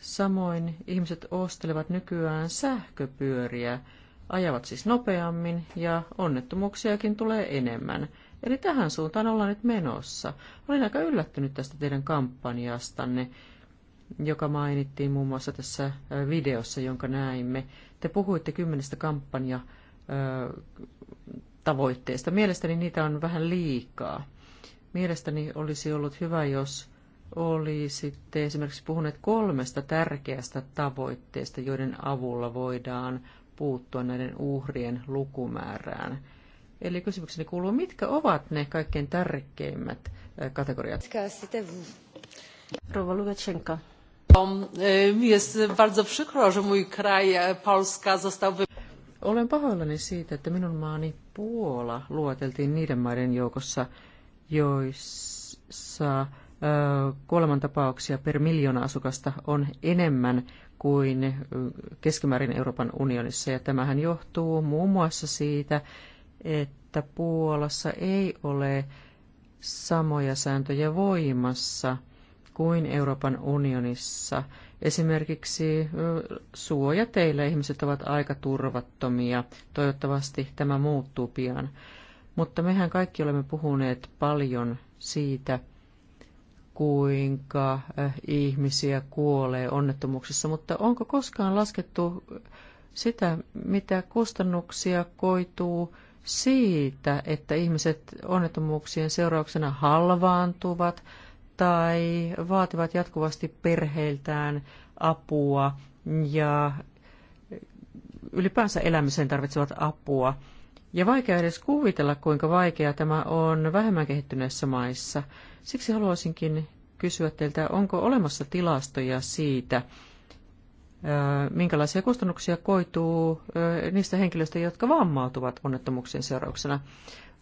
Samoin ihmiset ostelevat nykyään sähköpyöriä, ajavat siis nopeammin ja onnettomuuksiakin tulee enemmän. Eli tähän suuntaan ollaan nyt menossa. Olin aika yllättynyt tästä teidän kampanjastanne, joka mainittiin muun muassa tässä videossa, jonka näimme. Te puhuitte kymmenestä kampanja tavoitteesta. Mielestäni niitä on vähän liikaa. Mielestäni olisi ollut hyvä, jos olisitte esimerkiksi puhuneet kolmesta tärkeästä tavoitteesta, joiden avulla voidaan puuttua näiden uhrien lukumäärään. Eli kysymykseni kuuluu, mitkä ovat ne kaikkein tärkeimmät eh, kategoriat? Rova Lukashenka. Eh, eh, Olen pahoillani siitä, että minun maani Puola luoteltiin niiden maiden joukossa, joissa kuolemantapauksia per miljoona asukasta on enemmän kuin keskimäärin Euroopan unionissa. Ja tämähän johtuu muun muassa siitä, että Puolassa ei ole samoja sääntöjä voimassa kuin Euroopan unionissa. Esimerkiksi teille ihmiset ovat aika turvattomia. Toivottavasti tämä muuttuu pian. Mutta mehän kaikki olemme puhuneet paljon siitä, kuinka äh, ihmisiä kuolee onnettomuuksissa, mutta onko koskaan laskettu sitä, mitä kustannuksia koituu siitä, että ihmiset onnettomuuksien seurauksena halvaantuvat tai vaativat jatkuvasti perheiltään apua ja ylipäänsä elämiseen tarvitsevat apua. Ja vaikea edes kuvitella, kuinka vaikeaa tämä on vähemmän kehittyneissä maissa – Siksi haluaisinkin kysyä teiltä, onko olemassa tilastoja siitä, minkälaisia kustannuksia koituu niistä henkilöistä, jotka vammautuvat onnettomuuksien seurauksena.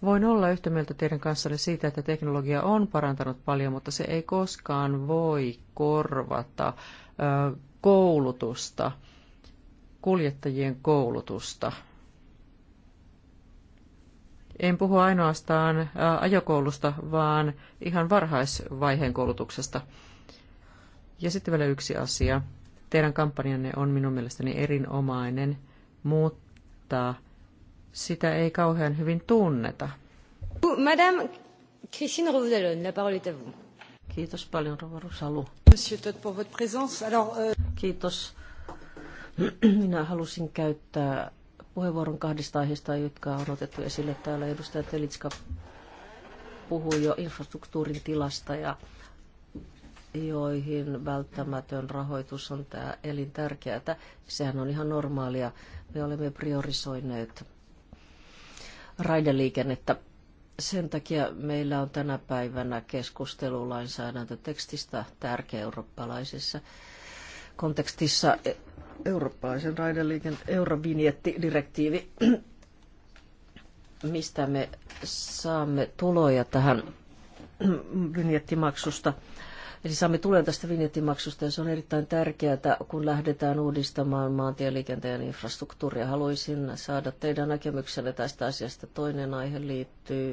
Voin olla yhtä mieltä teidän kanssanne siitä, että teknologia on parantanut paljon, mutta se ei koskaan voi korvata koulutusta, kuljettajien koulutusta – en puhu ainoastaan ajokoulusta, vaan ihan varhaisvaiheen koulutuksesta. Ja sitten vielä yksi asia. Teidän kampanjanne on minun mielestäni erinomainen, mutta sitä ei kauhean hyvin tunneta. Madame Christine Rouvdalon, la parole est à vous. Kiitos paljon, Rova Rosalu. Monsieur Todd, pour votre présence. Alors, euh... Kiitos. Minä halusin käyttää puheenvuoron kahdesta aiheesta, jotka on otettu esille täällä. Edustaja Telitska puhui jo infrastruktuurin tilasta ja joihin välttämätön rahoitus on tämä elintärkeää. Sehän on ihan normaalia. Me olemme priorisoineet raideliikennettä. Sen takia meillä on tänä päivänä keskustelulainsäädäntötekstistä tärkeä eurooppalaisessa kontekstissa eurooppalaisen raideliikenteen eurovinjettidirektiivi, mistä me saamme tuloja tähän vinjettimaksusta. Eli saamme tulee tästä vinjettimaksusta ja se on erittäin tärkeää, kun lähdetään uudistamaan maantieliikenteen infrastruktuuria. Haluaisin saada teidän näkemyksenne tästä asiasta. Toinen aihe liittyy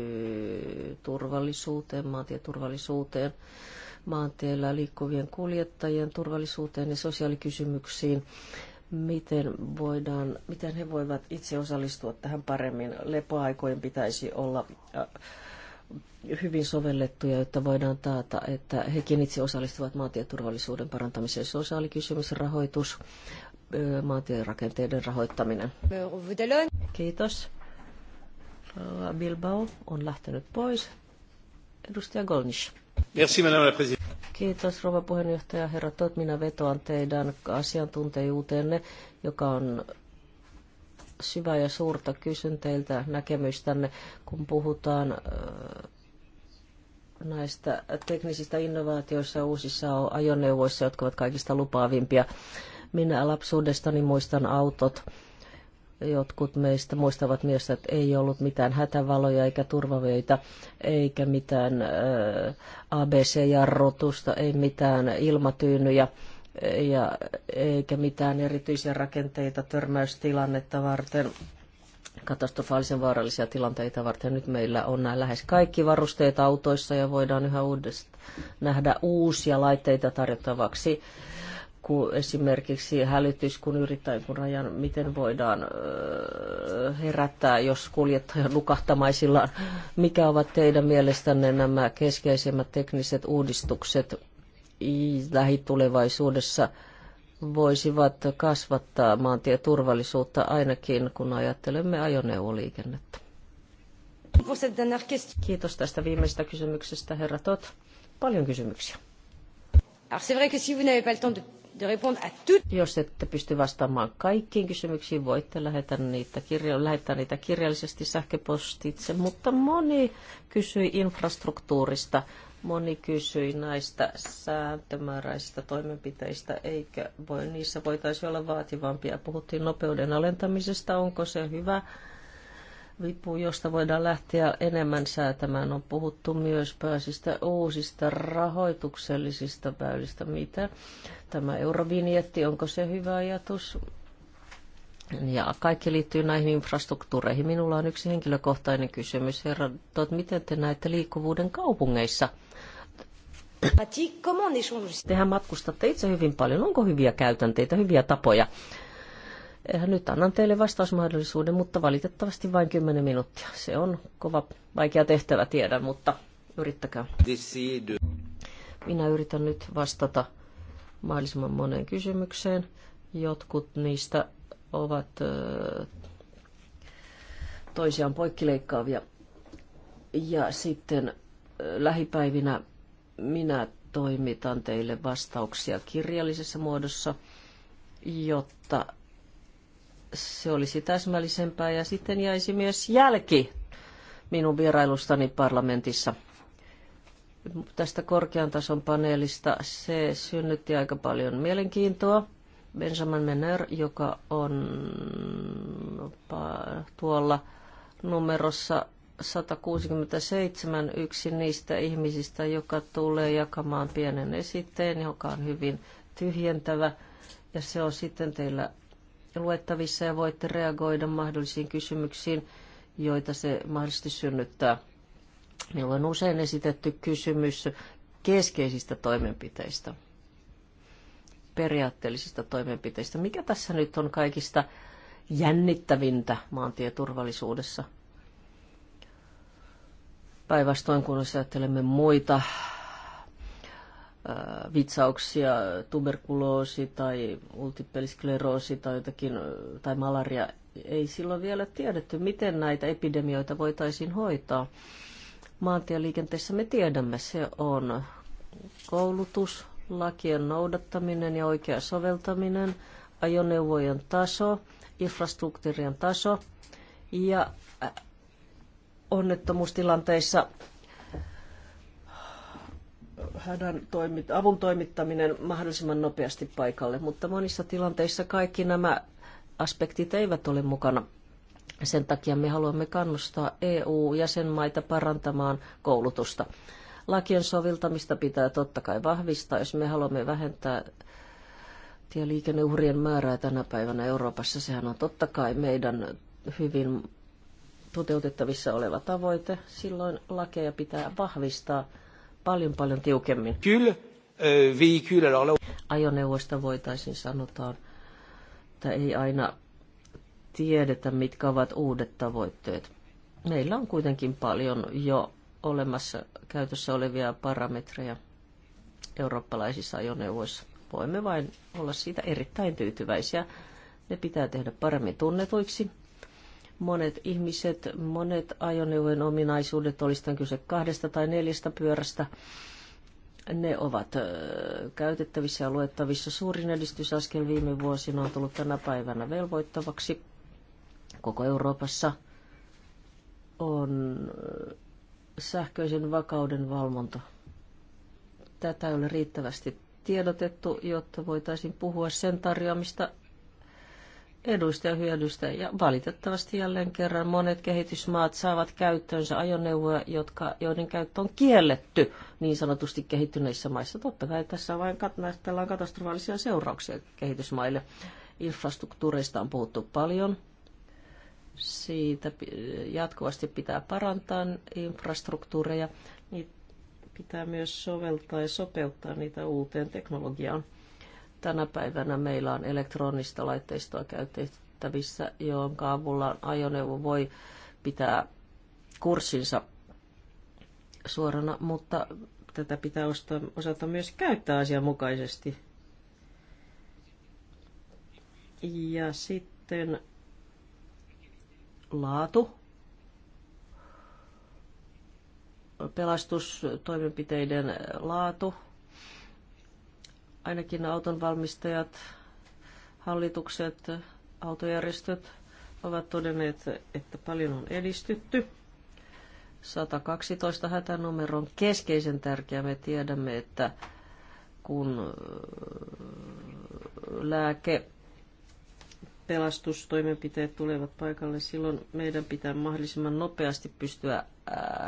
turvallisuuteen, maantieturvallisuuteen. turvallisuuteen maanteillä liikkuvien kuljettajien turvallisuuteen ja sosiaalikysymyksiin. Miten, voidaan, miten he voivat itse osallistua tähän paremmin? Lepoaikojen pitäisi olla äh, hyvin sovellettuja, jotta voidaan taata, että hekin itse osallistuvat maantieturvallisuuden parantamiseen. Sosiaalikysymys, rahoitus, maantierakenteiden rahoittaminen. Kiitos. Bilbao on lähtenyt pois. Edustaja Golnish. Kiitos rouva puheenjohtaja herra Tot. Minä vetoan teidän asiantuntijuuteenne, joka on syvä ja suurta. Kysyn teiltä näkemystänne, kun puhutaan näistä teknisistä innovaatioissa uusissa ajoneuvoissa, jotka ovat kaikista lupaavimpia. Minä lapsuudestani muistan autot, Jotkut meistä muistavat myös, että ei ollut mitään hätävaloja eikä turvavöitä, eikä mitään ABC-jarrutusta, ei mitään ilmatyynyjä ja eikä mitään erityisiä rakenteita törmäystilannetta varten katastrofaalisen vaarallisia tilanteita varten. Nyt meillä on nämä lähes kaikki varusteet autoissa ja voidaan yhä uudestaan nähdä uusia laitteita tarjottavaksi kun esimerkiksi hälytys, kun yrittää kun rajan, miten voidaan herättää, jos kuljettaja nukahtamaisillaan. Mikä ovat teidän mielestänne nämä keskeisimmät tekniset uudistukset lähitulevaisuudessa voisivat kasvattaa maantieturvallisuutta ainakin, kun ajattelemme ajoneuvoliikennettä? Kiitos tästä viimeisestä kysymyksestä, herra Tot. Paljon kysymyksiä. Alors c'est vrai que si vous n'avez pas le temps de jos ette pysty vastaamaan kaikkiin kysymyksiin, voitte lähettää niitä, kirjo- lähettää niitä kirjallisesti sähköpostitse, mutta moni kysyi infrastruktuurista, moni kysyi näistä sääntömääräisistä toimenpiteistä, eikä voi, niissä voitaisiin olla vaativampia. Puhuttiin nopeuden alentamisesta, onko se hyvä? vipu, josta voidaan lähteä enemmän säätämään. On puhuttu myös pääsistä uusista rahoituksellisista väylistä. Mitä tämä eurovinjetti, onko se hyvä ajatus? Ja kaikki liittyy näihin infrastruktuureihin. Minulla on yksi henkilökohtainen kysymys. Herra, tot, miten te näette liikkuvuuden kaupungeissa? Tehän matkustatte itse hyvin paljon. Onko hyviä käytänteitä, hyviä tapoja? Nyt annan teille vastausmahdollisuuden, mutta valitettavasti vain 10 minuuttia. Se on kova, vaikea tehtävä, tiedän, mutta yrittäkää. Minä yritän nyt vastata mahdollisimman moneen kysymykseen. Jotkut niistä ovat toisiaan poikkileikkaavia. Ja sitten lähipäivinä minä toimitan teille vastauksia kirjallisessa muodossa, jotta se olisi täsmällisempää ja sitten jäisi myös jälki minun vierailustani parlamentissa. Tästä korkean tason paneelista se synnytti aika paljon mielenkiintoa. Benjamin Menner, joka on tuolla numerossa 167 yksi niistä ihmisistä, joka tulee jakamaan pienen esitteen, joka on hyvin tyhjentävä. Ja se on sitten teillä luettavissa ja voitte reagoida mahdollisiin kysymyksiin, joita se mahdollisesti synnyttää. Minulla on usein esitetty kysymys keskeisistä toimenpiteistä, periaatteellisista toimenpiteistä. Mikä tässä nyt on kaikista jännittävintä maantieturvallisuudessa? Päinvastoin kun jos ajattelemme muita Äh, vitsauksia, tuberkuloosi tai multipliskleroosi tai, jotakin, äh, tai malaria. Ei silloin vielä tiedetty, miten näitä epidemioita voitaisiin hoitaa. Maantieliikenteessä me tiedämme, se on koulutus, lakien noudattaminen ja oikea soveltaminen, ajoneuvojen taso, infrastruktuurien taso ja äh, onnettomuustilanteissa hädän toimit, avun toimittaminen mahdollisimman nopeasti paikalle, mutta monissa tilanteissa kaikki nämä aspektit eivät ole mukana. Sen takia me haluamme kannustaa EU-jäsenmaita parantamaan koulutusta. Lakien soviltamista pitää totta kai vahvistaa, jos me haluamme vähentää tieliikenneuhrien määrää tänä päivänä Euroopassa. Sehän on totta kai meidän hyvin toteutettavissa oleva tavoite. Silloin lakeja pitää vahvistaa paljon paljon tiukemmin. Kyllä, Ajoneuvoista voitaisiin sanotaan, että ei aina tiedetä, mitkä ovat uudet tavoitteet. Meillä on kuitenkin paljon jo olemassa käytössä olevia parametreja eurooppalaisissa ajoneuvoissa. Voimme vain olla siitä erittäin tyytyväisiä. Ne pitää tehdä paremmin tunnetuiksi monet ihmiset, monet ajoneuvojen ominaisuudet, olisi kyse kahdesta tai neljästä pyörästä, ne ovat käytettävissä ja luettavissa. Suurin edistysaskel viime vuosina on tullut tänä päivänä velvoittavaksi koko Euroopassa on sähköisen vakauden valvonta. Tätä ei ole riittävästi tiedotettu, jotta voitaisiin puhua sen tarjoamista eduista ja hyödyistä. Ja valitettavasti jälleen kerran monet kehitysmaat saavat käyttöönsä ajoneuvoja, jotka, joiden käyttö on kielletty niin sanotusti kehittyneissä maissa. Totta kai tässä vain näistä katastrofaalisia seurauksia kehitysmaille. Infrastruktuureista on puhuttu paljon. Siitä jatkuvasti pitää parantaa infrastruktuureja. Niitä pitää myös soveltaa ja sopeuttaa niitä uuteen teknologiaan Tänä päivänä meillä on elektronista laitteistoa käytettävissä, jonka avulla ajoneuvo voi pitää kurssinsa suorana, mutta tätä pitää ostaa, osata myös käyttää asianmukaisesti. Ja sitten laatu. Pelastustoimenpiteiden laatu ainakin auton valmistajat, hallitukset, autojärjestöt ovat todenneet, että paljon on edistytty. 112 hätänumero on keskeisen tärkeä. Me tiedämme, että kun äh, lääke pelastustoimenpiteet tulevat paikalle, silloin meidän pitää mahdollisimman nopeasti pystyä äh,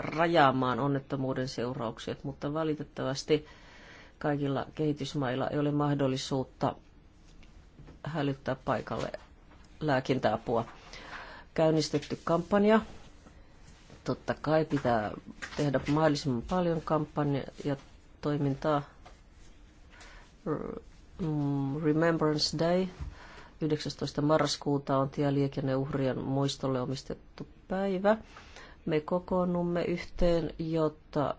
rajaamaan onnettomuuden seuraukset, mutta valitettavasti kaikilla kehitysmailla ei ole mahdollisuutta hälyttää paikalle lääkintäapua. Käynnistetty kampanja. Totta kai pitää tehdä mahdollisimman paljon kampanja ja toimintaa. Mm, Remembrance Day 19. marraskuuta on tieliikenneuhrien muistolle omistettu päivä. Me kokoonnumme yhteen, jotta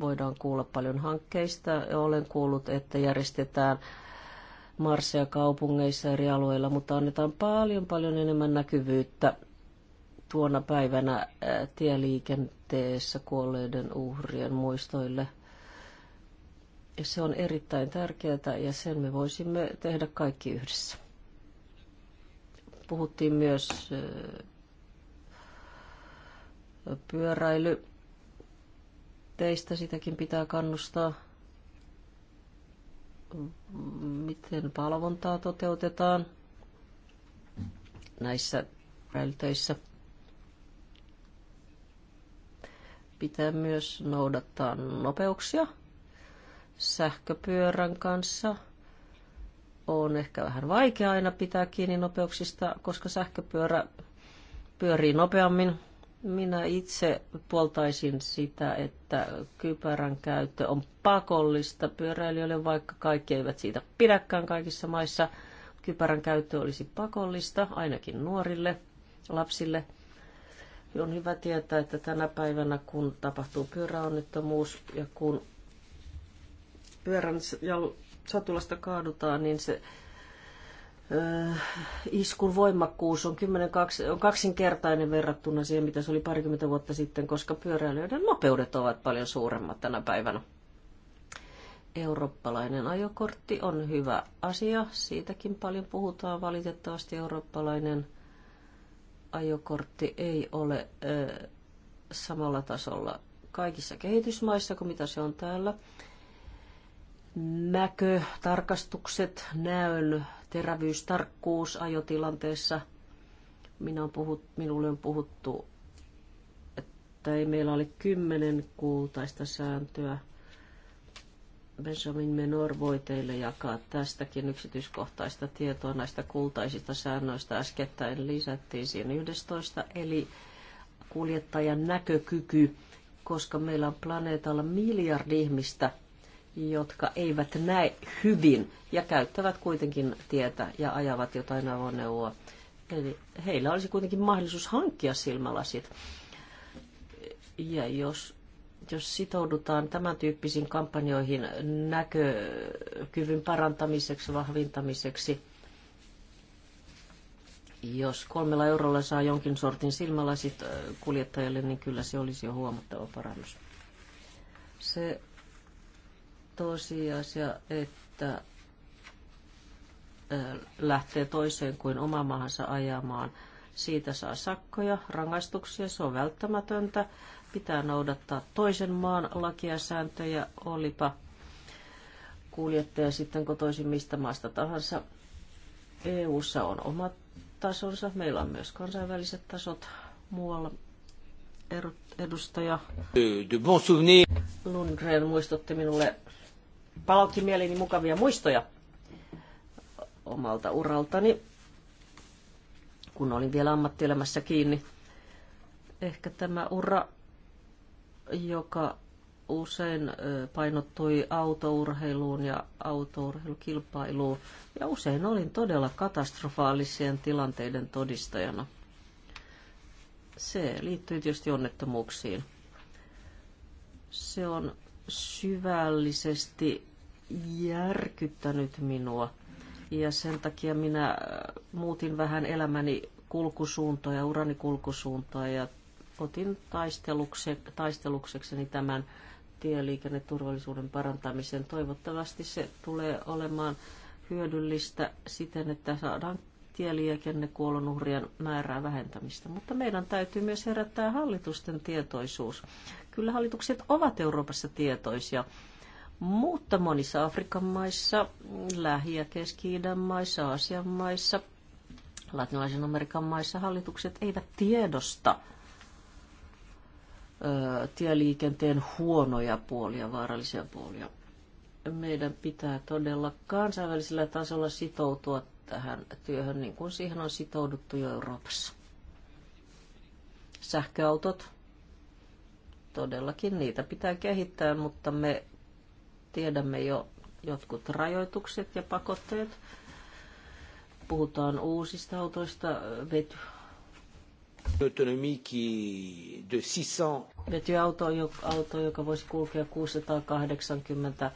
voidaan kuulla paljon hankkeista. Olen kuullut, että järjestetään marsseja kaupungeissa eri alueilla, mutta annetaan paljon paljon enemmän näkyvyyttä tuona päivänä äh, tieliikenteessä kuolleiden uhrien muistoille. Se on erittäin tärkeää ja sen me voisimme tehdä kaikki yhdessä. Puhuttiin myös äh, pyöräily teistä sitäkin pitää kannustaa. Miten palvontaa toteutetaan näissä väyltöissä? Pitää myös noudattaa nopeuksia sähköpyörän kanssa on ehkä vähän vaikea aina pitää kiinni nopeuksista, koska sähköpyörä pyörii nopeammin minä itse puoltaisin sitä, että kypärän käyttö on pakollista pyöräilijöille, vaikka kaikki eivät siitä pidäkään kaikissa maissa. Kypärän käyttö olisi pakollista, ainakin nuorille lapsille. On hyvä tietää, että tänä päivänä, kun tapahtuu pyöräonnettomuus ja kun pyörän satulasta kaadutaan, niin se Äh, iskun voimakkuus on, 10, on kaksinkertainen verrattuna siihen, mitä se oli parikymmentä vuotta sitten, koska pyöräilijöiden nopeudet ovat paljon suuremmat tänä päivänä. Eurooppalainen ajokortti on hyvä asia. Siitäkin paljon puhutaan. Valitettavasti eurooppalainen ajokortti ei ole ö, äh, samalla tasolla kaikissa kehitysmaissa kuin mitä se on täällä näkötarkastukset näön terävyystarkkuus ajotilanteessa. Minä on puhut, minulle on puhuttu, että ei meillä oli kymmenen kultaista sääntöä. Benjamin Menor voi teille jakaa tästäkin yksityiskohtaista tietoa näistä kultaisista säännöistä. Äskettäin lisättiin siihen 11, eli kuljettajan näkökyky, koska meillä on planeetalla miljardi ihmistä – jotka eivät näe hyvin ja käyttävät kuitenkin tietä ja ajavat jotain avoneuvoa. Eli heillä olisi kuitenkin mahdollisuus hankkia silmälasit. Ja jos, jos sitoudutaan tämän tyyppisiin kampanjoihin näkökyvyn parantamiseksi, vahvintamiseksi, jos kolmella eurolla saa jonkin sortin silmälasit äh, kuljettajalle, niin kyllä se olisi jo huomattava parannus. Se tosiasia, että lähtee toiseen kuin oma maahansa ajamaan. Siitä saa sakkoja, rangaistuksia, se on välttämätöntä. Pitää noudattaa toisen maan lakia sääntöjä, olipa kuljettaja sitten kotoisin mistä maasta tahansa. EU:ssa on omat tasonsa, meillä on myös kansainväliset tasot muualla. Edustaja Lundgren muistutti minulle palautti mieleeni mukavia muistoja omalta uraltani, kun olin vielä ammattielämässä kiinni. Ehkä tämä ura, joka usein painottui autourheiluun ja autourheilukilpailuun, ja usein olin todella katastrofaalisien tilanteiden todistajana. Se liittyy tietysti onnettomuuksiin. Se on syvällisesti järkyttänyt minua. Ja sen takia minä äh, muutin vähän elämäni kulkusuuntoa ja urani kulkusuuntoa ja otin taistelukse, taistelukseksi tämän tieliikenneturvallisuuden parantamisen. Toivottavasti se tulee olemaan hyödyllistä siten, että saadaan tieliikennekuolonuhrien määrää vähentämistä. Mutta meidän täytyy myös herättää hallitusten tietoisuus Kyllä hallitukset ovat Euroopassa tietoisia, mutta monissa Afrikan maissa, Lähi- ja Keski-idän maissa, Aasian maissa, Latinalaisen Amerikan maissa hallitukset eivät tiedosta ö, tieliikenteen huonoja puolia, vaarallisia puolia. Meidän pitää todella kansainvälisellä tasolla sitoutua tähän työhön, niin kuin siihen on sitouduttu jo Euroopassa. Sähköautot Todellakin niitä pitää kehittää, mutta me tiedämme jo jotkut rajoitukset ja pakotteet. Puhutaan uusista autoista, vety, autonomie de 600 vetyauto auto, joka voisi kulkea 680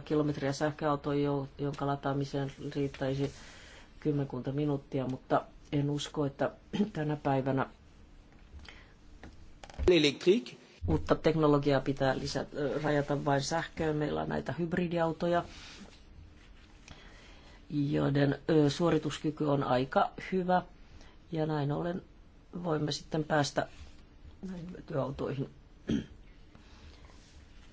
600-800 kilometriä sähköauto, jonka lataamiseen riittäisi kymmenkunta minuuttia, mutta en usko, että tänä päivänä Uutta teknologiaa pitää lisätä, rajata vain sähköön. Meillä on näitä hybridiautoja, joiden suorituskyky on aika hyvä. Ja näin ollen voimme sitten päästä näihin vetyautoihin.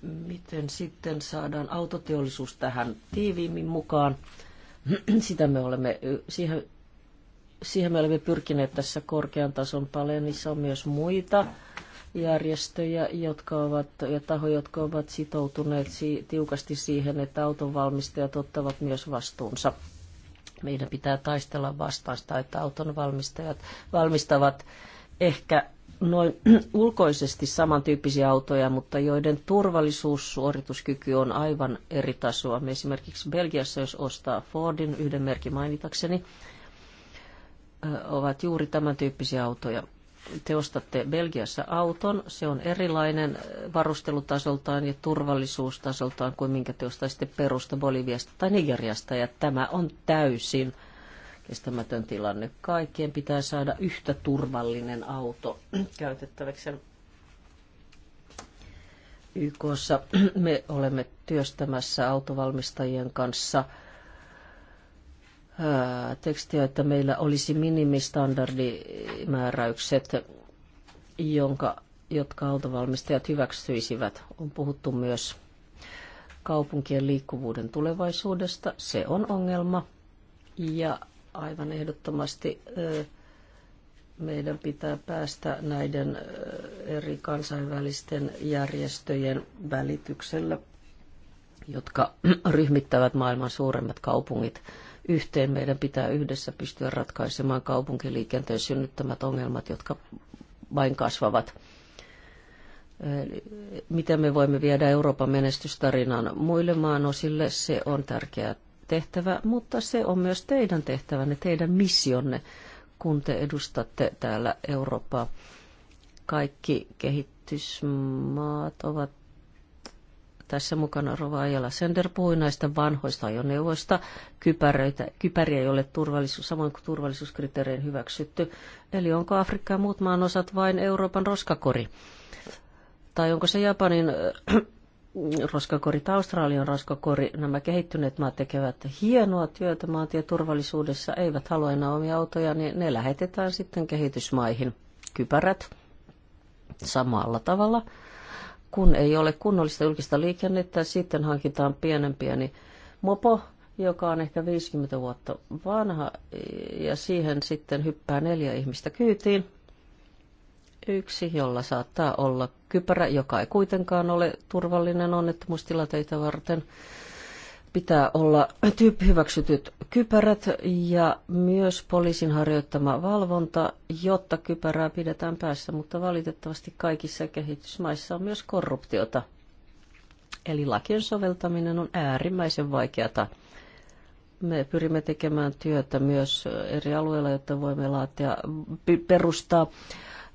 Miten sitten saadaan autoteollisuus tähän tiiviimmin mukaan? Sitä me olemme, siihen, siihen me olemme pyrkineet tässä korkean tason paljon. Niissä on myös muita järjestöjä jotka ovat, ja tahoja, jotka ovat sitoutuneet tiukasti siihen, että autonvalmistajat ottavat myös vastuunsa. Meidän pitää taistella vastaan sitä, että autonvalmistajat valmistavat ehkä noin ulkoisesti samantyyppisiä autoja, mutta joiden turvallisuussuorituskyky on aivan eri tasoa. Me esimerkiksi Belgiassa, jos ostaa Fordin, yhden merkin mainitakseni, ovat juuri tämän tyyppisiä autoja teostatte Belgiassa auton. Se on erilainen varustelutasoltaan ja turvallisuustasoltaan kuin minkä ostaisitte Perusta, Boliviasta tai Nigeriasta. Ja tämä on täysin kestämätön tilanne. Kaikkien pitää saada yhtä turvallinen auto käytettäväksi. YKssa me olemme työstämässä autovalmistajien kanssa – tekstiä, että meillä olisi minimistandardimääräykset, jonka, jotka autovalmistajat hyväksyisivät. On puhuttu myös kaupunkien liikkuvuuden tulevaisuudesta. Se on ongelma. Ja aivan ehdottomasti meidän pitää päästä näiden eri kansainvälisten järjestöjen välityksellä, jotka ryhmittävät maailman suuremmat kaupungit yhteen. Meidän pitää yhdessä pystyä ratkaisemaan kaupunkiliikenteen synnyttämät ongelmat, jotka vain kasvavat. Miten me voimme viedä Euroopan menestystarinan muille maanosille, se on tärkeä tehtävä, mutta se on myös teidän tehtävänne, teidän missionne, kun te edustatte täällä Eurooppaa. Kaikki kehitysmaat ovat tässä mukana Rova Ajala Sender puhui näistä vanhoista ajoneuvoista, kypäröitä, kypäriä, joille turvallisuus, samoin kuin turvallisuuskriteerein hyväksytty. Eli onko Afrikka ja muut maan osat vain Euroopan roskakori? Tai onko se Japanin äh, roskakori tai Australian roskakori? Nämä kehittyneet maat tekevät hienoa työtä maantieturvallisuudessa, eivät halua enää omia autoja, niin ne lähetetään sitten kehitysmaihin. Kypärät samalla tavalla kun ei ole kunnollista julkista liikennettä, sitten hankitaan pienen pieni mopo, joka on ehkä 50 vuotta vanha, ja siihen sitten hyppää neljä ihmistä kyytiin. Yksi, jolla saattaa olla kypärä, joka ei kuitenkaan ole turvallinen onnettomuustilanteita varten pitää olla tyyppihyväksytyt kypärät ja myös poliisin harjoittama valvonta, jotta kypärää pidetään päässä, mutta valitettavasti kaikissa kehitysmaissa on myös korruptiota. Eli lakien soveltaminen on äärimmäisen vaikeata. Me pyrimme tekemään työtä myös eri alueilla, jotta voimme laatia, perustaa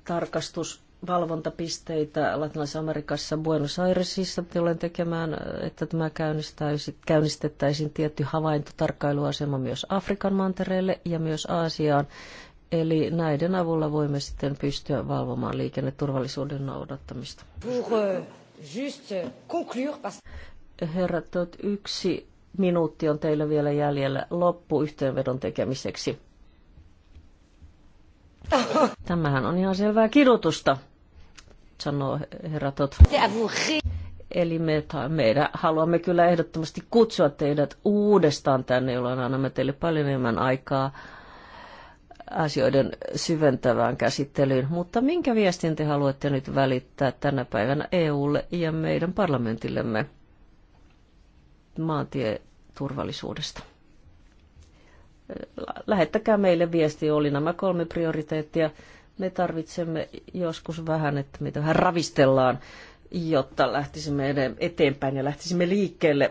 tarkastus valvontapisteitä Latinalaisessa amerikassa Buenos Airesissa tulen tekemään, että tämä käynnistettäisiin tietty havaintotarkkailuasema myös Afrikan mantereelle ja myös Aasiaan. Eli näiden avulla voimme sitten pystyä valvomaan liikenneturvallisuuden noudattamista. Euh, Herra, yksi minuutti on teillä vielä jäljellä loppuyhteenvedon tekemiseksi. Tämähän on ihan selvää kidutusta sanoo herra Tot. Eli me, meidän haluamme kyllä ehdottomasti kutsua teidät uudestaan tänne, jolloin annamme teille paljon enemmän aikaa asioiden syventävään käsittelyyn. Mutta minkä viestin te haluatte nyt välittää tänä päivänä EUlle ja meidän parlamentillemme maantieturvallisuudesta? Lähettäkää meille viesti, oli nämä kolme prioriteettia. Me tarvitsemme joskus vähän, että meitä vähän ravistellaan, jotta lähtisimme eteenpäin ja lähtisimme liikkeelle.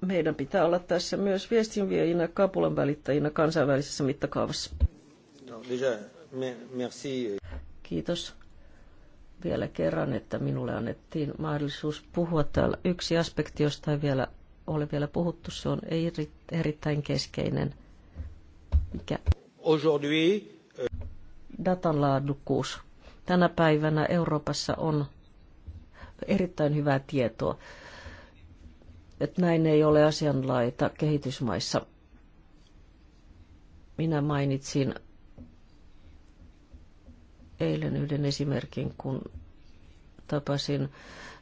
Meidän pitää olla tässä myös viestinviejinä, kapulan välittäjinä kansainvälisessä mittakaavassa. No, Kiitos vielä kerran, että minulle annettiin mahdollisuus puhua täällä. Yksi aspekti, josta ei vielä ole vielä puhuttu, se on erittäin keskeinen. Mikä? Aujourd'hui, datan laadukkuus. Tänä päivänä Euroopassa on erittäin hyvää tietoa, että näin ei ole asianlaita kehitysmaissa. Minä mainitsin eilen yhden esimerkin, kun tapasin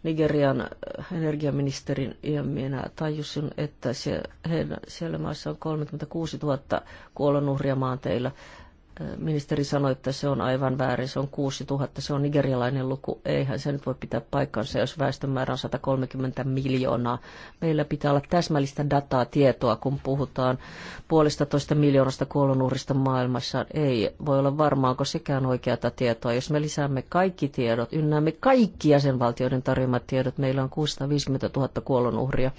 Nigerian energiaministerin ja minä tajusin, että siellä maassa on 36 000 kuolonuhria maanteilla ministeri sanoi, että se on aivan väärin, se on 6000, se on nigerialainen luku. Eihän se nyt voi pitää paikkansa, jos väestömäärä on 130 miljoonaa. Meillä pitää olla täsmällistä dataa, tietoa, kun puhutaan puolesta toista miljoonasta kuolonuhrista maailmassa. Ei voi olla varmaa, onko sekään oikeata tietoa. Jos me lisäämme kaikki tiedot, ynnäämme kaikki jäsenvaltioiden tarjoamat tiedot, meillä on 650 000 kuolonuhria.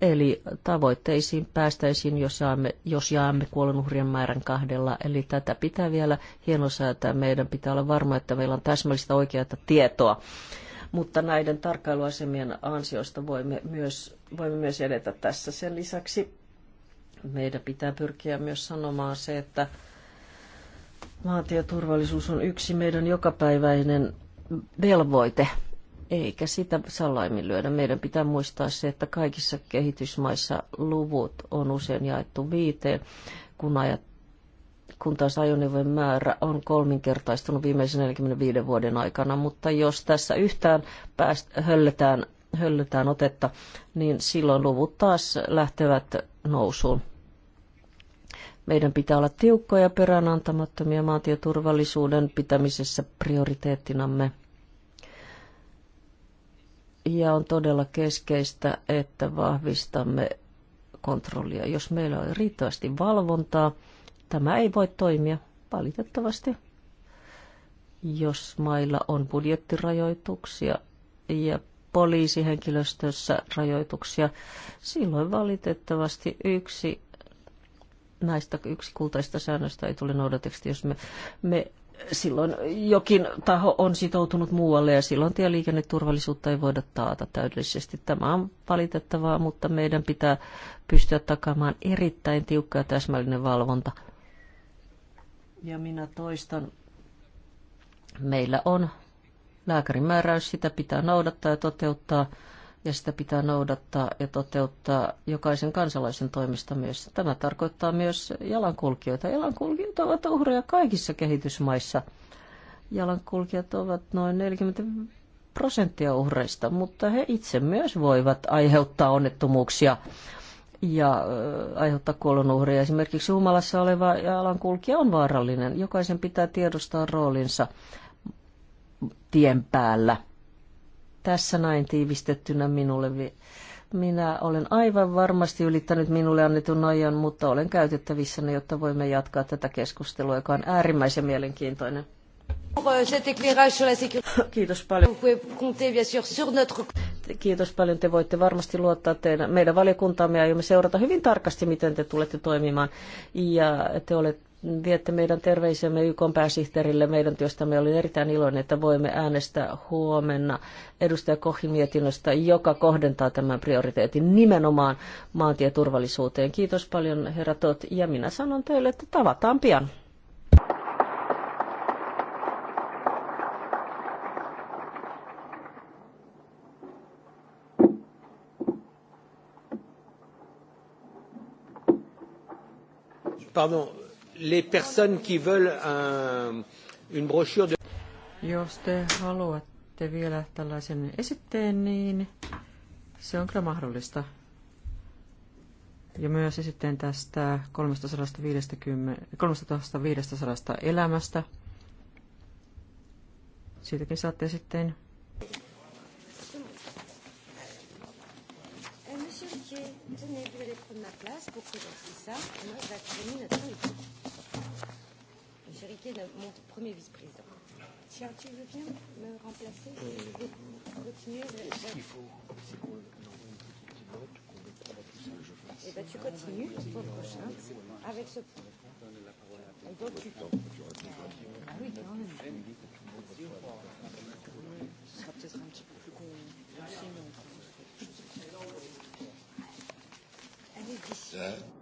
Eli tavoitteisiin päästäisiin, jos jaamme, jos jaamme kuolonuhrien määrän kahdella. Eli tätä pitää vielä hienosäätää. Meidän pitää olla varma, että meillä on täsmällistä oikeaa tietoa. Mutta näiden tarkkailuasemien ansiosta voimme myös, voimme myös edetä tässä. Sen lisäksi meidän pitää pyrkiä myös sanomaan se, että maantieturvallisuus on yksi meidän jokapäiväinen velvoite eikä sitä saa lyödä. Meidän pitää muistaa se, että kaikissa kehitysmaissa luvut on usein jaettu viiteen, kun, ajat, kun taas ajoneuvojen määrä on kolminkertaistunut viimeisen 45 vuoden aikana. Mutta jos tässä yhtään pääst, höllätään, höllätään otetta, niin silloin luvut taas lähtevät nousuun. Meidän pitää olla tiukkoja peräänantamattomia maantieturvallisuuden pitämisessä prioriteettinamme – ja on todella keskeistä, että vahvistamme kontrollia. Jos meillä on riittävästi valvontaa, tämä ei voi toimia valitettavasti. Jos mailla on budjettirajoituksia ja poliisihenkilöstössä rajoituksia, silloin valitettavasti yksi näistä yksi kultaista säännöistä ei tule noudateksi, jos me, me silloin jokin taho on sitoutunut muualle ja silloin tieliikenneturvallisuutta ei voida taata täydellisesti. Tämä on valitettavaa, mutta meidän pitää pystyä takaamaan erittäin tiukka ja täsmällinen valvonta. Ja minä toistan, meillä on lääkärin määräys, sitä pitää noudattaa ja toteuttaa – ja sitä pitää noudattaa ja toteuttaa jokaisen kansalaisen toimesta myös. Tämä tarkoittaa myös jalankulkijoita. Jalankulkijat ovat uhreja kaikissa kehitysmaissa. Jalankulkijat ovat noin 40 prosenttia uhreista, mutta he itse myös voivat aiheuttaa onnettomuuksia ja aiheuttaa kuolonuhreja. Esimerkiksi humalassa oleva jalankulkija on vaarallinen. Jokaisen pitää tiedostaa roolinsa tien päällä – tässä näin tiivistettynä minulle. Minä olen aivan varmasti ylittänyt minulle annetun ajan, mutta olen käytettävissäni, jotta voimme jatkaa tätä keskustelua, joka on äärimmäisen mielenkiintoinen. Kiitos paljon. Kiitos paljon. Te voitte varmasti luottaa teidän, meidän valiokuntaamme ja me seurata hyvin tarkasti, miten te tulette toimimaan. Ja te olette viette meidän terveisiämme YK pääsihteerille meidän työstämme. Olin erittäin iloinen, että voimme äänestää huomenna edustaja Kohin mietinnöstä, joka kohdentaa tämän prioriteetin nimenomaan maantieturvallisuuteen. Kiitos paljon herra Tot, ja minä sanon teille, että tavataan pian. Pardon, les personnes qui veulent un, une brochure de... Jos te haluatte vielä tällaisen esitteen, niin se on kyllä mahdollista. Ja myös esitteen tästä 350, 350 elämästä. Siitäkin saatte sitten vous ma place pour ça. moi, je vais terminer notre Chériquet, mon premier vice-président. Tiens, tu veux bien me remplacer et continuer qu'il faut, C'est quoi envoie une petite note, qu'on ne prend à tout ça, je pense. Eh bien, tu continues pour le prochain, avec ce point. la parole à On donc, tu temps. Ah oui, quand même. Ce sera peut-être un petit peu plus con. Merci, mais on trouve. Allez, d'ici.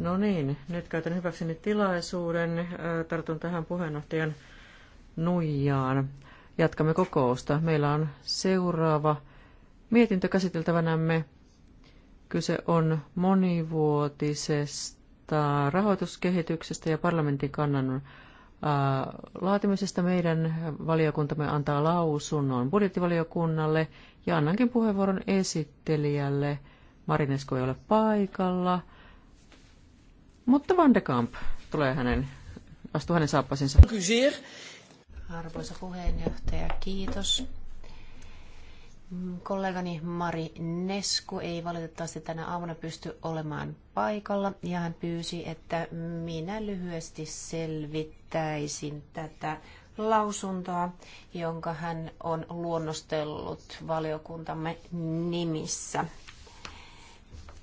No niin, nyt käytän hyväkseni tilaisuuden. Äh, tartun tähän puheenjohtajan nuijaan. Jatkamme kokousta. Meillä on seuraava mietintö käsiteltävänämme. Kyse on monivuotisesta rahoituskehityksestä ja parlamentin kannan laatimisesta meidän valiokuntamme antaa lausunnon budjettivaliokunnalle ja annankin puheenvuoron esittelijälle. Marinesko ei ole paikalla, mutta Van de Kamp tulee hänen, astuu hänen saappasinsa. Arvoisa puheenjohtaja, kiitos. Kollegani Mari Nesku ei valitettavasti tänä aamuna pysty olemaan paikalla ja hän pyysi, että minä lyhyesti selvittäisin tätä lausuntoa, jonka hän on luonnostellut valiokuntamme nimissä.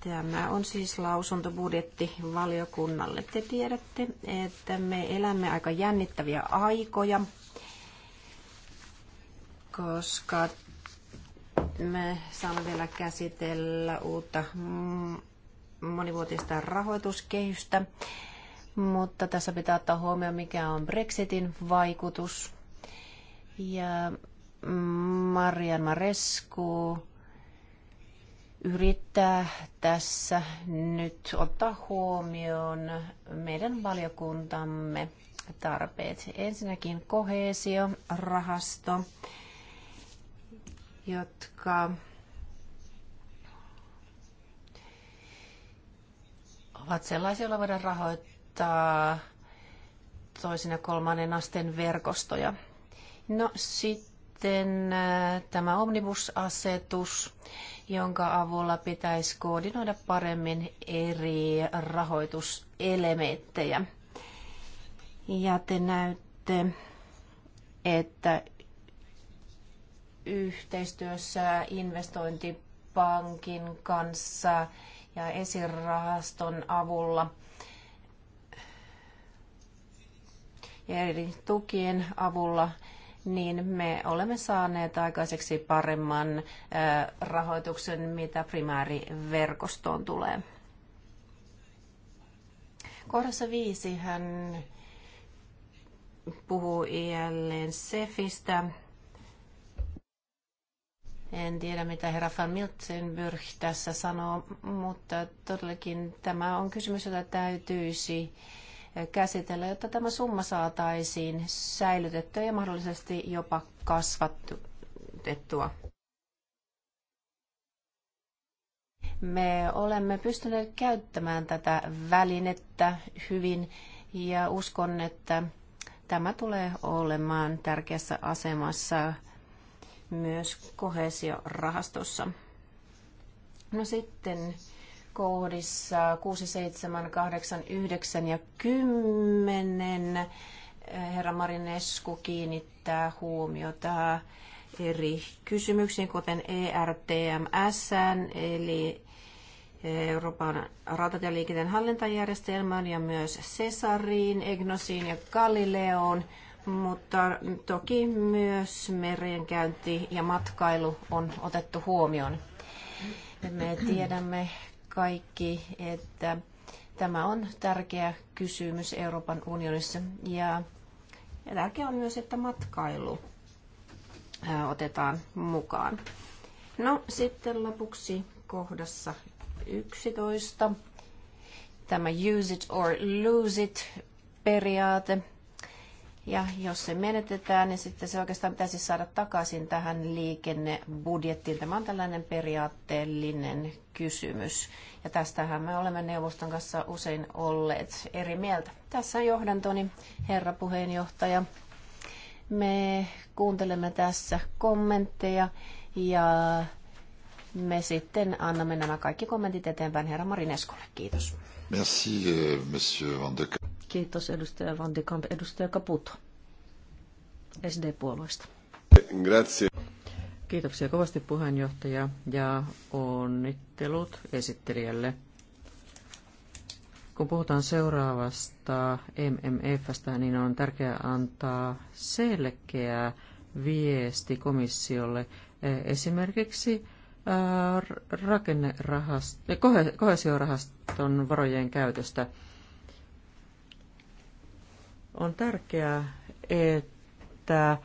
Tämä on siis lausuntobudjetti valiokunnalle. Te tiedätte, että me elämme aika jännittäviä aikoja, koska me saamme vielä käsitellä uutta mm, monivuotista rahoituskehystä, mutta tässä pitää ottaa huomioon, mikä on Brexitin vaikutus. Ja Marian Marescu yrittää tässä nyt ottaa huomioon meidän valiokuntamme tarpeet. Ensinnäkin koheesio, rahasto jotka ovat sellaisia, joilla voidaan rahoittaa toisen ja kolmannen asteen verkostoja. No sitten äh, tämä omnibusasetus, jonka avulla pitäisi koordinoida paremmin eri rahoituselementtejä. Ja te näytte, että yhteistyössä investointipankin kanssa ja esirahaston avulla ja eri tukien avulla, niin me olemme saaneet aikaiseksi paremman rahoituksen, mitä primääriverkostoon tulee. Kohdassa viisi hän puhuu jälleen SEFistä en tiedä, mitä herra van Miltenburg tässä sanoo, mutta todellakin tämä on kysymys, jota täytyisi käsitellä, jotta tämä summa saataisiin säilytettyä ja mahdollisesti jopa kasvatettua. Me olemme pystyneet käyttämään tätä välinettä hyvin ja uskon, että tämä tulee olemaan tärkeässä asemassa myös kohesiorahastossa. No sitten kohdissa 6, 7, 8, 9 ja 10 eh, herra Marinesku kiinnittää huomiota eri kysymyksiin, kuten ERTMS, eli Euroopan rautatieliikenteen hallintajärjestelmään ja myös Cesariin, Egnosiin ja Galileoon – mutta toki myös merien käynti ja matkailu on otettu huomioon. Me tiedämme kaikki, että tämä on tärkeä kysymys Euroopan unionissa ja tärkeää on myös, että matkailu otetaan mukaan. No sitten lopuksi kohdassa 11. Tämä use it or lose it periaate ja jos se menetetään, niin sitten se oikeastaan pitäisi saada takaisin tähän liikennebudjettiin. Tämä on tällainen periaatteellinen kysymys. Ja tästähän me olemme neuvoston kanssa usein olleet eri mieltä. Tässä on johdantoni, herra puheenjohtaja. Me kuuntelemme tässä kommentteja ja me sitten annamme nämä kaikki kommentit eteenpäin herra Marineskolle. Kiitos. Merci, euh, monsieur Van de Kiitos edustaja Van de Kamp. Edustaja Caputo SD-puolueesta. Grazie. Kiitoksia kovasti puheenjohtaja ja onnittelut esittelijälle. Kun puhutaan seuraavasta MMFstä, niin on tärkeää antaa selkeä viesti komissiolle esimerkiksi äh, rakennerahaston, kohesiorahaston varojen käytöstä – on tärkeää, että äh,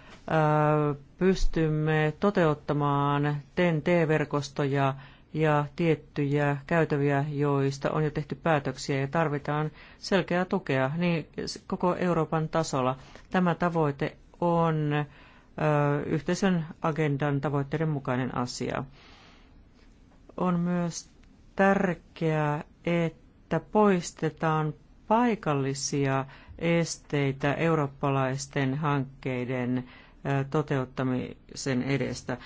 pystymme toteuttamaan TEN-T-verkostoja ja tiettyjä käytäviä, joista on jo tehty päätöksiä ja tarvitaan selkeää tukea niin koko Euroopan tasolla. Tämä tavoite on ö, äh, yhteisön agendan tavoitteiden mukainen asia. On myös tärkeää, että poistetaan paikallisia esteitä eurooppalaisten hankkeiden toteuttamisen edestä.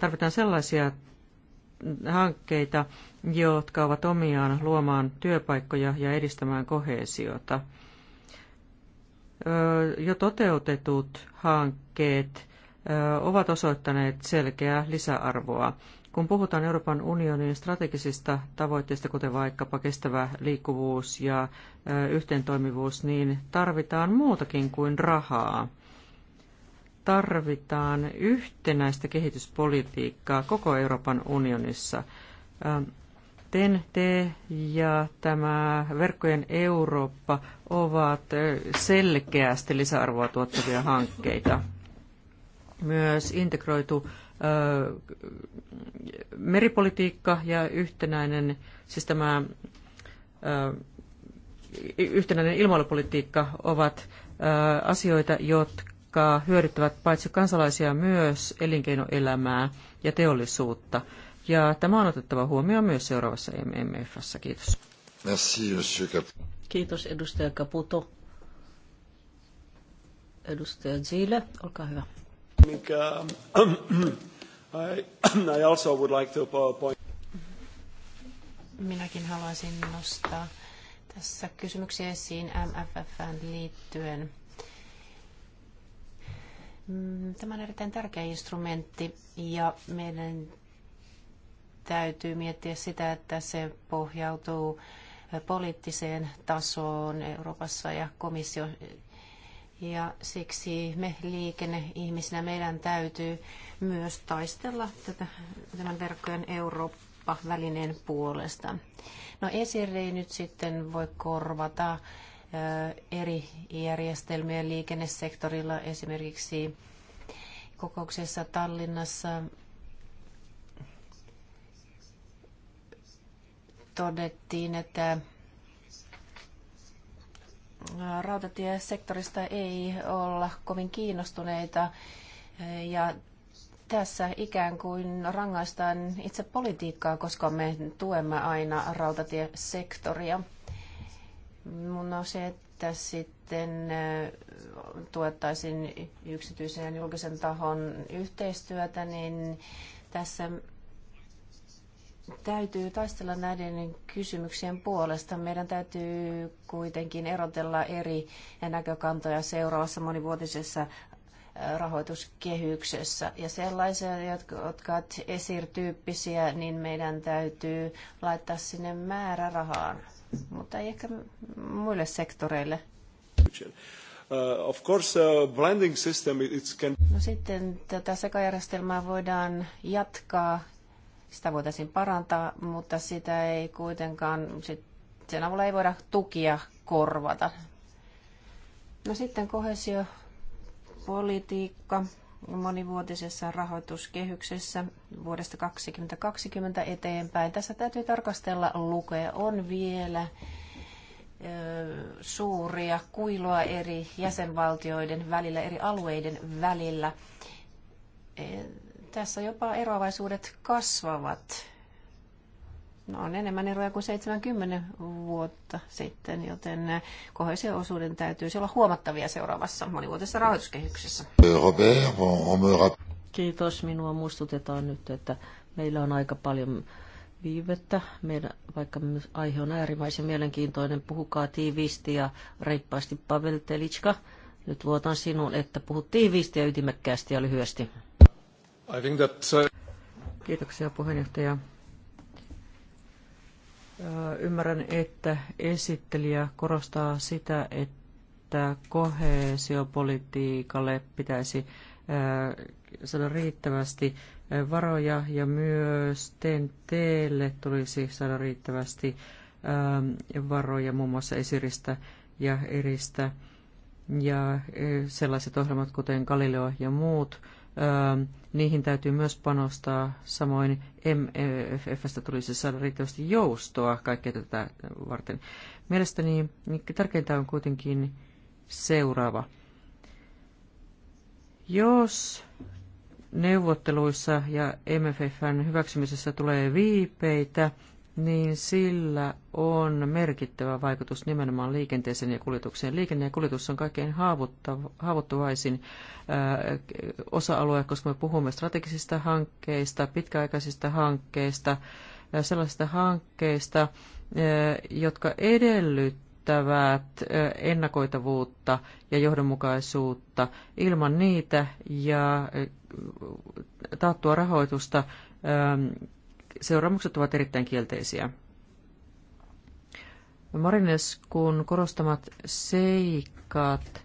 Tarvitaan sellaisia hankkeita, jotka ovat omiaan luomaan työpaikkoja ja edistämään kohesiota. Jo toteutetut hankkeet ovat osoittaneet selkeää lisäarvoa. Kun puhutaan Euroopan unionin strategisista tavoitteista, kuten vaikkapa kestävä liikkuvuus ja yhteentoimivuus, niin tarvitaan muutakin kuin rahaa. Tarvitaan yhtenäistä kehityspolitiikkaa koko Euroopan unionissa. TEN-T ja tämä verkkojen Eurooppa ovat selkeästi lisäarvoa tuottavia hankkeita. Myös integroitu meripolitiikka ja yhtenäinen, siis tämä yhtenäinen ilmailupolitiikka ovat asioita, jotka hyödyttävät paitsi kansalaisia myös elinkeinoelämää ja teollisuutta. Ja tämä on otettava huomioon myös seuraavassa MMFssä. Kiitos. Merci, Kiitos edustaja Caputo. Edustaja Zile, olkaa hyvä. Um, I, I also would like to point... Minäkin haluaisin nostaa tässä kysymyksiä esiin MFFään liittyen. Mm, tämä on erittäin tärkeä instrumentti ja meidän täytyy miettiä sitä, että se pohjautuu poliittiseen tasoon Euroopassa ja komissio ja siksi me liikenneihmisinä meidän täytyy myös taistella tätä, tämän verkkojen Eurooppa-välineen puolesta. No ESIR ei nyt sitten voi korvata eri järjestelmiä liikennesektorilla esimerkiksi kokouksessa Tallinnassa todettiin, että rautatiesektorista ei olla kovin kiinnostuneita ja tässä ikään kuin rangaistaan itse politiikkaa, koska me tuemme aina rautatiesektoria. on se, että sitten äh, tuettaisiin yksityisen ja julkisen tahon yhteistyötä, niin tässä täytyy taistella näiden kysymyksien puolesta. Meidän täytyy kuitenkin erotella eri näkökantoja seuraavassa monivuotisessa äh, rahoituskehyksessä. Ja sellaisia, jotka ovat esirtyyppisiä, niin meidän täytyy laittaa sinne määrärahaan, mutta ei ehkä muille sektoreille. Uh, of course, uh, blending system, it's can... No sitten tätä sekajärjestelmää voidaan jatkaa sitä voitaisiin parantaa, mutta sitä ei kuitenkaan, sit, sen avulla ei voida tukia korvata. No sitten kohesiopolitiikka monivuotisessa rahoituskehyksessä vuodesta 2020 eteenpäin. Tässä täytyy tarkastella lukea. On vielä suuria kuilua eri jäsenvaltioiden välillä, eri alueiden välillä. E, tässä jopa eroavaisuudet kasvavat. No on enemmän eroja kuin 70 vuotta sitten, joten kohdallisen osuuden täytyisi olla huomattavia seuraavassa monivuotisessa rahoituskehyksessä. Robert, on, Kiitos. Minua muistutetaan nyt, että meillä on aika paljon viivettä. Meidän, vaikka aihe on äärimmäisen mielenkiintoinen, puhukaa tiiviisti ja reippaasti Pavel Telitska. Nyt luotan sinun, että puhut tiiviisti ja ytimekkäästi ja lyhyesti. I think that, uh... Kiitoksia puheenjohtaja. Ymmärrän, että esittelijä korostaa sitä, että koheesiopolitiikalle pitäisi saada riittävästi varoja ja myös TENTEelle tulisi saada riittävästi varoja muun muassa esiristä ja eristä ja sellaiset ohjelmat kuten Galileo ja muut – Ähm, niihin täytyy myös panostaa. Samoin MFFstä e tulisi saada riittävästi joustoa kaikkea tätä varten. Mielestäni tärkeintä on kuitenkin seuraava. Jos neuvotteluissa ja MFFn hyväksymisessä tulee viipeitä, niin sillä on merkittävä vaikutus nimenomaan liikenteeseen ja kuljetukseen. Liikenne ja kuljetus on kaikkein haavoittuvaisin äh, osa-alue, koska me puhumme strategisista hankkeista, pitkäaikaisista hankkeista, äh, sellaisista hankkeista, äh, jotka edellyttävät ennakoitavuutta ja johdonmukaisuutta. Ilman niitä ja taattua rahoitusta ähm, seuraamukset ovat erittäin kielteisiä. kun korostamat seikat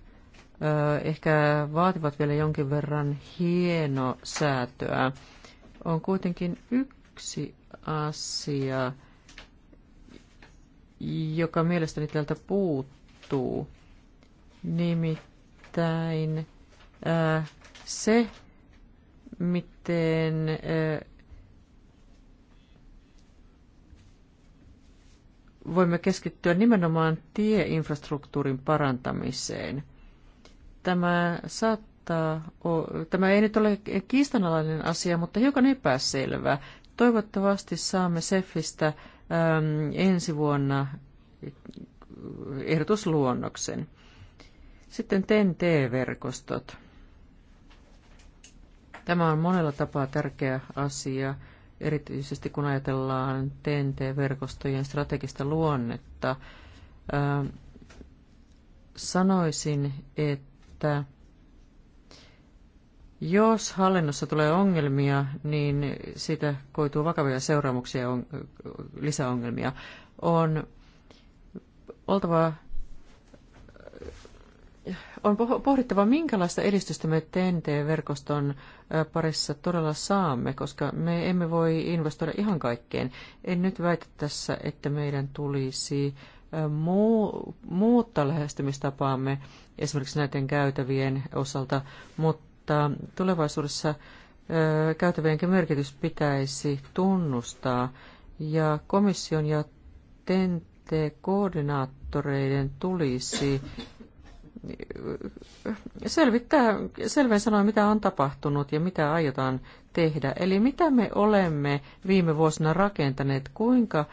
ehkä vaativat vielä jonkin verran hienosäätöä. On kuitenkin yksi asia, joka mielestäni tältä puuttuu. Nimittäin ää, se, miten ää, voimme keskittyä nimenomaan tieinfrastruktuurin parantamiseen. Tämä saattaa, tämä ei nyt ole kiistanalainen asia, mutta hiukan epäselvä. Toivottavasti saamme SEFistä äm, ensi vuonna ehdotusluonnoksen. Sitten TEN-T-verkostot. Tämä on monella tapaa tärkeä asia erityisesti kun ajatellaan TNT-verkostojen strategista luonnetta. Ähm, sanoisin, että jos hallinnossa tulee ongelmia, niin siitä koituu vakavia seuraamuksia ja on, lisäongelmia. On oltava on pohdittava, minkälaista edistystä me TNT-verkoston parissa todella saamme, koska me emme voi investoida ihan kaikkeen. En nyt väitä tässä, että meidän tulisi muu, muuttaa lähestymistapaamme esimerkiksi näiden käytävien osalta, mutta tulevaisuudessa käytävienkin merkitys pitäisi tunnustaa ja komission ja TNT-koordinaattoreiden tulisi selvittää selven sanoen, mitä on tapahtunut ja mitä aiotaan tehdä. Eli mitä me olemme viime vuosina rakentaneet, kuinka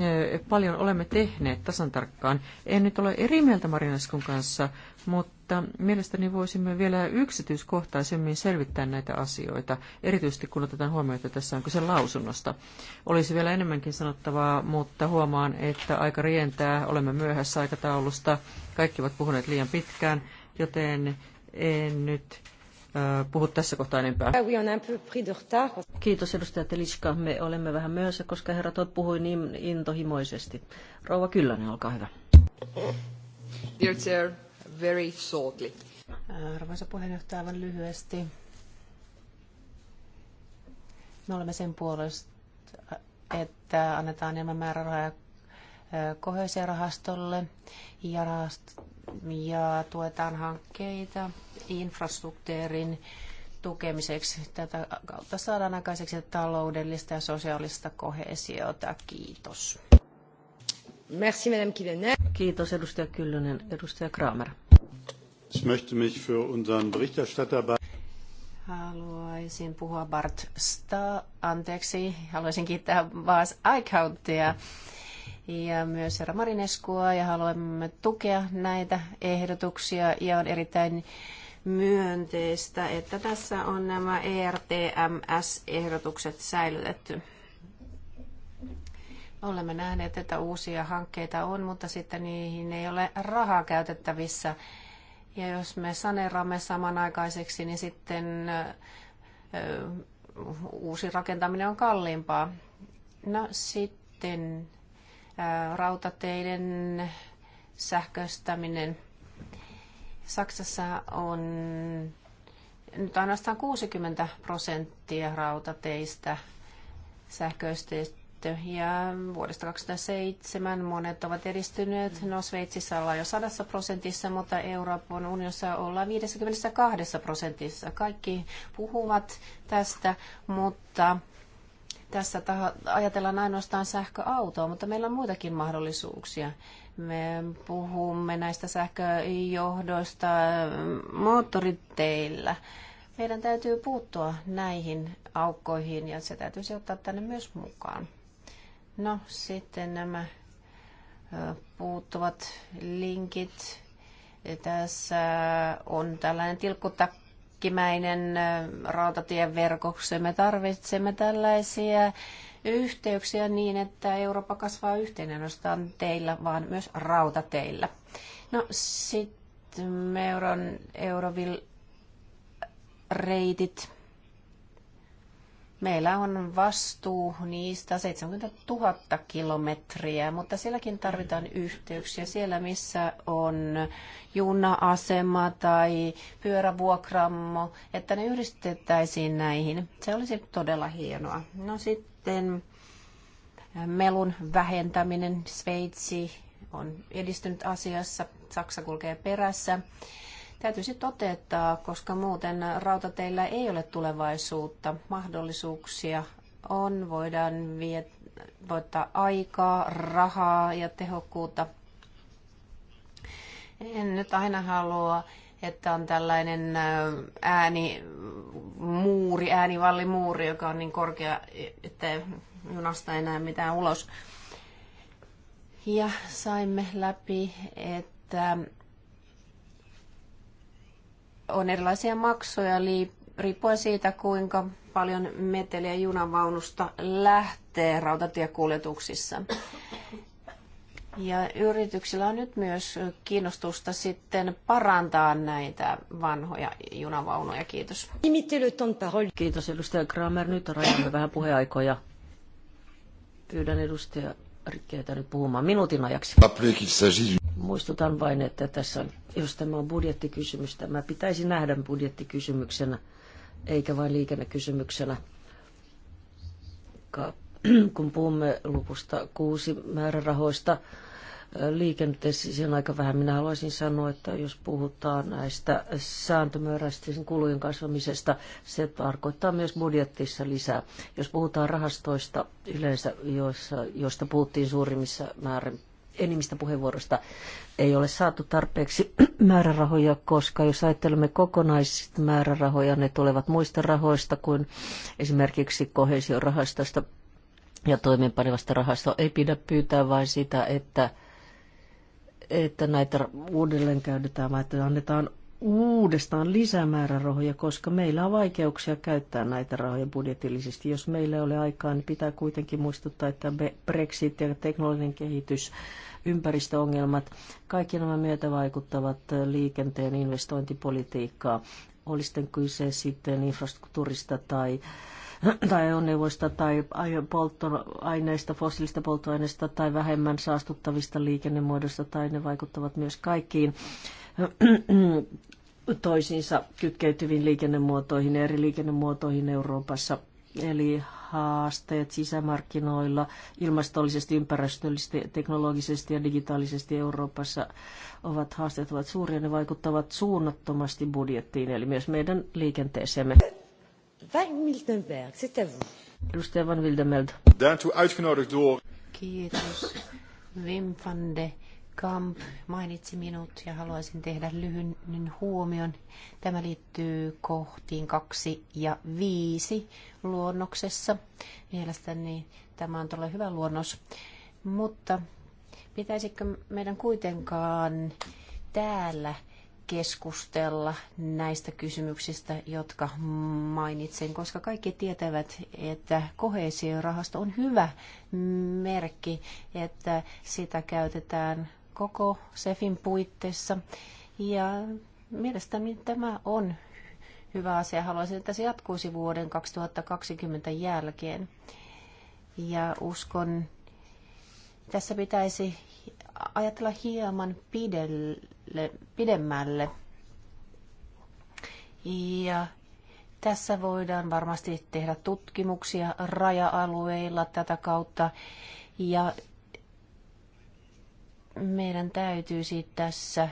eh, paljon olemme tehneet tasan tarkkaan. En nyt ole eri mieltä Marinaskun kanssa mutta mielestäni voisimme vielä yksityiskohtaisemmin selvittää näitä asioita, erityisesti kun otetaan huomioon, että tässä on kyse lausunnosta. Olisi vielä enemmänkin sanottavaa, mutta huomaan, että aika rientää, olemme myöhässä aikataulusta, kaikki ovat puhuneet liian pitkään, joten en nyt puhu tässä kohtaa enempää. Ah Kiitos edustaja Teliska. Me olemme vähän myöhässä, koska herra Todd puhui niin intohimoisesti. Rouva Kyllönen, olkaa hyvä. Dear chair, very shortly. Arvoisa puheenjohtaja, aivan lyhyesti. Me olemme sen puolesta, että annetaan enemmän määrärahoja kohesiorahastolle ja, rahast- ja tuetaan hankkeita infrastruktuurin tukemiseksi. Tätä kautta saadaan aikaiseksi taloudellista ja sosiaalista kohesiota. Kiitos. Merci, Madame Kilonen. Kiitos, edustaja Kyllönen. Edustaja Kramer. Ich möchte mich für unseren Berichterstatter Haluaisin puhua Bart Sta, anteeksi, haluaisin kiittää Vaas Aikauttia ja myös herra Marineskua ja haluamme tukea näitä ehdotuksia ja on erittäin myönteistä, että tässä on nämä ERTMS-ehdotukset säilytetty. Olemme nähneet, että uusia hankkeita on, mutta sitten niihin ei ole rahaa käytettävissä ja jos me saneeraamme samanaikaiseksi, niin sitten uusi rakentaminen on kalliimpaa. No sitten rautateiden sähköistäminen. Saksassa on nyt ainoastaan 60 prosenttia rautateistä sähköistetty ja Vuodesta 2007 monet ovat edistyneet. No Sveitsissä ollaan jo sadassa prosentissa, mutta Euroopan unionissa ollaan 52 prosentissa. Kaikki puhuvat tästä, mutta tässä ajatellaan ainoastaan sähköautoa, mutta meillä on muitakin mahdollisuuksia. Me puhumme näistä sähköjohdoista moottoriteillä. Meidän täytyy puuttua näihin aukkoihin ja se täytyisi ottaa tänne myös mukaan. No sitten nämä puuttuvat linkit. Tässä on tällainen tilkkutakkimäinen rautatieverkoksi. Me tarvitsemme tällaisia yhteyksiä niin, että Eurooppa kasvaa yhteen ainoastaan teillä, vaan myös rautateillä. No sitten euron Euroville reitit Meillä on vastuu niistä 70 000 kilometriä, mutta sielläkin tarvitaan yhteyksiä. Siellä, missä on juna-asema tai pyörävuokrammo, että ne yhdistettäisiin näihin. Se olisi todella hienoa. No sitten äh, melun vähentäminen. Sveitsi on edistynyt asiassa. Saksa kulkee perässä täytyisi toteuttaa, koska muuten rautateillä ei ole tulevaisuutta. Mahdollisuuksia on, voidaan viet, voittaa aikaa, rahaa ja tehokkuutta. En nyt aina halua, että on tällainen äh, ääni, muuri, äänivallimuuri, joka on niin korkea, että junasta ei näe mitään ulos. Ja saimme läpi, että on erilaisia maksuja riippuen siitä, kuinka paljon meteliä junavaunusta lähtee rautatiekuljetuksissa. Ja yrityksillä on nyt myös kiinnostusta sitten parantaa näitä vanhoja junavaunuja. Kiitos. Kiitos edustaja Kramer. Nyt rajamme vähän puheaikoja. Pyydän edustaja Rikkeitä nyt puhumaan minuutin ajaksi. Muistutan vain, että tässä, jos tämä on budjettikysymys, tämä pitäisi nähdä budjettikysymyksenä, eikä vain liikennekysymyksenä. Kun puhumme lukusta kuusi määrärahoista, liikenteessä siis sen aika vähän. Minä haluaisin sanoa, että jos puhutaan näistä sääntömääräisten kulujen kasvamisesta, se tarkoittaa myös budjettissa lisää. Jos puhutaan rahastoista yleensä, joista puhuttiin suurimmissa määrin enimmistä puheenvuoroista ei ole saatu tarpeeksi määrärahoja, koska jos ajattelemme kokonaisista määrärahoja, ne tulevat muista rahoista kuin esimerkiksi kohesiorahastosta ja toimeenpanevasta rahasta. Ei pidä pyytää vain sitä, että, että näitä uudelleen käytetään, vaan että annetaan uudestaan lisämäärärahoja, koska meillä on vaikeuksia käyttää näitä rahoja budjetillisesti. Jos meillä ei ole aikaa, niin pitää kuitenkin muistuttaa, että Brexit ja teknologinen kehitys, ympäristöongelmat, kaikki nämä myötä vaikuttavat äh, liikenteen investointipolitiikkaa. Olisi sitten kyse sitten infrastruktuurista tai tai ajoneuvoista tai polttoaineista, fossiilista polttoaineista tai vähemmän saastuttavista liikennemuodoista tai ne vaikuttavat myös kaikkiin toisiinsa kytkeytyviin liikennemuotoihin ja eri liikennemuotoihin Euroopassa. Eli haasteet sisämarkkinoilla ilmastollisesti, ympäristöllisesti, teknologisesti ja digitaalisesti Euroopassa ovat haasteet ovat suuria. Ne vaikuttavat suunnattomasti budjettiin, eli myös meidän liikenteeseemme. Edustaja Van Wildenberg. Kiitos. Wim van de Kamp mainitsi minut ja haluaisin tehdä lyhyen huomion. Tämä liittyy kohtiin kaksi ja viisi luonnoksessa. Mielestäni tämä on todella hyvä luonnos. Mutta pitäisikö meidän kuitenkaan täällä keskustella näistä kysymyksistä, jotka mainitsen, koska kaikki tietävät, että kohesiorahasto on hyvä merkki, että sitä käytetään koko SEFin puitteissa. Ja mielestäni tämä on hyvä asia. Haluaisin, että se jatkuisi vuoden 2020 jälkeen. Ja uskon, tässä pitäisi ajatella hieman pidelle, pidemmälle. Ja tässä voidaan varmasti tehdä tutkimuksia raja-alueilla tätä kautta ja meidän täytyisi tässä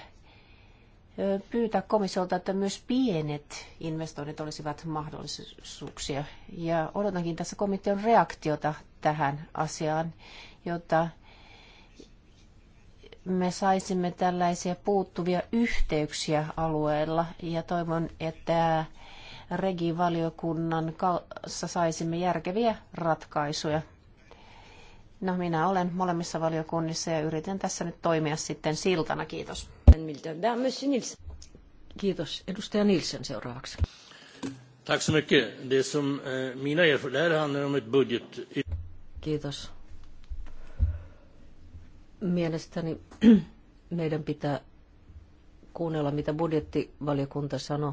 pyytää komissiolta, että myös pienet investoinnit olisivat mahdollisuuksia. Ja odotankin tässä komission reaktiota tähän asiaan, jotta me saisimme tällaisia puuttuvia yhteyksiä alueella ja toivon, että regivaliokunnan kanssa saisimme järkeviä ratkaisuja No minä olen molemmissa valiokunnissa ja yritän tässä nyt toimia sitten siltana. Kiitos. Kiitos. Edustaja Nilsen seuraavaksi. Tack så mycket. Det som eh, mina erfarenheter handlar om ett budget... Kiitos. Mielestäni meidän pitää kuunnella, mitä budjettivaliokunta sanoi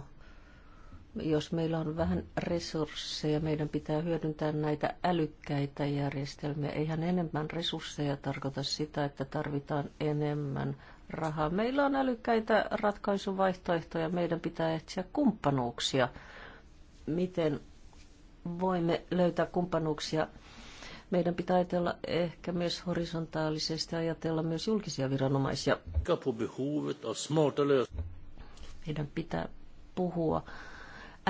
jos meillä on vähän resursseja, meidän pitää hyödyntää näitä älykkäitä järjestelmiä. Eihän enemmän resursseja tarkoita sitä, että tarvitaan enemmän rahaa. Meillä on älykkäitä ratkaisuvaihtoehtoja. Meidän pitää etsiä kumppanuuksia. Miten voimme löytää kumppanuuksia? Meidän pitää ajatella ehkä myös horisontaalisesti ajatella myös julkisia viranomaisia. Meidän pitää puhua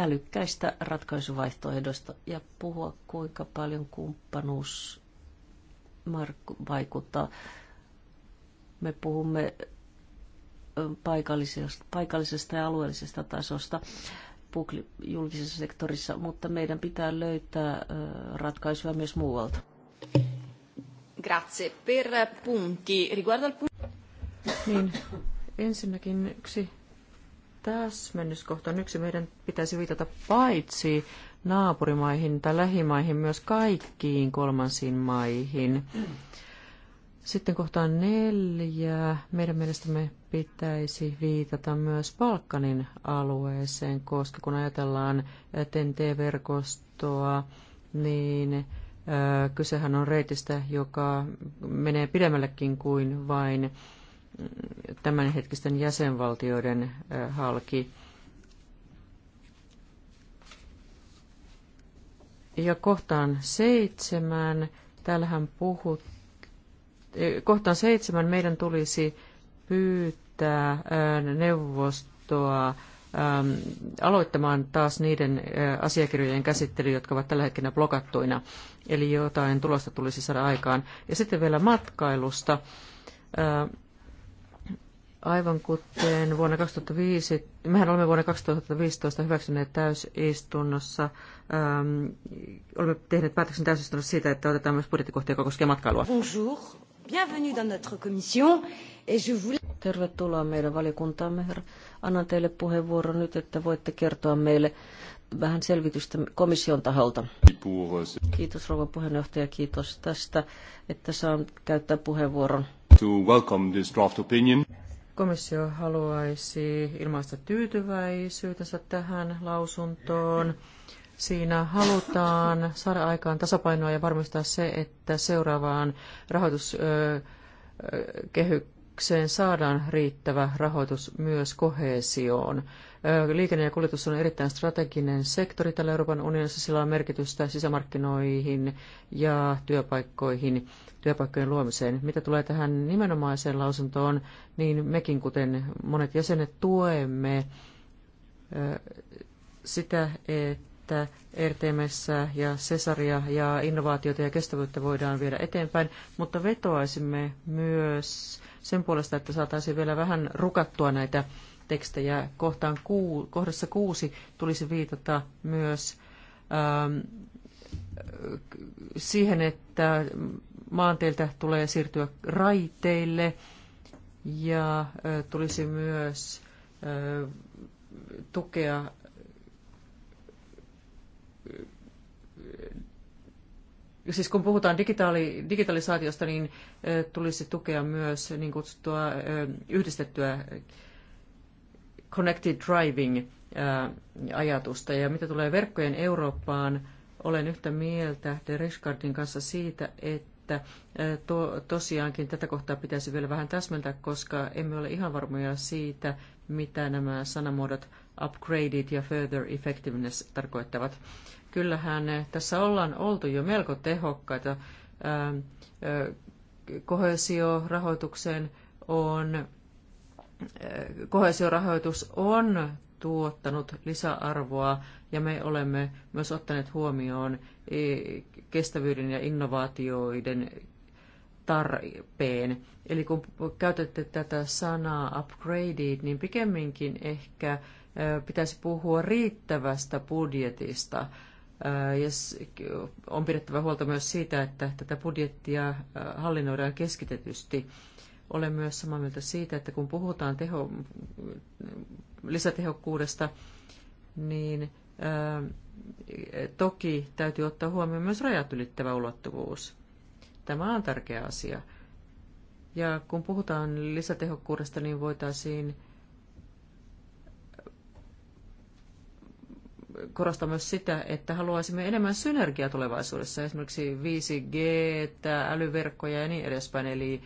älykkäistä ratkaisuvaihtoehdoista ja puhua, kuinka paljon kumppanuus Markku, vaikuttaa. Me puhumme paikallisesta, paikallisesta ja alueellisesta tasosta julkisessa sektorissa, mutta meidän pitää löytää ratkaisuja myös muualta. Grazie. Per punti, riguardo al punti... Niin, ensinnäkin yksi kohtaan yksi. Meidän pitäisi viitata paitsi naapurimaihin tai lähimaihin, myös kaikkiin kolmansiin maihin. Sitten kohtaan neljä. Meidän mielestämme pitäisi viitata myös Balkanin alueeseen, koska kun ajatellaan TNT-verkostoa, niin kysehän on reitistä, joka menee pidemmällekin kuin vain tämänhetkisten jäsenvaltioiden halki. Ja kohtaan seitsemän, täällähän puhut, kohtaan seitsemän meidän tulisi pyytää neuvostoa aloittamaan taas niiden asiakirjojen käsittely, jotka ovat tällä hetkellä blokattuina. Eli jotain tulosta tulisi saada aikaan. Ja sitten vielä matkailusta. Aivan kuten vuonna 2005, mehän olemme vuonna 2015 hyväksyneet täysistunnossa, äm, olemme tehneet päätöksen täysistunnossa siitä, että otetaan myös budjettikohtia, joka koskee matkailua. Bonjour, bienvenue dans notre commission. Et je voulais... Tervetuloa meidän valiokuntaamme, herra. Annan teille puheenvuoron nyt, että voitte kertoa meille vähän selvitystä komission taholta. Kiitos rouva puheenjohtaja, kiitos tästä, että saan käyttää puheenvuoron. To welcome this draft opinion. Komissio haluaisi ilmaista tyytyväisyytensä tähän lausuntoon. Siinä halutaan saada aikaan tasapainoa ja varmistaa se, että seuraavaan rahoituskehykseen saadaan riittävä rahoitus myös kohesioon. Liikenne ja kuljetus on erittäin strateginen sektori täällä Euroopan unionissa. Sillä on merkitystä sisämarkkinoihin ja työpaikkoihin, työpaikkojen luomiseen. Mitä tulee tähän nimenomaiseen lausuntoon, niin mekin, kuten monet jäsenet, tuemme sitä, että RTMS ja Cesaria ja innovaatiota ja kestävyyttä voidaan viedä eteenpäin, mutta vetoaisimme myös sen puolesta, että saataisiin vielä vähän rukattua näitä tekstejä. Kohtaan kuu, kohdassa kuusi tulisi viitata myös ähm, siihen, että maanteiltä tulee siirtyä raiteille ja äh, tulisi myös äh, tukea äh, siis kun puhutaan digitaali, digitalisaatiosta, niin äh, tulisi tukea myös niin kutsuttua äh, yhdistettyä connected driving-ajatusta. Äh, ja mitä tulee verkkojen Eurooppaan, olen yhtä mieltä Dereskardin kanssa siitä, että äh, to, tosiaankin tätä kohtaa pitäisi vielä vähän täsmentää, koska emme ole ihan varmoja siitä, mitä nämä sanamuodot upgraded ja further effectiveness tarkoittavat. Kyllähän äh, tässä ollaan oltu jo melko tehokkaita. rahoitukseen on kohesiorahoitus on tuottanut lisäarvoa ja me olemme myös ottaneet huomioon e, kestävyyden ja innovaatioiden tarpeen. Eli kun käytätte tätä sanaa upgraded, niin pikemminkin ehkä e, pitäisi puhua riittävästä budjetista. E, ja on pidettävä huolta myös siitä, että tätä budjettia hallinnoidaan keskitetysti. Olen myös samaa mieltä siitä, että kun puhutaan teho, lisätehokkuudesta, niin ää, toki täytyy ottaa huomioon myös rajat ylittävä ulottuvuus. Tämä on tärkeä asia. Ja kun puhutaan lisätehokkuudesta, niin voitaisiin korostaa myös sitä, että haluaisimme enemmän synergiaa tulevaisuudessa, esimerkiksi 5G, älyverkkoja ja niin edespäin, eli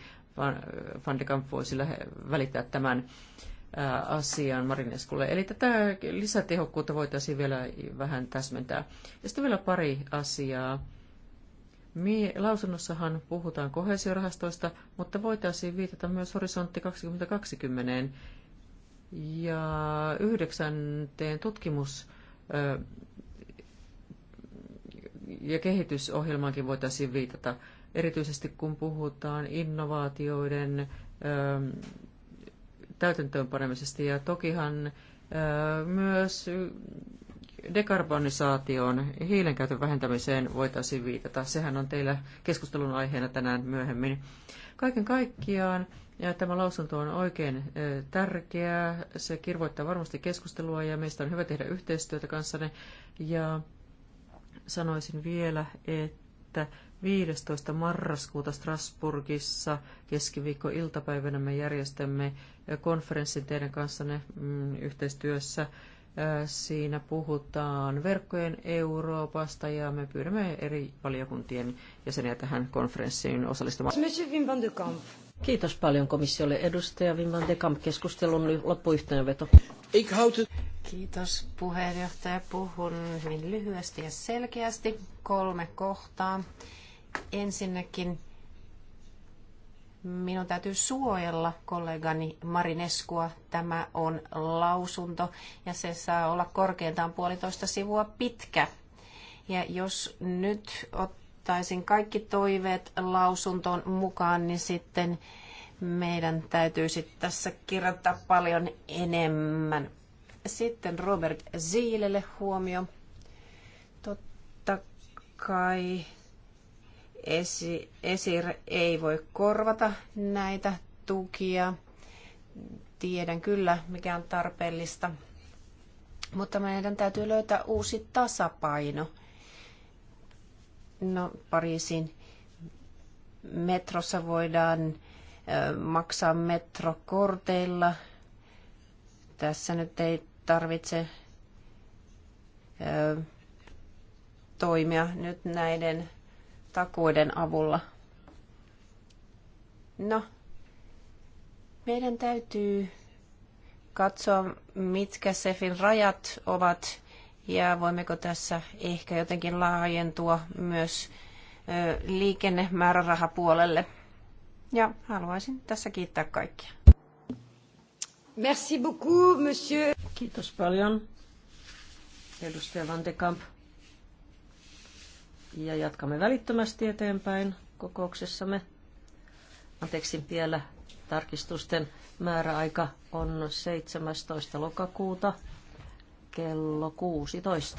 Van de Kamp voi sillä välittää tämän asian Marineskulle. Eli tätä lisätehokkuutta voitaisiin vielä vähän täsmentää. Ja sitten vielä pari asiaa. Mie, lausunnossahan puhutaan kohesiorahastoista, mutta voitaisiin viitata myös horisontti 2020 ja yhdeksänteen tutkimus- ja kehitysohjelmaankin voitaisiin viitata erityisesti kun puhutaan innovaatioiden ähm, täytäntöönpanemisesta. Ja tokihan äh, myös dekarbonisaation, hiilenkäytön vähentämiseen voitaisiin viitata. Sehän on teillä keskustelun aiheena tänään myöhemmin. Kaiken kaikkiaan ja tämä lausunto on oikein äh, tärkeä. Se kirvoittaa varmasti keskustelua ja meistä on hyvä tehdä yhteistyötä kanssanne. Ja sanoisin vielä, että 15. marraskuuta Strasburgissa keskiviikko-iltapäivänä me järjestämme äh, konferenssin teidän kanssanne mm, yhteistyössä. Äh, siinä puhutaan verkkojen Euroopasta ja me pyydämme eri valiokuntien jäseniä tähän konferenssiin osallistumaan. Kiitos paljon komissiolle edustaja Wim van de Kamp. Keskustelun loppuyhteenveto. Kiitos puheenjohtaja. Puhun hyvin lyhyesti ja selkeästi. Kolme kohtaa. Ensinnäkin minun täytyy suojella kollegani Marineskua. Tämä on lausunto ja se saa olla korkeintaan puolitoista sivua pitkä. Ja jos nyt ottaisin kaikki toiveet lausuntoon mukaan, niin sitten meidän täytyy sitten tässä kirjoittaa paljon enemmän. Sitten Robert Ziilelle huomio. Totta kai Esi, Esir ei voi korvata näitä tukia. Tiedän kyllä, mikä on tarpeellista. Mutta meidän täytyy löytää uusi tasapaino. No, Pariisin metrossa voidaan maksaa metrokorteilla. Tässä nyt ei tarvitse toimia nyt näiden takuiden avulla. No, meidän täytyy katsoa, mitkä SEFin rajat ovat ja voimmeko tässä ehkä jotenkin laajentua myös liikennemäärärahapuolelle. Ja haluaisin tässä kiittää kaikkia. Merci beaucoup, monsieur. Kiitos paljon, edustaja Van de Kamp. Ja jatkamme välittömästi eteenpäin kokouksessamme. Anteeksi, vielä tarkistusten määräaika on 17. lokakuuta kello 16.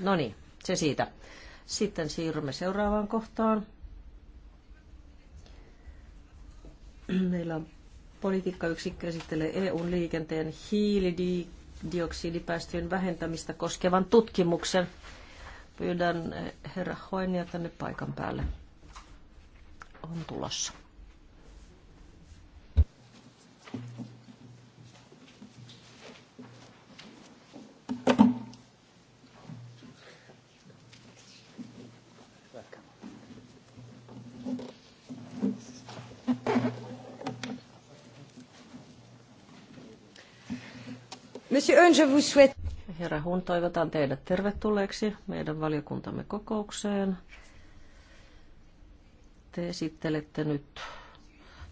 No niin, se siitä. Sitten siirrymme seuraavaan kohtaan. Meillä on politiikkayksikkö esittelee EUn liikenteen hiilidioksidipäästöjen vähentämistä koskevan tutkimuksen. Pyydän herra Hoenia tänne paikan päälle. On tulossa. Monsieur Eun, je vous souhaite Herra Hun, toivotan teidät tervetulleeksi meidän valiokuntamme kokoukseen. Te esittelette nyt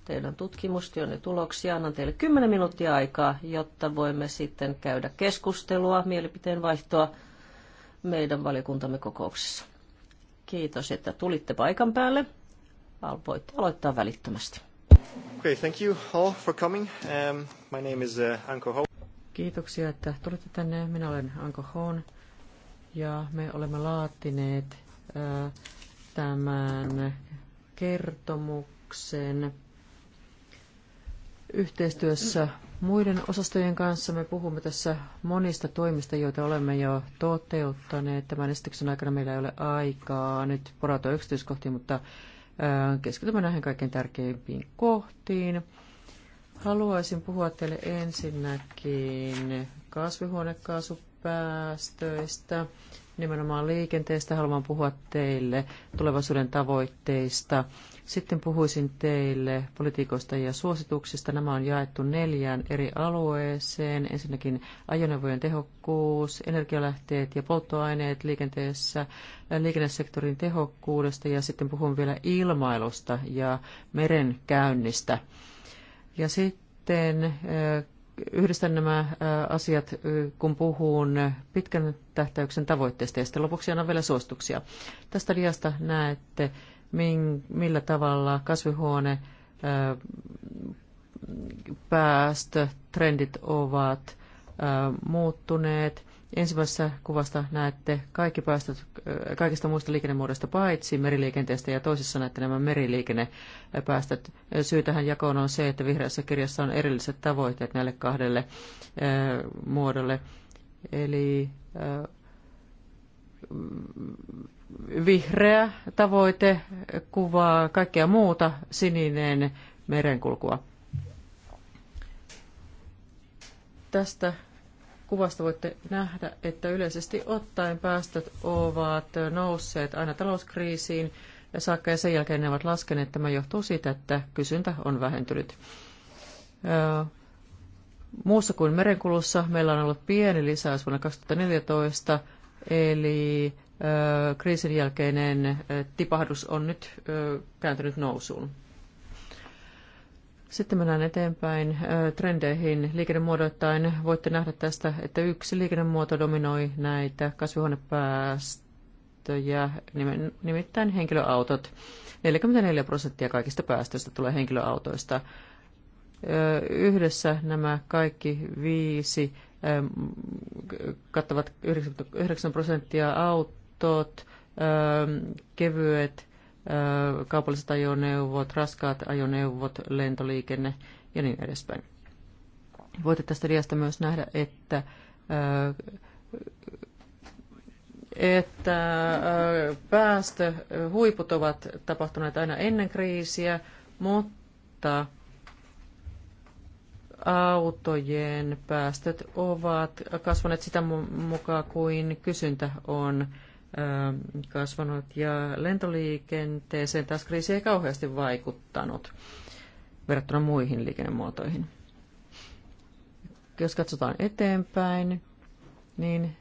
teidän tutkimustyönne tuloksia. Annan teille 10 minuuttia aikaa, jotta voimme sitten käydä keskustelua, mielipiteen vaihtoa meidän valiokuntamme kokouksessa. Kiitos, että tulitte paikan päälle. Voitte aloittaa välittömästi. Okay, thank you all for coming. Um, my name is uh, Anko Ho. Kiitoksia, että tulitte tänne. Minä olen Anko Hoon ja me olemme laatineet äh, tämän kertomuksen yhteistyössä muiden osastojen kanssa. Me puhumme tässä monista toimista, joita olemme jo toteuttaneet. Tämän esityksen aikana meillä ei ole aikaa nyt porautua yksityiskohtiin, mutta äh, keskitymme näihin kaikkein tärkeimpiin kohtiin. Haluaisin puhua teille ensinnäkin kasvihuonekaasupäästöistä, nimenomaan liikenteestä. Haluan puhua teille tulevaisuuden tavoitteista. Sitten puhuisin teille politiikoista ja suosituksista. Nämä on jaettu neljään eri alueeseen. Ensinnäkin ajoneuvojen tehokkuus, energialähteet ja polttoaineet liikenteessä, liikennesektorin tehokkuudesta ja sitten puhun vielä ilmailusta ja merenkäynnistä. käynnistä ja sitten yhdistän nämä asiat, kun puhun pitkän tähtäyksen tavoitteista ja sitten lopuksi annan vielä suostuksia. Tästä diasta näette, millä tavalla kasvihuone päästötrendit ovat muuttuneet – Ensimmäisessä kuvasta näette kaikki päästöt äh, kaikista muista liikennemuodoista paitsi meriliikenteestä ja toisessa näette nämä meriliikennepäästöt. Äh, syy tähän jakoon on se, että vihreässä kirjassa on erilliset tavoitteet näille kahdelle äh, muodolle. Eli vihreä tavoite kuvaa kaikkea muuta, sininen merenkulkua. Tästä Kuvasta voitte nähdä, että yleisesti ottaen päästöt ovat nousseet aina talouskriisiin ja saakka ja sen jälkeen ne ovat laskeneet. Tämä johtuu siitä, että kysyntä on vähentynyt. Muussa kuin merenkulussa meillä on ollut pieni lisäys vuonna 2014, eli kriisin jälkeinen tipahdus on nyt kääntynyt nousuun. Sitten mennään eteenpäin trendeihin liikennemuodoittain. Voitte nähdä tästä, että yksi liikennemuoto dominoi näitä kasvihuonepäästöjä, nimittäin henkilöautot. 44 prosenttia kaikista päästöistä tulee henkilöautoista. Yhdessä nämä kaikki viisi kattavat 9 prosenttia autot, kevyet kaupalliset ajoneuvot, raskaat ajoneuvot, lentoliikenne ja niin edespäin. Voitte tästä diasta myös nähdä, että, että päästöhuiput ovat tapahtuneet aina ennen kriisiä, mutta autojen päästöt ovat kasvaneet sitä mukaan kuin kysyntä on Ähm, kasvanut ja lentoliikenteeseen taas kriisi ei kauheasti vaikuttanut verrattuna muihin liikennemuotoihin. Jos katsotaan eteenpäin, niin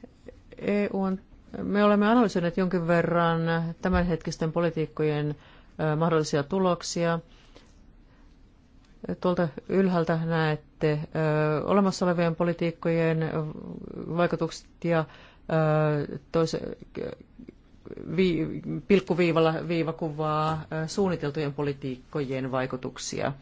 EU on, me olemme analysoineet jonkin verran tämänhetkisten politiikkojen mahdollisia tuloksia. Tuolta ylhäältä näette olemassa olevien politiikkojen vaikutukset ja tois, vi, pilkkuviivalla viiva kuvaa suunniteltujen politiikkojen vaikutuksia.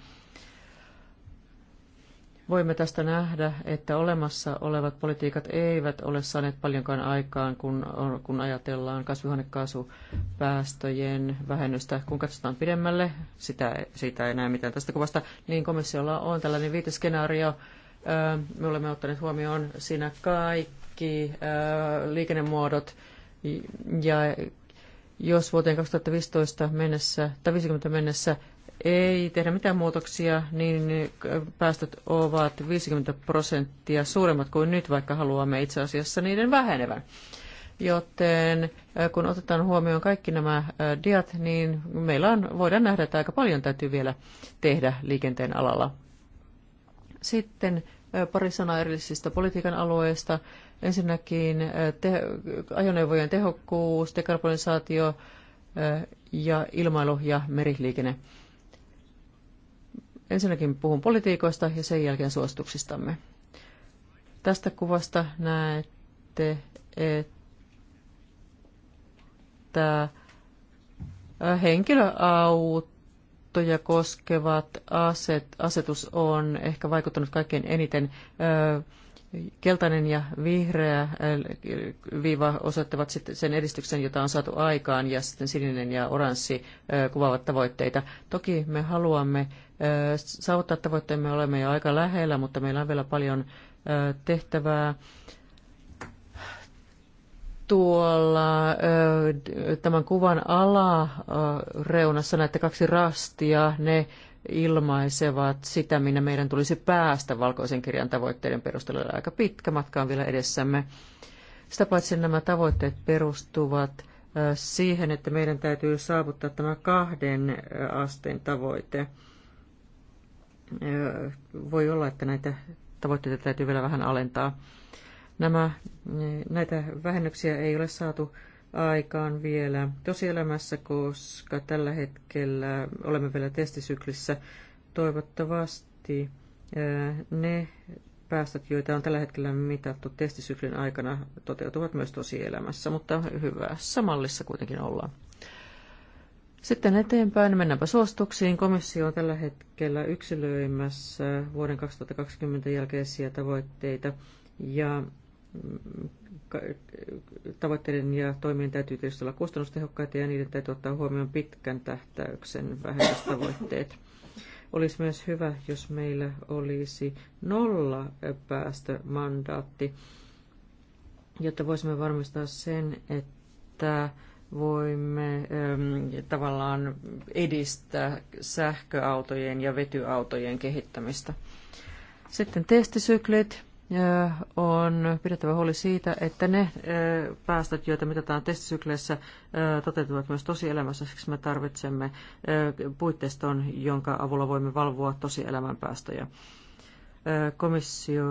Voimme tästä nähdä, että olemassa olevat politiikat eivät ole saaneet paljonkaan aikaan, kun, kun ajatellaan kasvihuonekaasupäästöjen vähennystä. Kun katsotaan pidemmälle, sitä, siitä ei näe mitään tästä kuvasta, niin komissiolla on tällainen viiteskenaario. Me olemme ottaneet huomioon siinä kaikki kaikki äh, liikennemuodot ja jos vuoteen 2015 mennessä tai 50 mennessä ei tehdä mitään muutoksia, niin äh, päästöt ovat 50 prosenttia suuremmat kuin nyt, vaikka haluamme itse asiassa niiden vähenevän. Joten äh, kun otetaan huomioon kaikki nämä diat, niin meillä on, voidaan nähdä, että aika paljon täytyy vielä tehdä liikenteen alalla. Sitten pari sanaa erillisistä politiikan alueista. Ensinnäkin te, ajoneuvojen tehokkuus, dekarbonisaatio ja ilmailu- ja meriliikenne. Ensinnäkin puhun politiikoista ja sen jälkeen suosituksistamme. Tästä kuvasta näette, että henkilöautoja koskevat aset, asetus on ehkä vaikuttanut kaikkein eniten. Keltainen ja vihreä äh, viiva osoittavat sitten sen edistyksen, jota on saatu aikaan, ja sitten sininen ja oranssi äh, kuvaavat tavoitteita. Toki me haluamme äh, saavuttaa tavoitteemme, olemme jo aika lähellä, mutta meillä on vielä paljon tehtävää tuolla tämän kuvan alareunassa näette kaksi rastia, ne ilmaisevat sitä, minne meidän tulisi päästä valkoisen kirjan tavoitteiden perusteella. Aika pitkä matka on vielä edessämme. Sitä paitsi nämä tavoitteet perustuvat siihen, että meidän täytyy saavuttaa tämä kahden asteen tavoite. Voi olla, että näitä tavoitteita täytyy vielä vähän alentaa. Nämä, näitä vähennyksiä ei ole saatu aikaan vielä tosielämässä, koska tällä hetkellä olemme vielä testisyklissä. Toivottavasti ne päästöt, joita on tällä hetkellä mitattu testisyklin aikana, toteutuvat myös tosielämässä, mutta hyvässä mallissa kuitenkin ollaan. Sitten eteenpäin, mennäänpä suostuksiin. Komissio on tällä hetkellä yksilöimässä vuoden 2020 jälkeisiä tavoitteita ja tavoitteiden ja toimien täytyy tietysti olla kustannustehokkaita ja niiden täytyy ottaa huomioon pitkän tähtäyksen vähennystavoitteet. Olisi myös hyvä, jos meillä olisi nolla päästömandaatti, jotta voisimme varmistaa sen, että voimme äm, tavallaan edistää sähköautojen ja vetyautojen kehittämistä. Sitten testisyklit on pidettävä huoli siitä, että ne päästöt, joita mitataan testisykleissä, toteutuvat myös tosielämässä. Siksi me tarvitsemme puitteiston, jonka avulla voimme valvoa tosielämän päästöjä. Komissio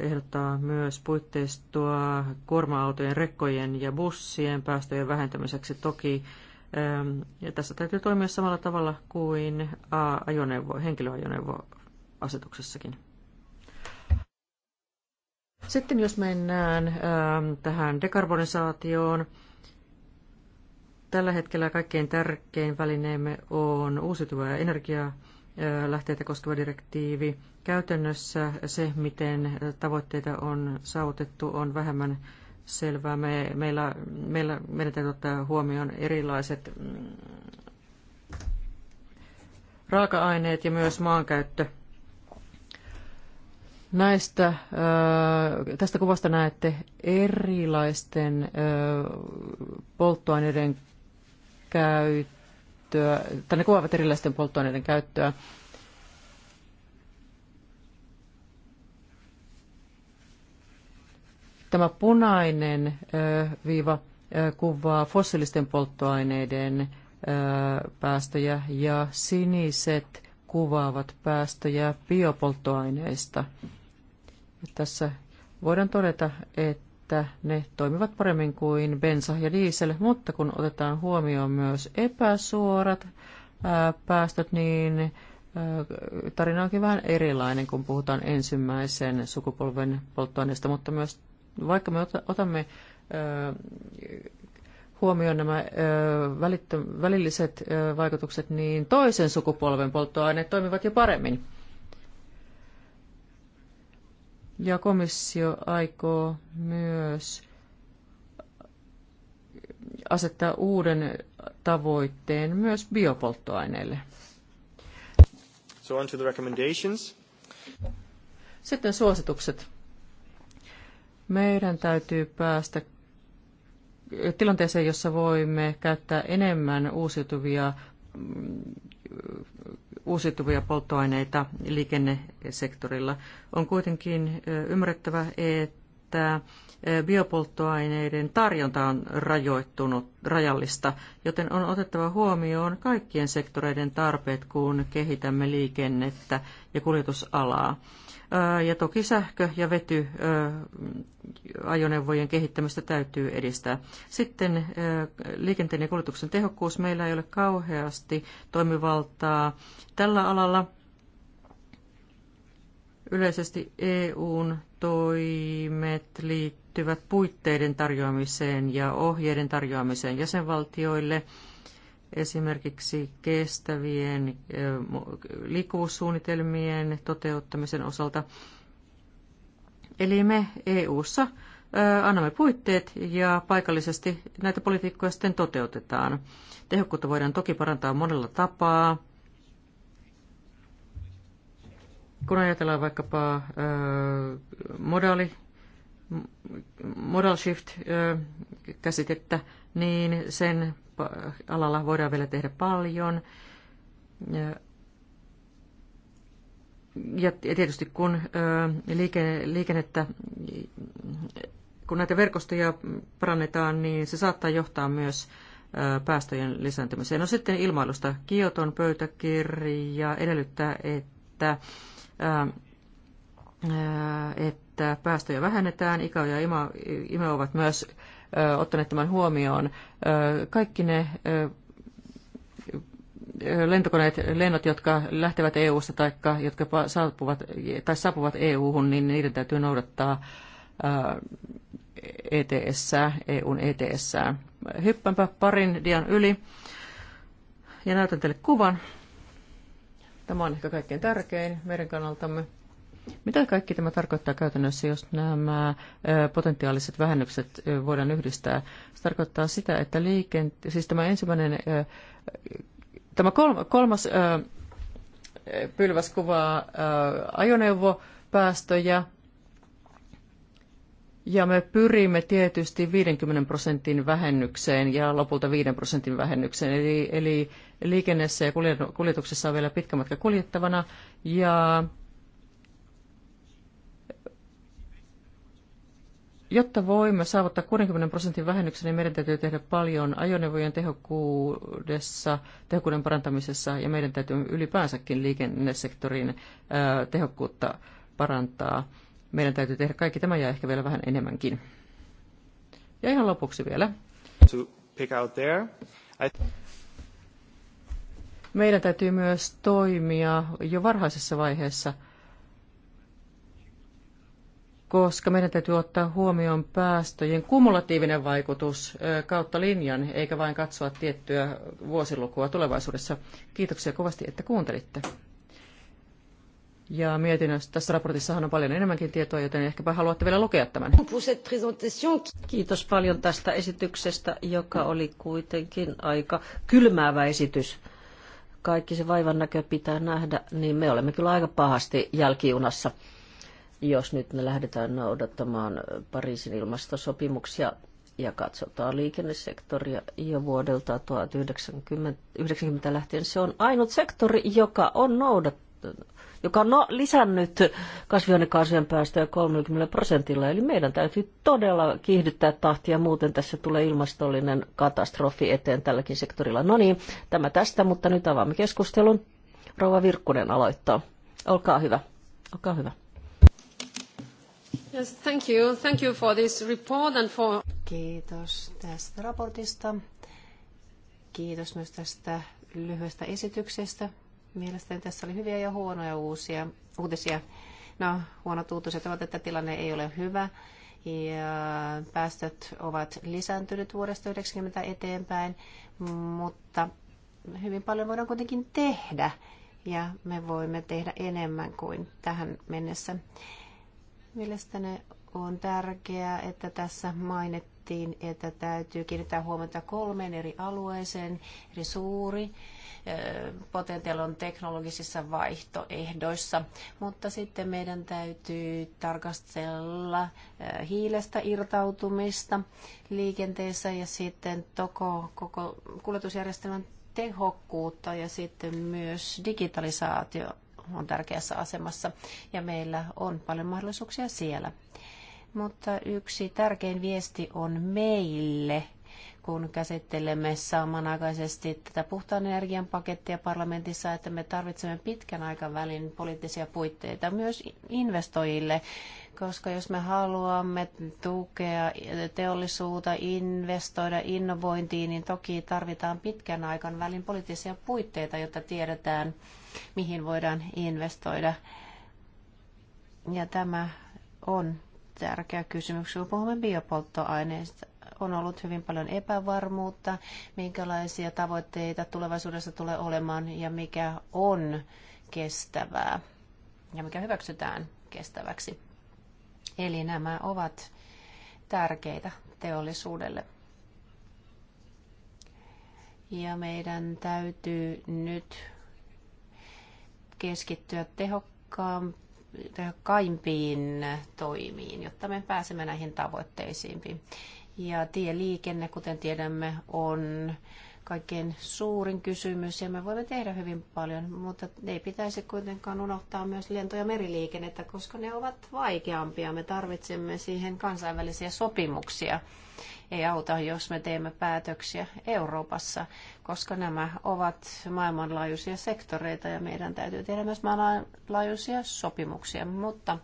ehdottaa myös puitteistoa kuorma-autojen, rekkojen ja bussien päästöjen vähentämiseksi. Toki ja tässä täytyy toimia samalla tavalla kuin ajoneuvo, henkilöajoneuvoasetuksessakin. Sitten jos mennään ähm, tähän dekarbonisaatioon, tällä hetkellä kaikkein tärkein välineemme on uusiutuvaa energia äh, lähteitä koskeva direktiivi. Käytännössä se, miten tavoitteita on saavutettu, on vähemmän selvää. Me, meillä, meillä, meidän täytyy ottaa huomioon erilaiset mm, raaka-aineet ja myös maankäyttö Näistä, tästä kuvasta näette erilaisten polttoaineiden käyttöä, tai ne kuvaavat erilaisten polttoaineiden käyttöä. Tämä punainen viiva kuvaa fossiilisten polttoaineiden päästöjä ja siniset kuvaavat päästöjä biopolttoaineista. Tässä voidaan todeta, että ne toimivat paremmin kuin bensa ja diesel, mutta kun otetaan huomioon myös epäsuorat ää, päästöt, niin ää, tarina onkin vähän erilainen, kun puhutaan ensimmäisen sukupolven polttoaineesta, mutta myös vaikka me otamme ää, huomioon nämä välilliset vaikutukset, niin toisen sukupolven polttoaineet toimivat jo paremmin. Ja komissio aikoo myös asettaa uuden tavoitteen myös biopolttoaineille. So on to the recommendations. Sitten suositukset. Meidän täytyy päästä tilanteeseen, jossa voimme käyttää enemmän uusiutuvia mm, uusiutuvia polttoaineita liikennesektorilla. On kuitenkin ymmärrettävä, että biopolttoaineiden tarjonta on rajoittunut, rajallista, joten on otettava huomioon kaikkien sektoreiden tarpeet, kun kehitämme liikennettä ja kuljetusalaa. Ja toki sähkö- ja vetyajoneuvojen kehittämistä täytyy edistää. Sitten liikenteen ja kuljetuksen tehokkuus. Meillä ei ole kauheasti toimivaltaa tällä alalla. Yleisesti EUn toimet liittyvät puitteiden tarjoamiseen ja ohjeiden tarjoamiseen jäsenvaltioille – esimerkiksi kestävien liikkuvuussuunnitelmien toteuttamisen osalta. Eli me EU-ssa annamme puitteet ja paikallisesti näitä politiikkoja sitten toteutetaan. Tehokkuutta voidaan toki parantaa monella tapaa. Kun ajatellaan vaikkapa modaali, modal shift-käsitettä, niin sen alalla voidaan vielä tehdä paljon. Ja tietysti kun liikennettä, kun näitä verkostoja parannetaan, niin se saattaa johtaa myös päästöjen lisääntymiseen. No sitten ilmailusta. Kioton pöytäkirja edellyttää, että, että päästöjä vähennetään. ikä ja IMA, IMA ovat myös ottaneet tämän huomioon. Kaikki ne lentokoneet, lennot, jotka lähtevät EU-sta tai jotka saapuvat, tai saapuvat EU-hun, niin niiden täytyy noudattaa ETS, EUn e ETS. Hyppänpä parin dian yli ja näytän teille kuvan. Tämä on ehkä kaikkein tärkein meidän kannaltamme. Mitä kaikki tämä tarkoittaa käytännössä, jos nämä potentiaaliset vähennykset voidaan yhdistää? Se tarkoittaa sitä, että liikente- siis tämä ensimmäinen, tämä kolmas pylväs kuvaa ajoneuvopäästöjä, ja me pyrimme tietysti 50 prosentin vähennykseen ja lopulta 5 prosentin vähennykseen. Eli, eli liikenneessä ja kuljetuksessa on vielä pitkä matka kuljettavana. Ja Jotta voimme saavuttaa 60 prosentin vähennyksen, niin meidän täytyy tehdä paljon ajoneuvojen tehokkuudessa, tehokkuuden parantamisessa ja meidän täytyy ylipäänsäkin liikennesektorin tehokkuutta parantaa. Meidän täytyy tehdä kaikki tämä ja ehkä vielä vähän enemmänkin. Ja ihan lopuksi vielä. Meidän täytyy myös toimia jo varhaisessa vaiheessa – koska meidän täytyy ottaa huomioon päästöjen kumulatiivinen vaikutus kautta linjan, eikä vain katsoa tiettyä vuosilukua tulevaisuudessa. Kiitoksia kovasti, että kuuntelitte. Ja mietin että tässä raportissahan on paljon enemmänkin tietoa, joten ehkäpä haluatte vielä lukea tämän. Kiitos paljon tästä esityksestä, joka oli kuitenkin aika kylmäävä esitys. Kaikki se vaivan näkö pitää nähdä, niin me olemme kyllä aika pahasti jälkijunassa jos nyt me lähdetään noudattamaan Pariisin ilmastosopimuksia ja katsotaan liikennesektoria jo vuodelta 1990 lähtien, se on ainut sektori, joka on noudattanut joka on no, lisännyt kasvihuonekaasujen päästöjä 30 prosentilla. Eli meidän täytyy todella kiihdyttää tahtia, muuten tässä tulee ilmastollinen katastrofi eteen tälläkin sektorilla. No niin, tämä tästä, mutta nyt avaamme keskustelun. Rouva Virkkunen aloittaa. Olkaa hyvä. Olkaa hyvä. Yes, thank you. Thank you for this report and for... Kiitos tästä raportista. Kiitos myös tästä lyhyestä esityksestä. Mielestäni tässä oli hyviä ja huonoja uusia uutisia. No, huonot uutiset ovat, että tilanne ei ole hyvä ja päästöt ovat lisääntyneet vuodesta 90 eteenpäin, mutta hyvin paljon voidaan kuitenkin tehdä ja me voimme tehdä enemmän kuin tähän mennessä. Mielestäni on tärkeää, että tässä mainittiin, että täytyy kiinnittää huomiota kolmeen eri alueeseen, eli suuri, potentiaali on teknologisissa vaihtoehdoissa, mutta sitten meidän täytyy tarkastella hiilestä irtautumista liikenteessä ja sitten toko, koko kuljetusjärjestelmän tehokkuutta ja sitten myös digitalisaatio on tärkeässä asemassa ja meillä on paljon mahdollisuuksia siellä. Mutta yksi tärkein viesti on meille, kun käsittelemme samanaikaisesti tätä puhtaan energian pakettia parlamentissa, että me tarvitsemme pitkän aikavälin poliittisia puitteita myös investoijille, koska jos me haluamme tukea teollisuutta, investoida innovointiin, niin toki tarvitaan pitkän aikavälin poliittisia puitteita, jotta tiedetään, mihin voidaan investoida. Ja tämä on tärkeä kysymys, kun puhumme biopolttoaineista. On ollut hyvin paljon epävarmuutta, minkälaisia tavoitteita tulevaisuudessa tulee olemaan ja mikä on kestävää ja mikä hyväksytään kestäväksi. Eli nämä ovat tärkeitä teollisuudelle. Ja meidän täytyy nyt keskittyä tehokkaimpiin toimiin, jotta me pääsemme näihin tavoitteisiin. Ja tieliikenne, kuten tiedämme, on kaikkein suurin kysymys ja me voimme tehdä hyvin paljon, mutta ei pitäisi kuitenkaan unohtaa myös lento- ja meriliikennettä, koska ne ovat vaikeampia. Me tarvitsemme siihen kansainvälisiä sopimuksia ei auta, jos me teemme päätöksiä Euroopassa, koska nämä ovat maailmanlaajuisia sektoreita ja meidän täytyy tehdä myös maailmanlaajuisia sopimuksia. Mutta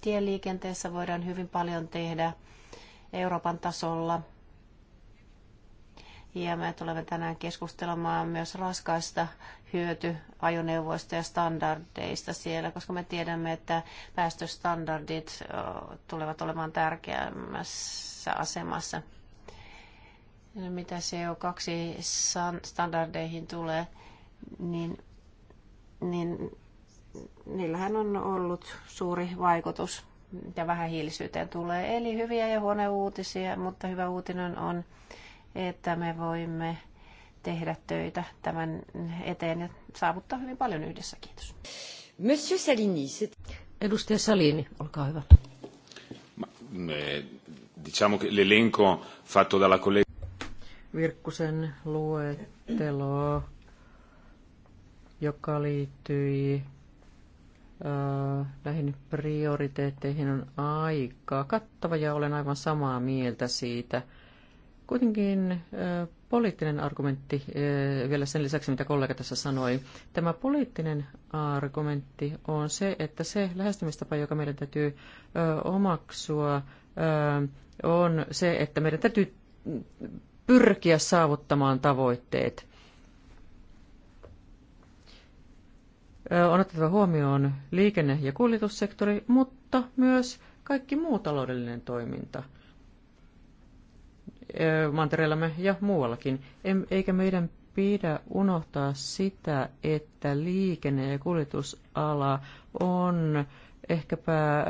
tieliikenteessä voidaan hyvin paljon tehdä Euroopan tasolla. Ja me tulemme tänään keskustelemaan myös raskaista hyöty ajoneuvoista ja standardeista siellä, koska me tiedämme, että päästöstandardit tulevat olemaan tärkeämmässä asemassa. Mitä CO2-standardeihin tulee, niin, niin niillähän on ollut suuri vaikutus ja vähän hiilisyyteen tulee. Eli hyviä ja huonoja uutisia, mutta hyvä uutinen on, että me voimme tehdä töitä tämän eteen ja saavuttaa hyvin paljon yhdessä. Kiitos. Monsieur Salini. Edustaja Salini, olkaa hyvä. Ma, me, eh, diciamo che l'elenco fatto dalla collega... Virkkusen luettelo, joka liittyi äh, näihin prioriteetteihin on aika kattava ja olen aivan samaa mieltä siitä. Kuitenkin äh, poliittinen argumentti eh, vielä sen lisäksi, mitä kollega tässä sanoi. Tämä poliittinen argumentti on se, että se lähestymistapa, joka meidän täytyy omaksua, on se, että meidän täytyy pyrkiä saavuttamaan tavoitteet. On otettava huomioon liikenne- ja kuljetussektori, mutta myös kaikki muu taloudellinen toiminta – mantereellamme ja muuallakin. Eikä meidän pidä unohtaa sitä, että liikenne- ja kuljetusala on ehkäpä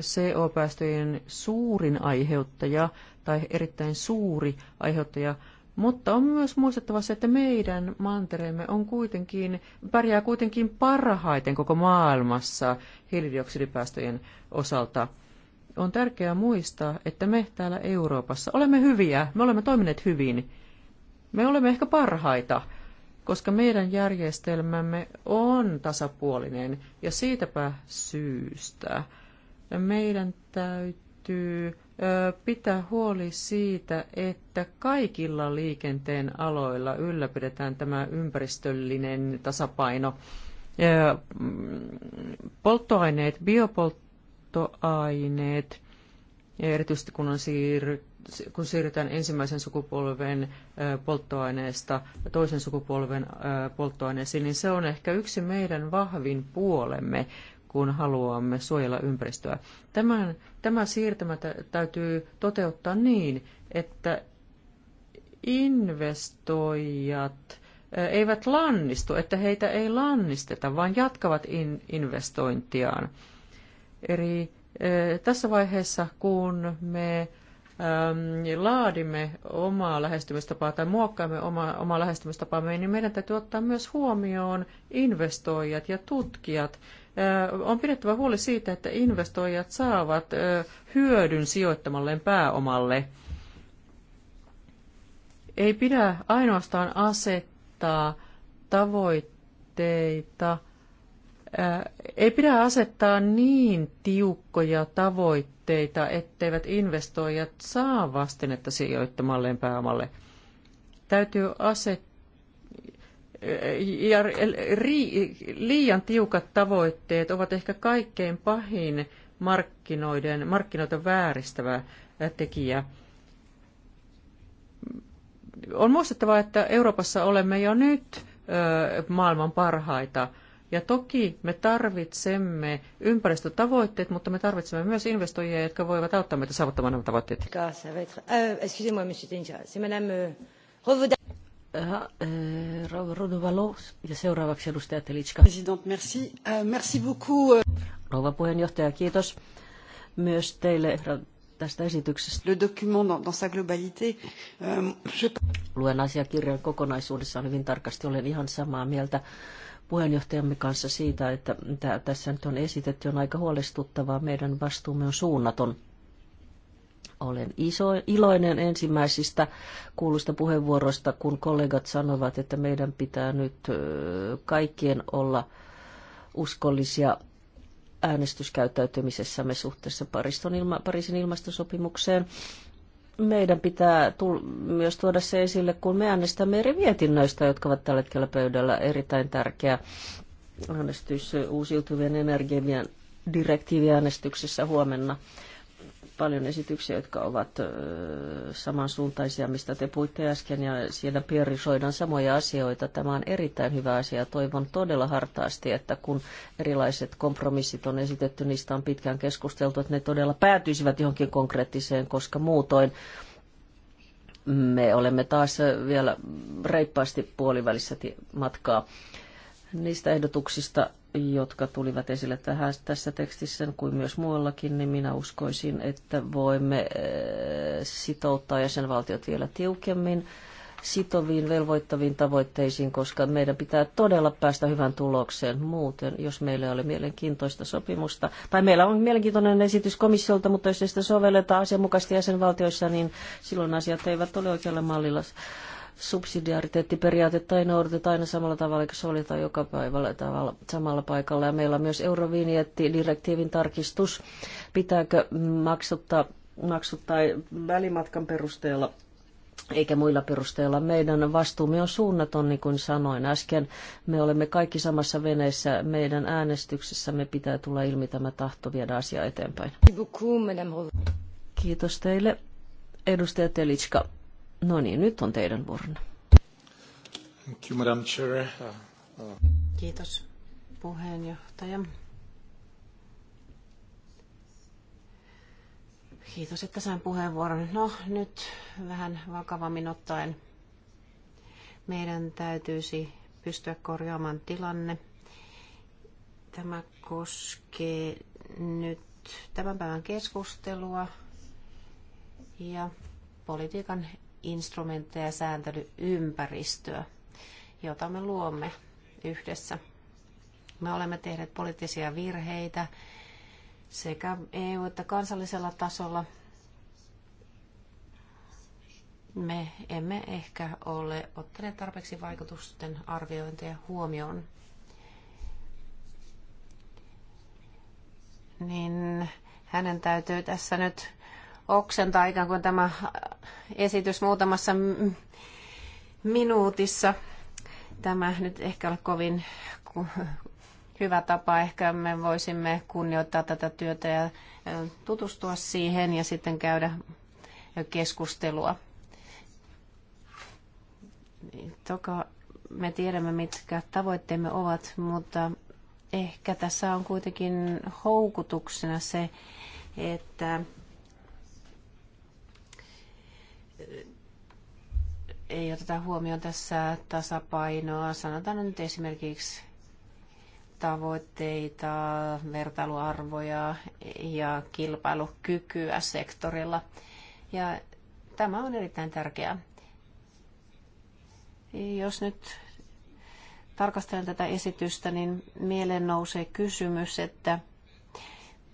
CO-päästöjen suurin aiheuttaja tai erittäin suuri aiheuttaja, mutta on myös muistettava se, että meidän mantereemme on kuitenkin, pärjää kuitenkin parhaiten koko maailmassa hiilidioksidipäästöjen osalta – on tärkeää muistaa, että me täällä Euroopassa olemme hyviä, me olemme toimineet hyvin. Me olemme ehkä parhaita, koska meidän järjestelmämme on tasapuolinen ja siitäpä syystä meidän täytyy pitää huoli siitä, että kaikilla liikenteen aloilla ylläpidetään tämä ympäristöllinen tasapaino polttoaineet, biopolttoaineet, polttoaineet, erityisesti kun, on siir- kun siirrytään ensimmäisen sukupolven polttoaineesta toisen sukupolven polttoaineisiin, niin se on ehkä yksi meidän vahvin puolemme, kun haluamme suojella ympäristöä. Tämän, tämä siirtymä täytyy toteuttaa niin, että investoijat eivät lannistu, että heitä ei lannisteta, vaan jatkavat in- investointiaan. Eli tässä vaiheessa, kun me laadimme omaa lähestymistapaa tai muokkaamme omaa, omaa lähestymistapaamme, niin meidän täytyy ottaa myös huomioon investoijat ja tutkijat. On pidettävä huoli siitä, että investoijat saavat hyödyn sijoittamalleen pääomalle. Ei pidä ainoastaan asettaa tavoitteita – ei pidä asettaa niin tiukkoja tavoitteita, etteivät investoijat saa että sijoittamalleen pääomalle. Täytyy asettaa ja liian tiukat tavoitteet ovat ehkä kaikkein pahin markkinoiden, markkinoita vääristävä tekijä. On muistettava, että Euroopassa olemme jo nyt maailman parhaita – ja toki me tarvitsemme ympäristötavoitteet, mutta me tarvitsemme myös investoijia, jotka voivat auttaa meitä saavuttamaan nämä tavoitteet. Euh, euh, euh, Rodovalo ja seuraavaksi edustaja Telitska. President, merci. Merci beaucoup. Rouva puheenjohtaja, kiitos myös teille tästä esityksestä. Le document dans, dans sa globalité. Euh, je... Luen asiakirjan kokonaisuudessaan hyvin tarkasti, olen ihan samaa mieltä puheenjohtajamme kanssa siitä, että mitä tässä nyt on esitetty, on aika huolestuttavaa. Meidän vastuumme on suunnaton. Olen iso, iloinen ensimmäisistä kuulusta puheenvuoroista, kun kollegat sanovat, että meidän pitää nyt kaikkien olla uskollisia äänestyskäyttäytymisessämme suhteessa Pariisin ilmastosopimukseen meidän pitää myös tuoda se esille, kun me äänestämme eri mietinnöistä, jotka ovat tällä hetkellä pöydällä erittäin tärkeä äänestys uusiutuvien energian direktiiviäänestyksessä huomenna paljon esityksiä, jotka ovat samansuuntaisia, mistä te puhuitte äsken, ja siellä priorisoidaan samoja asioita. Tämä on erittäin hyvä asia. Toivon todella hartaasti, että kun erilaiset kompromissit on esitetty, niistä on pitkään keskusteltu, että ne todella päätyisivät johonkin konkreettiseen, koska muutoin me olemme taas vielä reippaasti puolivälissä matkaa niistä ehdotuksista, jotka tulivat esille tähän, tässä tekstissä kuin myös muuallakin, niin minä uskoisin, että voimme äh, sitouttaa jäsenvaltiot vielä tiukemmin sitoviin, velvoittaviin tavoitteisiin, koska meidän pitää todella päästä hyvän tulokseen muuten, jos meillä ei ole mielenkiintoista sopimusta. Tai meillä on mielenkiintoinen esitys komissiolta, mutta jos sitä sovelletaan asianmukaisesti jäsenvaltioissa, niin silloin asiat eivät ole oikealla mallilla subsidiariteettiperiaatetta ei noudateta aina samalla tavalla, kun sovelletaan joka päivä tavalla, samalla paikalla. Ja meillä on myös eurovinjettidirektiivin tarkistus. Pitääkö maksuttaa, maksuttaa välimatkan perusteella eikä muilla perusteilla. Meidän vastuumme on suunnaton, niin kuin sanoin äsken. Me olemme kaikki samassa veneessä. Meidän äänestyksessämme pitää tulla ilmi tämä tahto viedä asiaa eteenpäin. Kiitos teille. Edustaja Telitska. No niin, nyt on teidän vuoronne. Kiitos puheenjohtaja. Kiitos, että sain puheenvuoron. No nyt vähän vakavammin ottaen meidän täytyisi pystyä korjaamaan tilanne. Tämä koskee nyt tämän päivän keskustelua ja politiikan instrumentteja ja sääntelyympäristöä, jota me luomme yhdessä. Me olemme tehneet poliittisia virheitä sekä EU- että kansallisella tasolla. Me emme ehkä ole ottaneet tarpeeksi vaikutusten arviointeja huomioon. Niin hänen täytyy tässä nyt oksentaa ikään kuin tämä esitys muutamassa minuutissa. Tämä nyt ehkä ole kovin hyvä tapa. Ehkä me voisimme kunnioittaa tätä työtä ja tutustua siihen ja sitten käydä keskustelua. Toka me tiedämme, mitkä tavoitteemme ovat, mutta ehkä tässä on kuitenkin houkutuksena se, että ei oteta huomioon tässä tasapainoa. Sanotaan nyt esimerkiksi tavoitteita, vertailuarvoja ja kilpailukykyä sektorilla. Ja tämä on erittäin tärkeää. Jos nyt tarkastelen tätä esitystä, niin mieleen nousee kysymys, että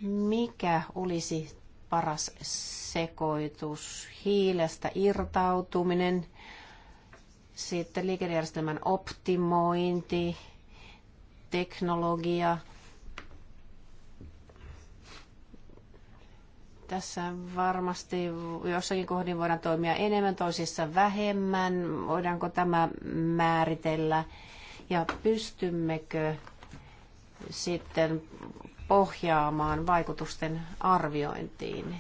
mikä olisi paras sekoitus? Hiilestä irtautuminen – sitten liikennejärjestelmän optimointi, teknologia. Tässä varmasti jossakin kohdin voidaan toimia enemmän, toisissa vähemmän. Voidaanko tämä määritellä ja pystymmekö sitten pohjaamaan vaikutusten arviointiin.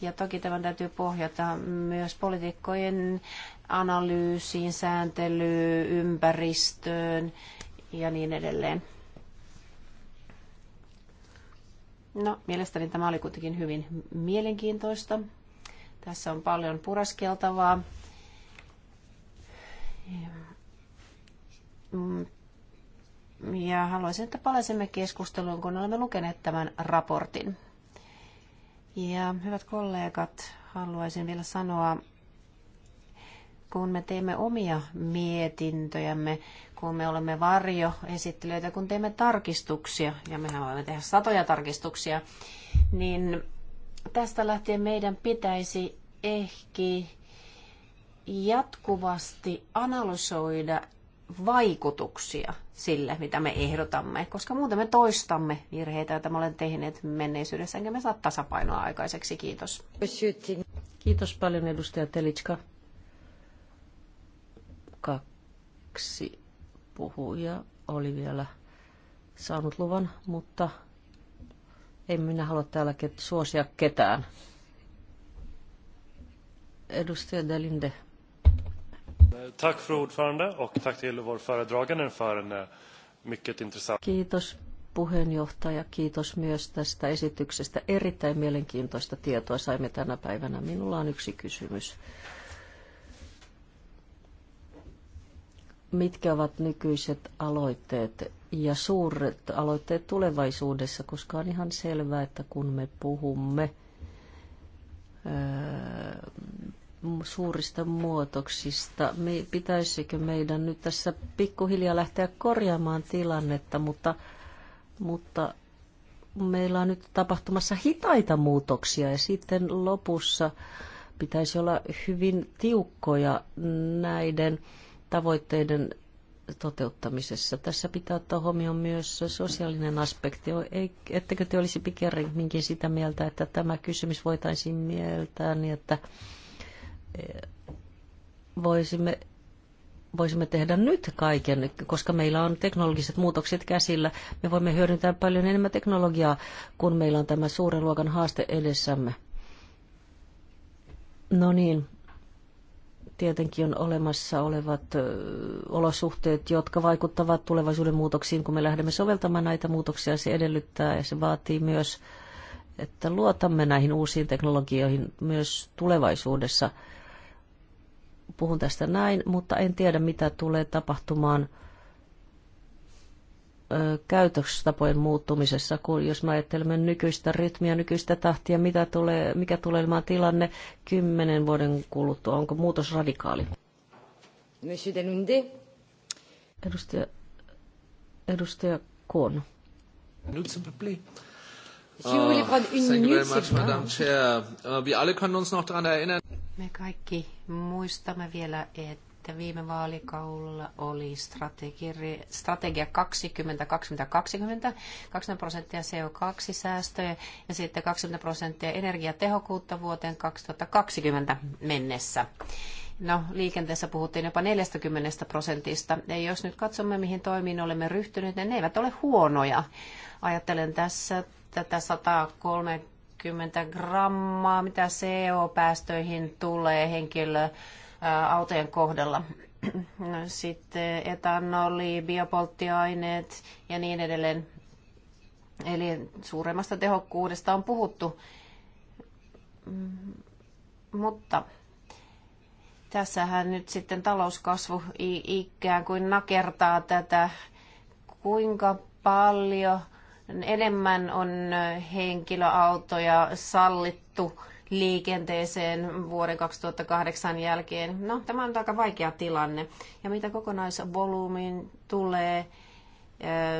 Ja toki tämän täytyy pohjata myös poliitikkojen analyysiin, sääntelyyn, ympäristöön ja niin edelleen. No, mielestäni tämä oli kuitenkin hyvin mielenkiintoista. Tässä on paljon puraskeltavaa. Ja haluaisin, että palaisimme keskusteluun, kun olemme lukeneet tämän raportin. Ja hyvät kollegat, haluaisin vielä sanoa, kun me teemme omia mietintöjämme, kun me olemme varjoesittelijöitä, kun teemme tarkistuksia, ja mehän voimme tehdä satoja tarkistuksia, niin tästä lähtien meidän pitäisi ehkä jatkuvasti analysoida vaikutuksia sille, mitä me ehdotamme, koska muuten me toistamme virheitä, joita me olen tehneet menneisyydessä, enkä me saa tasapainoa aikaiseksi. Kiitos. Kiitos paljon edustaja Telitska. Kaksi puhujaa oli vielä saanut luvan, mutta en minä halua täällä suosia ketään. Edustaja Delinde. Tack för ordförande och tack till vår föredragande för en eh, mycket intressant... Kiitos puheenjohtaja, kiitos myös tästä esityksestä. Erittäin mielenkiintoista tietoa saimme tänä päivänä. Minulla on yksi kysymys. mitkä ovat nykyiset aloitteet ja suuret aloitteet tulevaisuudessa, koska on ihan selvää, että kun me puhumme öö, suurista muutoksista. Me, pitäisikö meidän nyt tässä pikkuhiljaa lähteä korjaamaan tilannetta, mutta, mutta meillä on nyt tapahtumassa hitaita muutoksia ja sitten lopussa pitäisi olla hyvin tiukkoja näiden äh, tavoitteiden toteuttamisessa. Tässä pitää ottaa huomioon myös sosiaalinen aspekti. Ettekö te olisi pikemminkin sitä mieltä, että tämä kysymys voitaisiin mieltää niin, että eh, voisimme voisimme tehdä nyt kaiken, koska meillä on teknologiset muutokset käsillä. Me voimme hyödyntää paljon enemmän teknologiaa, kun meillä on tämä suuren luokan haaste edessämme. No niin, tietenkin on olemassa olevat olosuhteet, jotka vaikuttavat tulevaisuuden muutoksiin, kun me lähdemme soveltamaan näitä muutoksia. Se edellyttää ja se vaatii myös, että luotamme näihin uusiin teknologioihin myös tulevaisuudessa. Puhun tästä näin, mutta en tiedä mitä tulee tapahtumaan – käytöstapojen muuttumisessa, kun jos me ajattelemme nykyistä rytmiä, nykyistä tahtia, mitä tulee, mikä tulee olemaan tilanne kymmenen vuoden kuluttua, onko muutos radikaali? Monsieur Delunde. Edustaja, edustaja Kuon. Uh, uh, me kaikki muistamme vielä, että että viime vaalikaudella oli strategia, strategia 20 20 20, 20 prosenttia CO2-säästöjä ja sitten 20 prosenttia energiatehokkuutta vuoteen 2020 mennessä. No, liikenteessä puhuttiin jopa 40 prosentista. Ja jos nyt katsomme, mihin toimiin olemme ryhtyneet, niin ne eivät ole huonoja. Ajattelen tässä tätä 130 grammaa, mitä CO-päästöihin tulee henkilö autojen kohdalla. Sitten etanoli, biopolttiaineet ja niin edelleen. Eli suuremmasta tehokkuudesta on puhuttu. Mm, mutta tässähän nyt sitten talouskasvu ikään kuin nakertaa tätä, kuinka paljon enemmän on henkilöautoja sallittu liikenteeseen vuoden 2008 jälkeen. No, tämä on aika vaikea tilanne. Ja mitä kokonaisvolyymiin tulee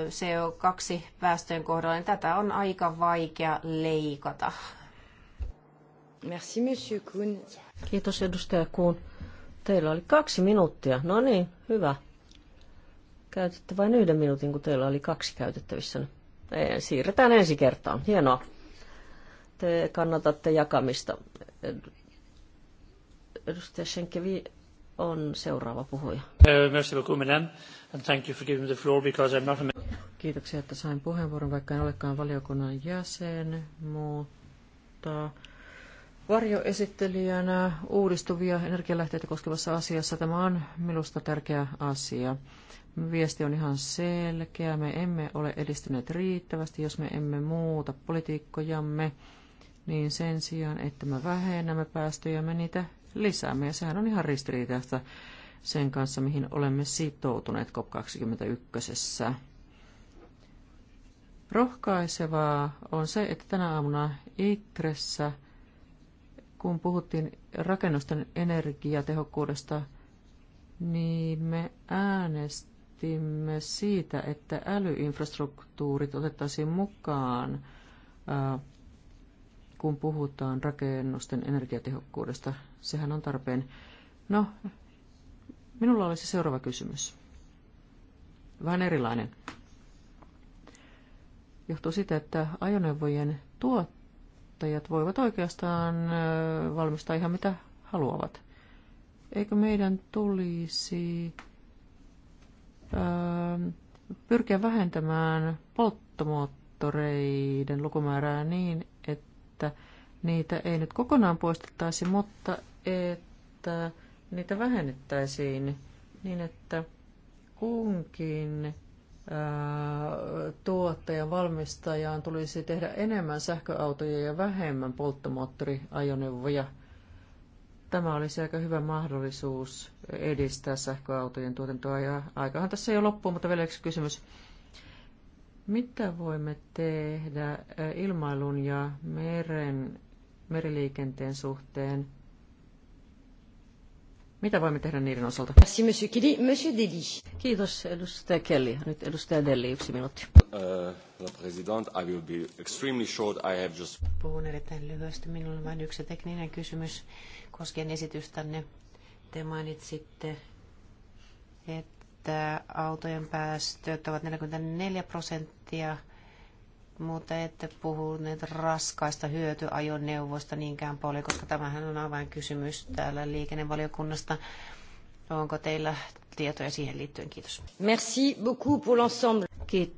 CO2-päästöjen kohdalla, niin tätä on aika vaikea leikata. Merci, monsieur Kuhn. Kiitos, edustaja Kuhn. Teillä oli kaksi minuuttia. No niin, hyvä. Käytitte vain yhden minuutin, kun teillä oli kaksi käytettävissä. Siirretään ensi kertaan. Hienoa te kannatatte jakamista. Edustaja Schenkevi on seuraava puhuja. Eh, Kiitoksia, että sain puheenvuoron, vaikka en olekaan valiokunnan jäsen, mutta varjoesittelijänä uudistuvia energialähteitä koskevassa asiassa tämä on minusta tärkeä asia. Viesti on ihan selkeä. Me emme ole edistyneet riittävästi, jos me emme muuta politiikkojamme niin sen sijaan, että me vähennämme päästöjä, me niitä lisäämme. Ja sehän on ihan ristiriitaista sen kanssa, mihin olemme sitoutuneet COP21. Rohkaisevaa on se, että tänä aamuna Itressä, kun puhuttiin rakennusten energiatehokkuudesta, niin me äänestimme siitä, että älyinfrastruktuurit otettaisiin mukaan kun puhutaan rakennusten energiatehokkuudesta. Sehän on tarpeen. No, minulla olisi seuraava kysymys. Vähän erilainen. Johtuu siitä, että ajoneuvojen tuottajat voivat oikeastaan valmistaa ihan mitä haluavat. Eikö meidän tulisi pyrkiä vähentämään polttomoottoreiden lukumäärää niin, että niitä ei nyt kokonaan poistettaisi, mutta että niitä vähennettäisiin niin, että kunkin tuottajan valmistajaan tulisi tehdä enemmän sähköautoja ja vähemmän polttomoottoriajoneuvoja. Tämä olisi aika hyvä mahdollisuus edistää sähköautojen tuotantoa ja aikahan tässä ole loppuun, mutta vielä yksi kysymys. Mitä voimme tehdä ilmailun ja meren, meriliikenteen suhteen? Mitä voimme tehdä niiden osalta? Merci, monsieur Kelly. Monsieur Deli. Kiitos, edustaja Kelly. Nyt edustaja Deli, yksi minuutti. Uh, president, I will be extremely short. I have just... Puhun erittäin lyhyesti. Minulla on vain yksi tekninen kysymys koskien esitystänne. Te mainitsitte, että että autojen päästöt ovat 44 prosenttia, mutta ette puhuneet raskaista hyötyajoneuvoista niinkään paljon, koska tämähän on aivan kysymys täällä liikennevaliokunnasta. Onko teillä tietoja siihen liittyen? Kiitos. Merci beaucoup pour l'ensemble. Kiitos.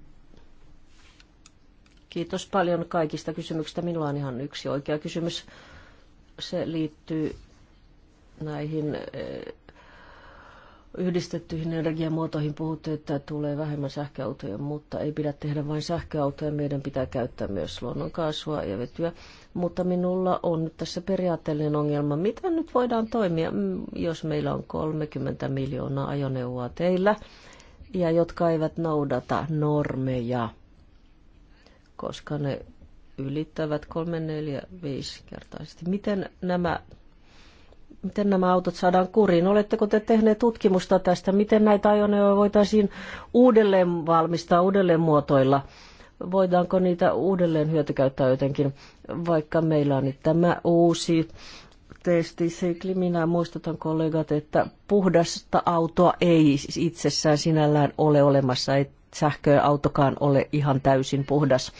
Kiitos paljon kaikista kysymyksistä. Minulla on ihan yksi oikea kysymys. Se liittyy näihin eh, yhdistettyihin energiamuotoihin puhuttu, että tulee vähemmän sähköautoja, mutta ei pidä tehdä vain sähköautoja, meidän pitää käyttää myös luonnonkaasua ja vetyä. Mutta minulla on nyt tässä periaatteellinen ongelma, miten nyt voidaan toimia, mm, jos meillä on 30 miljoonaa ajoneuvoa teillä ja jotka eivät noudata normeja, koska ne ylittävät 3, 4, 5 kertaisesti. Miten nämä miten nämä autot saadaan kuriin. Oletteko te tehneet tutkimusta tästä, miten näitä ajoneuvoja voitaisiin uudelleen valmistaa, uudelleen muotoilla? Voidaanko niitä uudelleen hyötykäyttää jotenkin, vaikka meillä on nyt tämä uusi testisikli. Minä muistutan kollegat, että puhdasta autoa ei itsessään sinällään ole olemassa, ei sähköautokaan ole ihan täysin puhdas.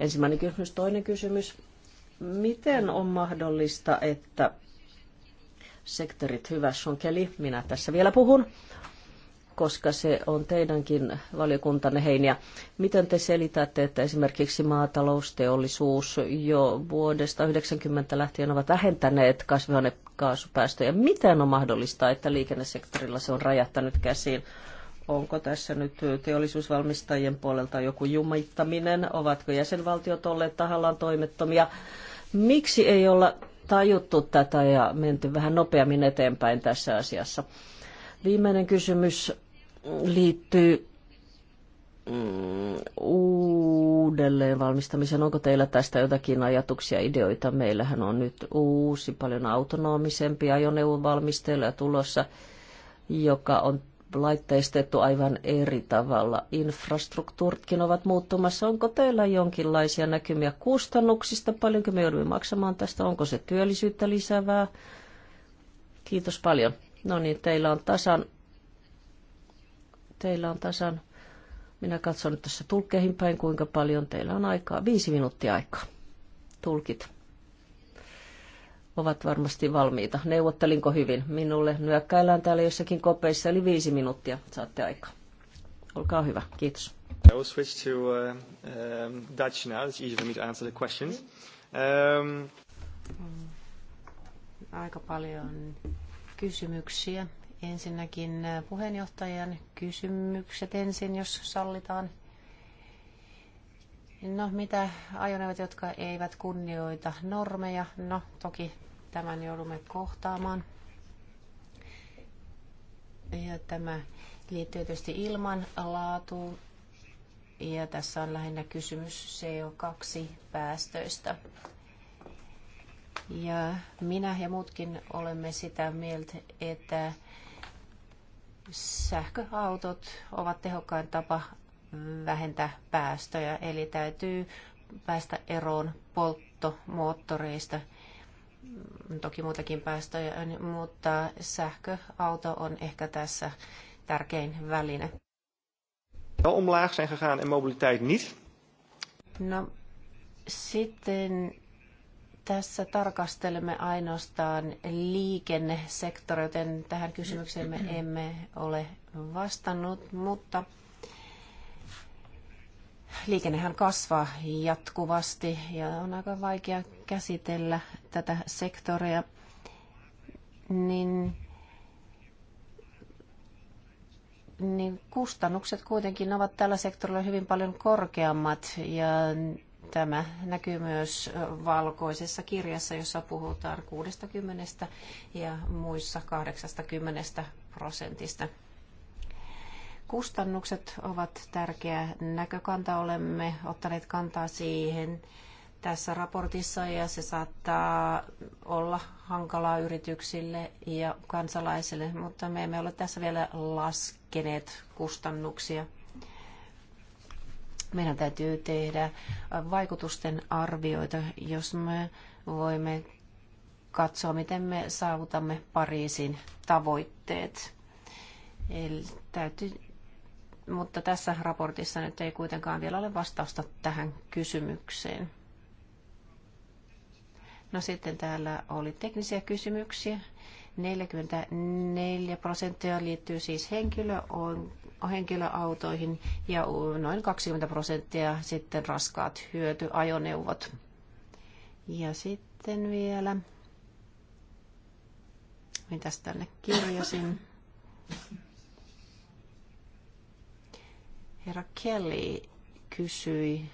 Ensimmäinen kysymys, toinen kysymys. Miten on mahdollista, että sektorit. Hyvä Sunkeli, minä tässä vielä puhun, koska se on teidänkin valiokuntanne heiniä. Miten te selitätte, että esimerkiksi maatalousteollisuus jo vuodesta 90 lähtien ovat vähentäneet kasvihuonekaasupäästöjä? Miten on mahdollista, että liikennesektorilla se on räjähtänyt käsiin? onko tässä nyt teollisuusvalmistajien puolelta joku jumittaminen, ovatko jäsenvaltiot olleet tahallaan toimettomia. Miksi ei olla tajuttu tätä ja menty vähän nopeammin eteenpäin tässä asiassa. Viimeinen kysymys liittyy mm, uudelleen valmistamisen. Onko teillä tästä jotakin ajatuksia, ideoita? Meillähän on nyt uusi, paljon autonomisempi ajoneuvon valmistelija tulossa, joka on laitteistettu aivan eri tavalla. Infrastruktuuritkin ovat muuttumassa. Onko teillä jonkinlaisia näkymiä kustannuksista? Paljonko me joudumme maksamaan tästä? Onko se työllisyyttä lisäävää? Kiitos paljon. No niin, teillä on tasan... Teillä on tasan... Minä katson nyt tässä tulkkeihin päin, kuinka paljon teillä on aikaa. Viisi minuuttia aikaa. Tulkit ovat varmasti valmiita. Neuvottelinko hyvin? Minulle nyökkäillään täällä jossakin kopeissa, eli viisi minuuttia saatte aikaa. Olkaa hyvä, kiitos. I will switch to uh, um, Dutch now. It's easier for me to answer the questions. Um... Mm. Aika paljon kysymyksiä. Ensinnäkin uh, puheenjohtajan kysymykset ensin, jos sallitaan. No mitä ajoneuvot, jotka eivät kunnioita normeja? No toki tämän joudumme kohtaamaan. Ja tämä liittyy tietysti ilman laatuun. Ja tässä on lähinnä kysymys CO2-päästöistä. Ja minä ja muutkin olemme sitä mieltä, että sähköautot ovat tehokkain tapa vähentää päästöjä, eli täytyy päästä eroon polttomoottoreista. Toki muutakin päästöjä mutta sähköauto on ehkä tässä tärkein väline. Wel omlaag zijn gegaan en mobiliteit niet. No, sitten tässä tarkastelemme ainoastaan liikennesektori, joten tähän kysymykseen me emme ole vastannut, mutta liikennehän kasvaa jatkuvasti ja on aika vaikea käsitellä tätä sektoria, niin, niin kustannukset kuitenkin ovat tällä sektorilla hyvin paljon korkeammat ja tämä näkyy myös valkoisessa kirjassa, jossa puhutaan 60 ja muissa 80 prosentista. Kustannukset ovat tärkeä näkökanta. Olemme ottaneet kantaa siihen tässä raportissa ja se saattaa olla hankalaa yrityksille ja kansalaisille, mutta me emme ole tässä vielä laskeneet kustannuksia. Meidän täytyy tehdä vaikutusten arvioita, jos me voimme katsoa, miten me saavutamme Pariisin tavoitteet. Eli täytyy mutta tässä raportissa nyt ei kuitenkaan vielä ole vastausta tähän kysymykseen. No sitten täällä oli teknisiä kysymyksiä. 44 prosenttia liittyy siis henkilö, on henkilöautoihin ja noin 20 prosenttia sitten raskaat hyötyajoneuvot. Ja sitten vielä, mitäs tänne kirjasin? Herra Kelly kysyi,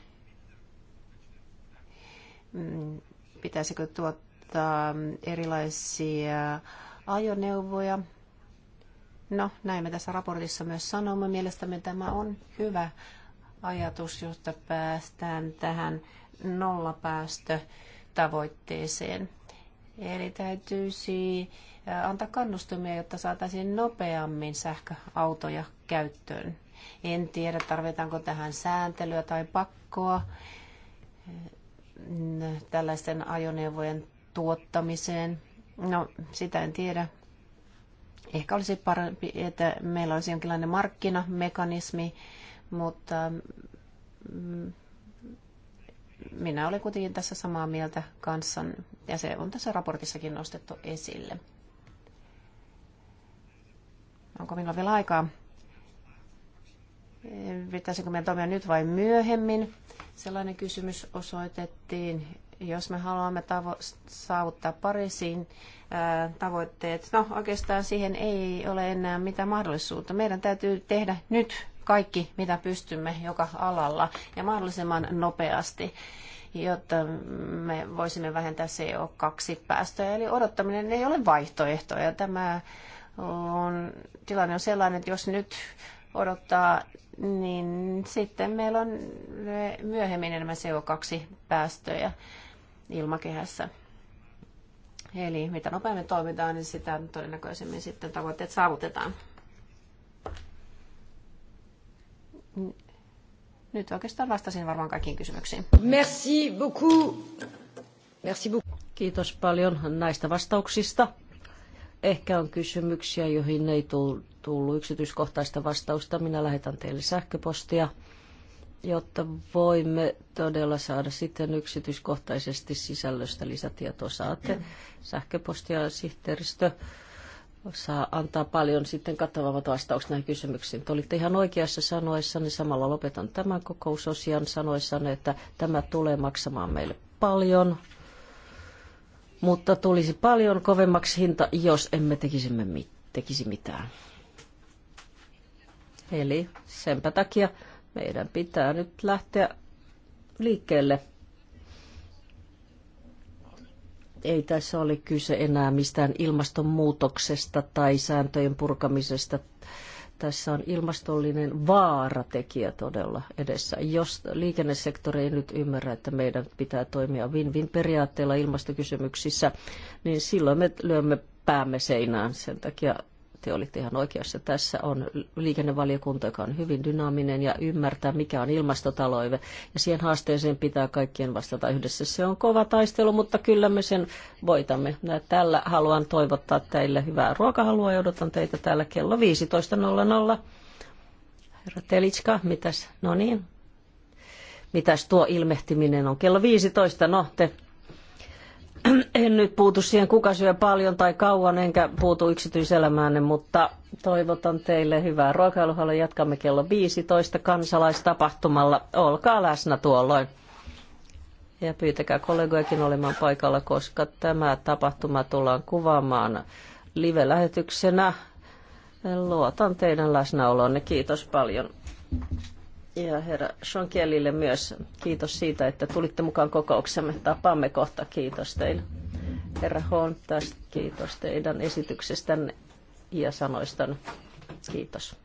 mm, pitäisikö tuottaa erilaisia ajoneuvoja. No, näin me tässä raportissa myös sanomme. Mielestämme tämä on hyvä ajatus, josta päästään tähän nollapäästötavoitteeseen. Eli täytyisi äh, antaa kannustumia, jotta saataisiin nopeammin sähköautoja käyttöön. En tiedä, tarvitaanko tähän sääntelyä tai pakkoa tällaisten ajoneuvojen tuottamiseen. No, sitä en tiedä. Ehkä olisi parempi, että meillä olisi jonkinlainen markkinamekanismi, mutta mm, minä olen kuitenkin tässä samaa mieltä kanssan, ja se on tässä raportissakin nostettu esille. Onko minulla vielä aikaa? pitäisikö meidän toimia nyt vai myöhemmin. Sellainen kysymys osoitettiin, jos me haluamme tavo- saavuttaa Pariisin ää, tavoitteet. No oikeastaan siihen ei ole enää mitään mahdollisuutta. Meidän täytyy tehdä nyt kaikki, mitä pystymme joka alalla ja mahdollisimman nopeasti jotta me voisimme vähentää CO2-päästöjä. Eli odottaminen ei ole vaihtoehto. Ja tämä on, tilanne on sellainen, että jos nyt odottaa niin sitten meillä on myöhemmin enemmän CO2-päästöjä ilmakehässä. Eli mitä nopeammin toimitaan, niin sitä todennäköisemmin sitten tavoitteet saavutetaan. Nyt oikeastaan vastasin varmaan kaikkiin kysymyksiin. Merci beaucoup. Merci beaucoup. Kiitos paljon näistä vastauksista. Ehkä on kysymyksiä, joihin ei tullut yksityiskohtaista vastausta. Minä lähetän teille sähköpostia, jotta voimme todella saada sitten yksityiskohtaisesti sisällöstä lisätietoa. Saatte sähköpostia sihteeristö saa antaa paljon sitten kattavammat vastaukset näihin kysymyksiin. Te olitte ihan oikeassa niin samalla lopetan tämän kokousosian sanoessanne, että tämä tulee maksamaan meille paljon mutta tulisi paljon kovemmaksi hinta, jos emme tekisimme mit- tekisi mitään. Eli senpä takia meidän pitää nyt lähteä liikkeelle. Ei tässä ole kyse enää mistään ilmastonmuutoksesta tai sääntöjen purkamisesta tässä on ilmastollinen vaaratekijä todella edessä. Jos liikennesektori ei nyt ymmärrä, että meidän pitää toimia win-win periaatteella ilmastokysymyksissä, niin silloin me lyömme päämme seinään. Sen takia te olitte ihan oikeassa. Tässä on liikennevaliokunta, joka on hyvin dynaaminen ja ymmärtää, mikä on ilmastotaloive. Ja siihen haasteeseen pitää kaikkien vastata yhdessä. Se on kova taistelu, mutta kyllä me sen voitamme. tällä haluan toivottaa teille hyvää ruokahalua ja odotan teitä täällä kello 15.00. Herra Telitska, mitäs? No niin. Mitäs tuo ilmehtiminen on? Kello 15, no te en nyt puutu siihen, kuka syö paljon tai kauan, enkä puutu yksityiselämäänne, mutta toivotan teille hyvää ruokailuhalua. Jatkamme kello 15 kansalaistapahtumalla. Olkaa läsnä tuolloin. Ja pyytäkää kollegojakin olemaan paikalla, koska tämä tapahtuma tullaan kuvaamaan live-lähetyksenä. Luotan teidän läsnäoloonne. Kiitos paljon ja herra Sean myös kiitos siitä, että tulitte mukaan kokouksemme. Tapaamme kohta. Kiitos teille. Herra Hoon, tästä kiitos teidän esityksestänne ja sanoistanne. Kiitos.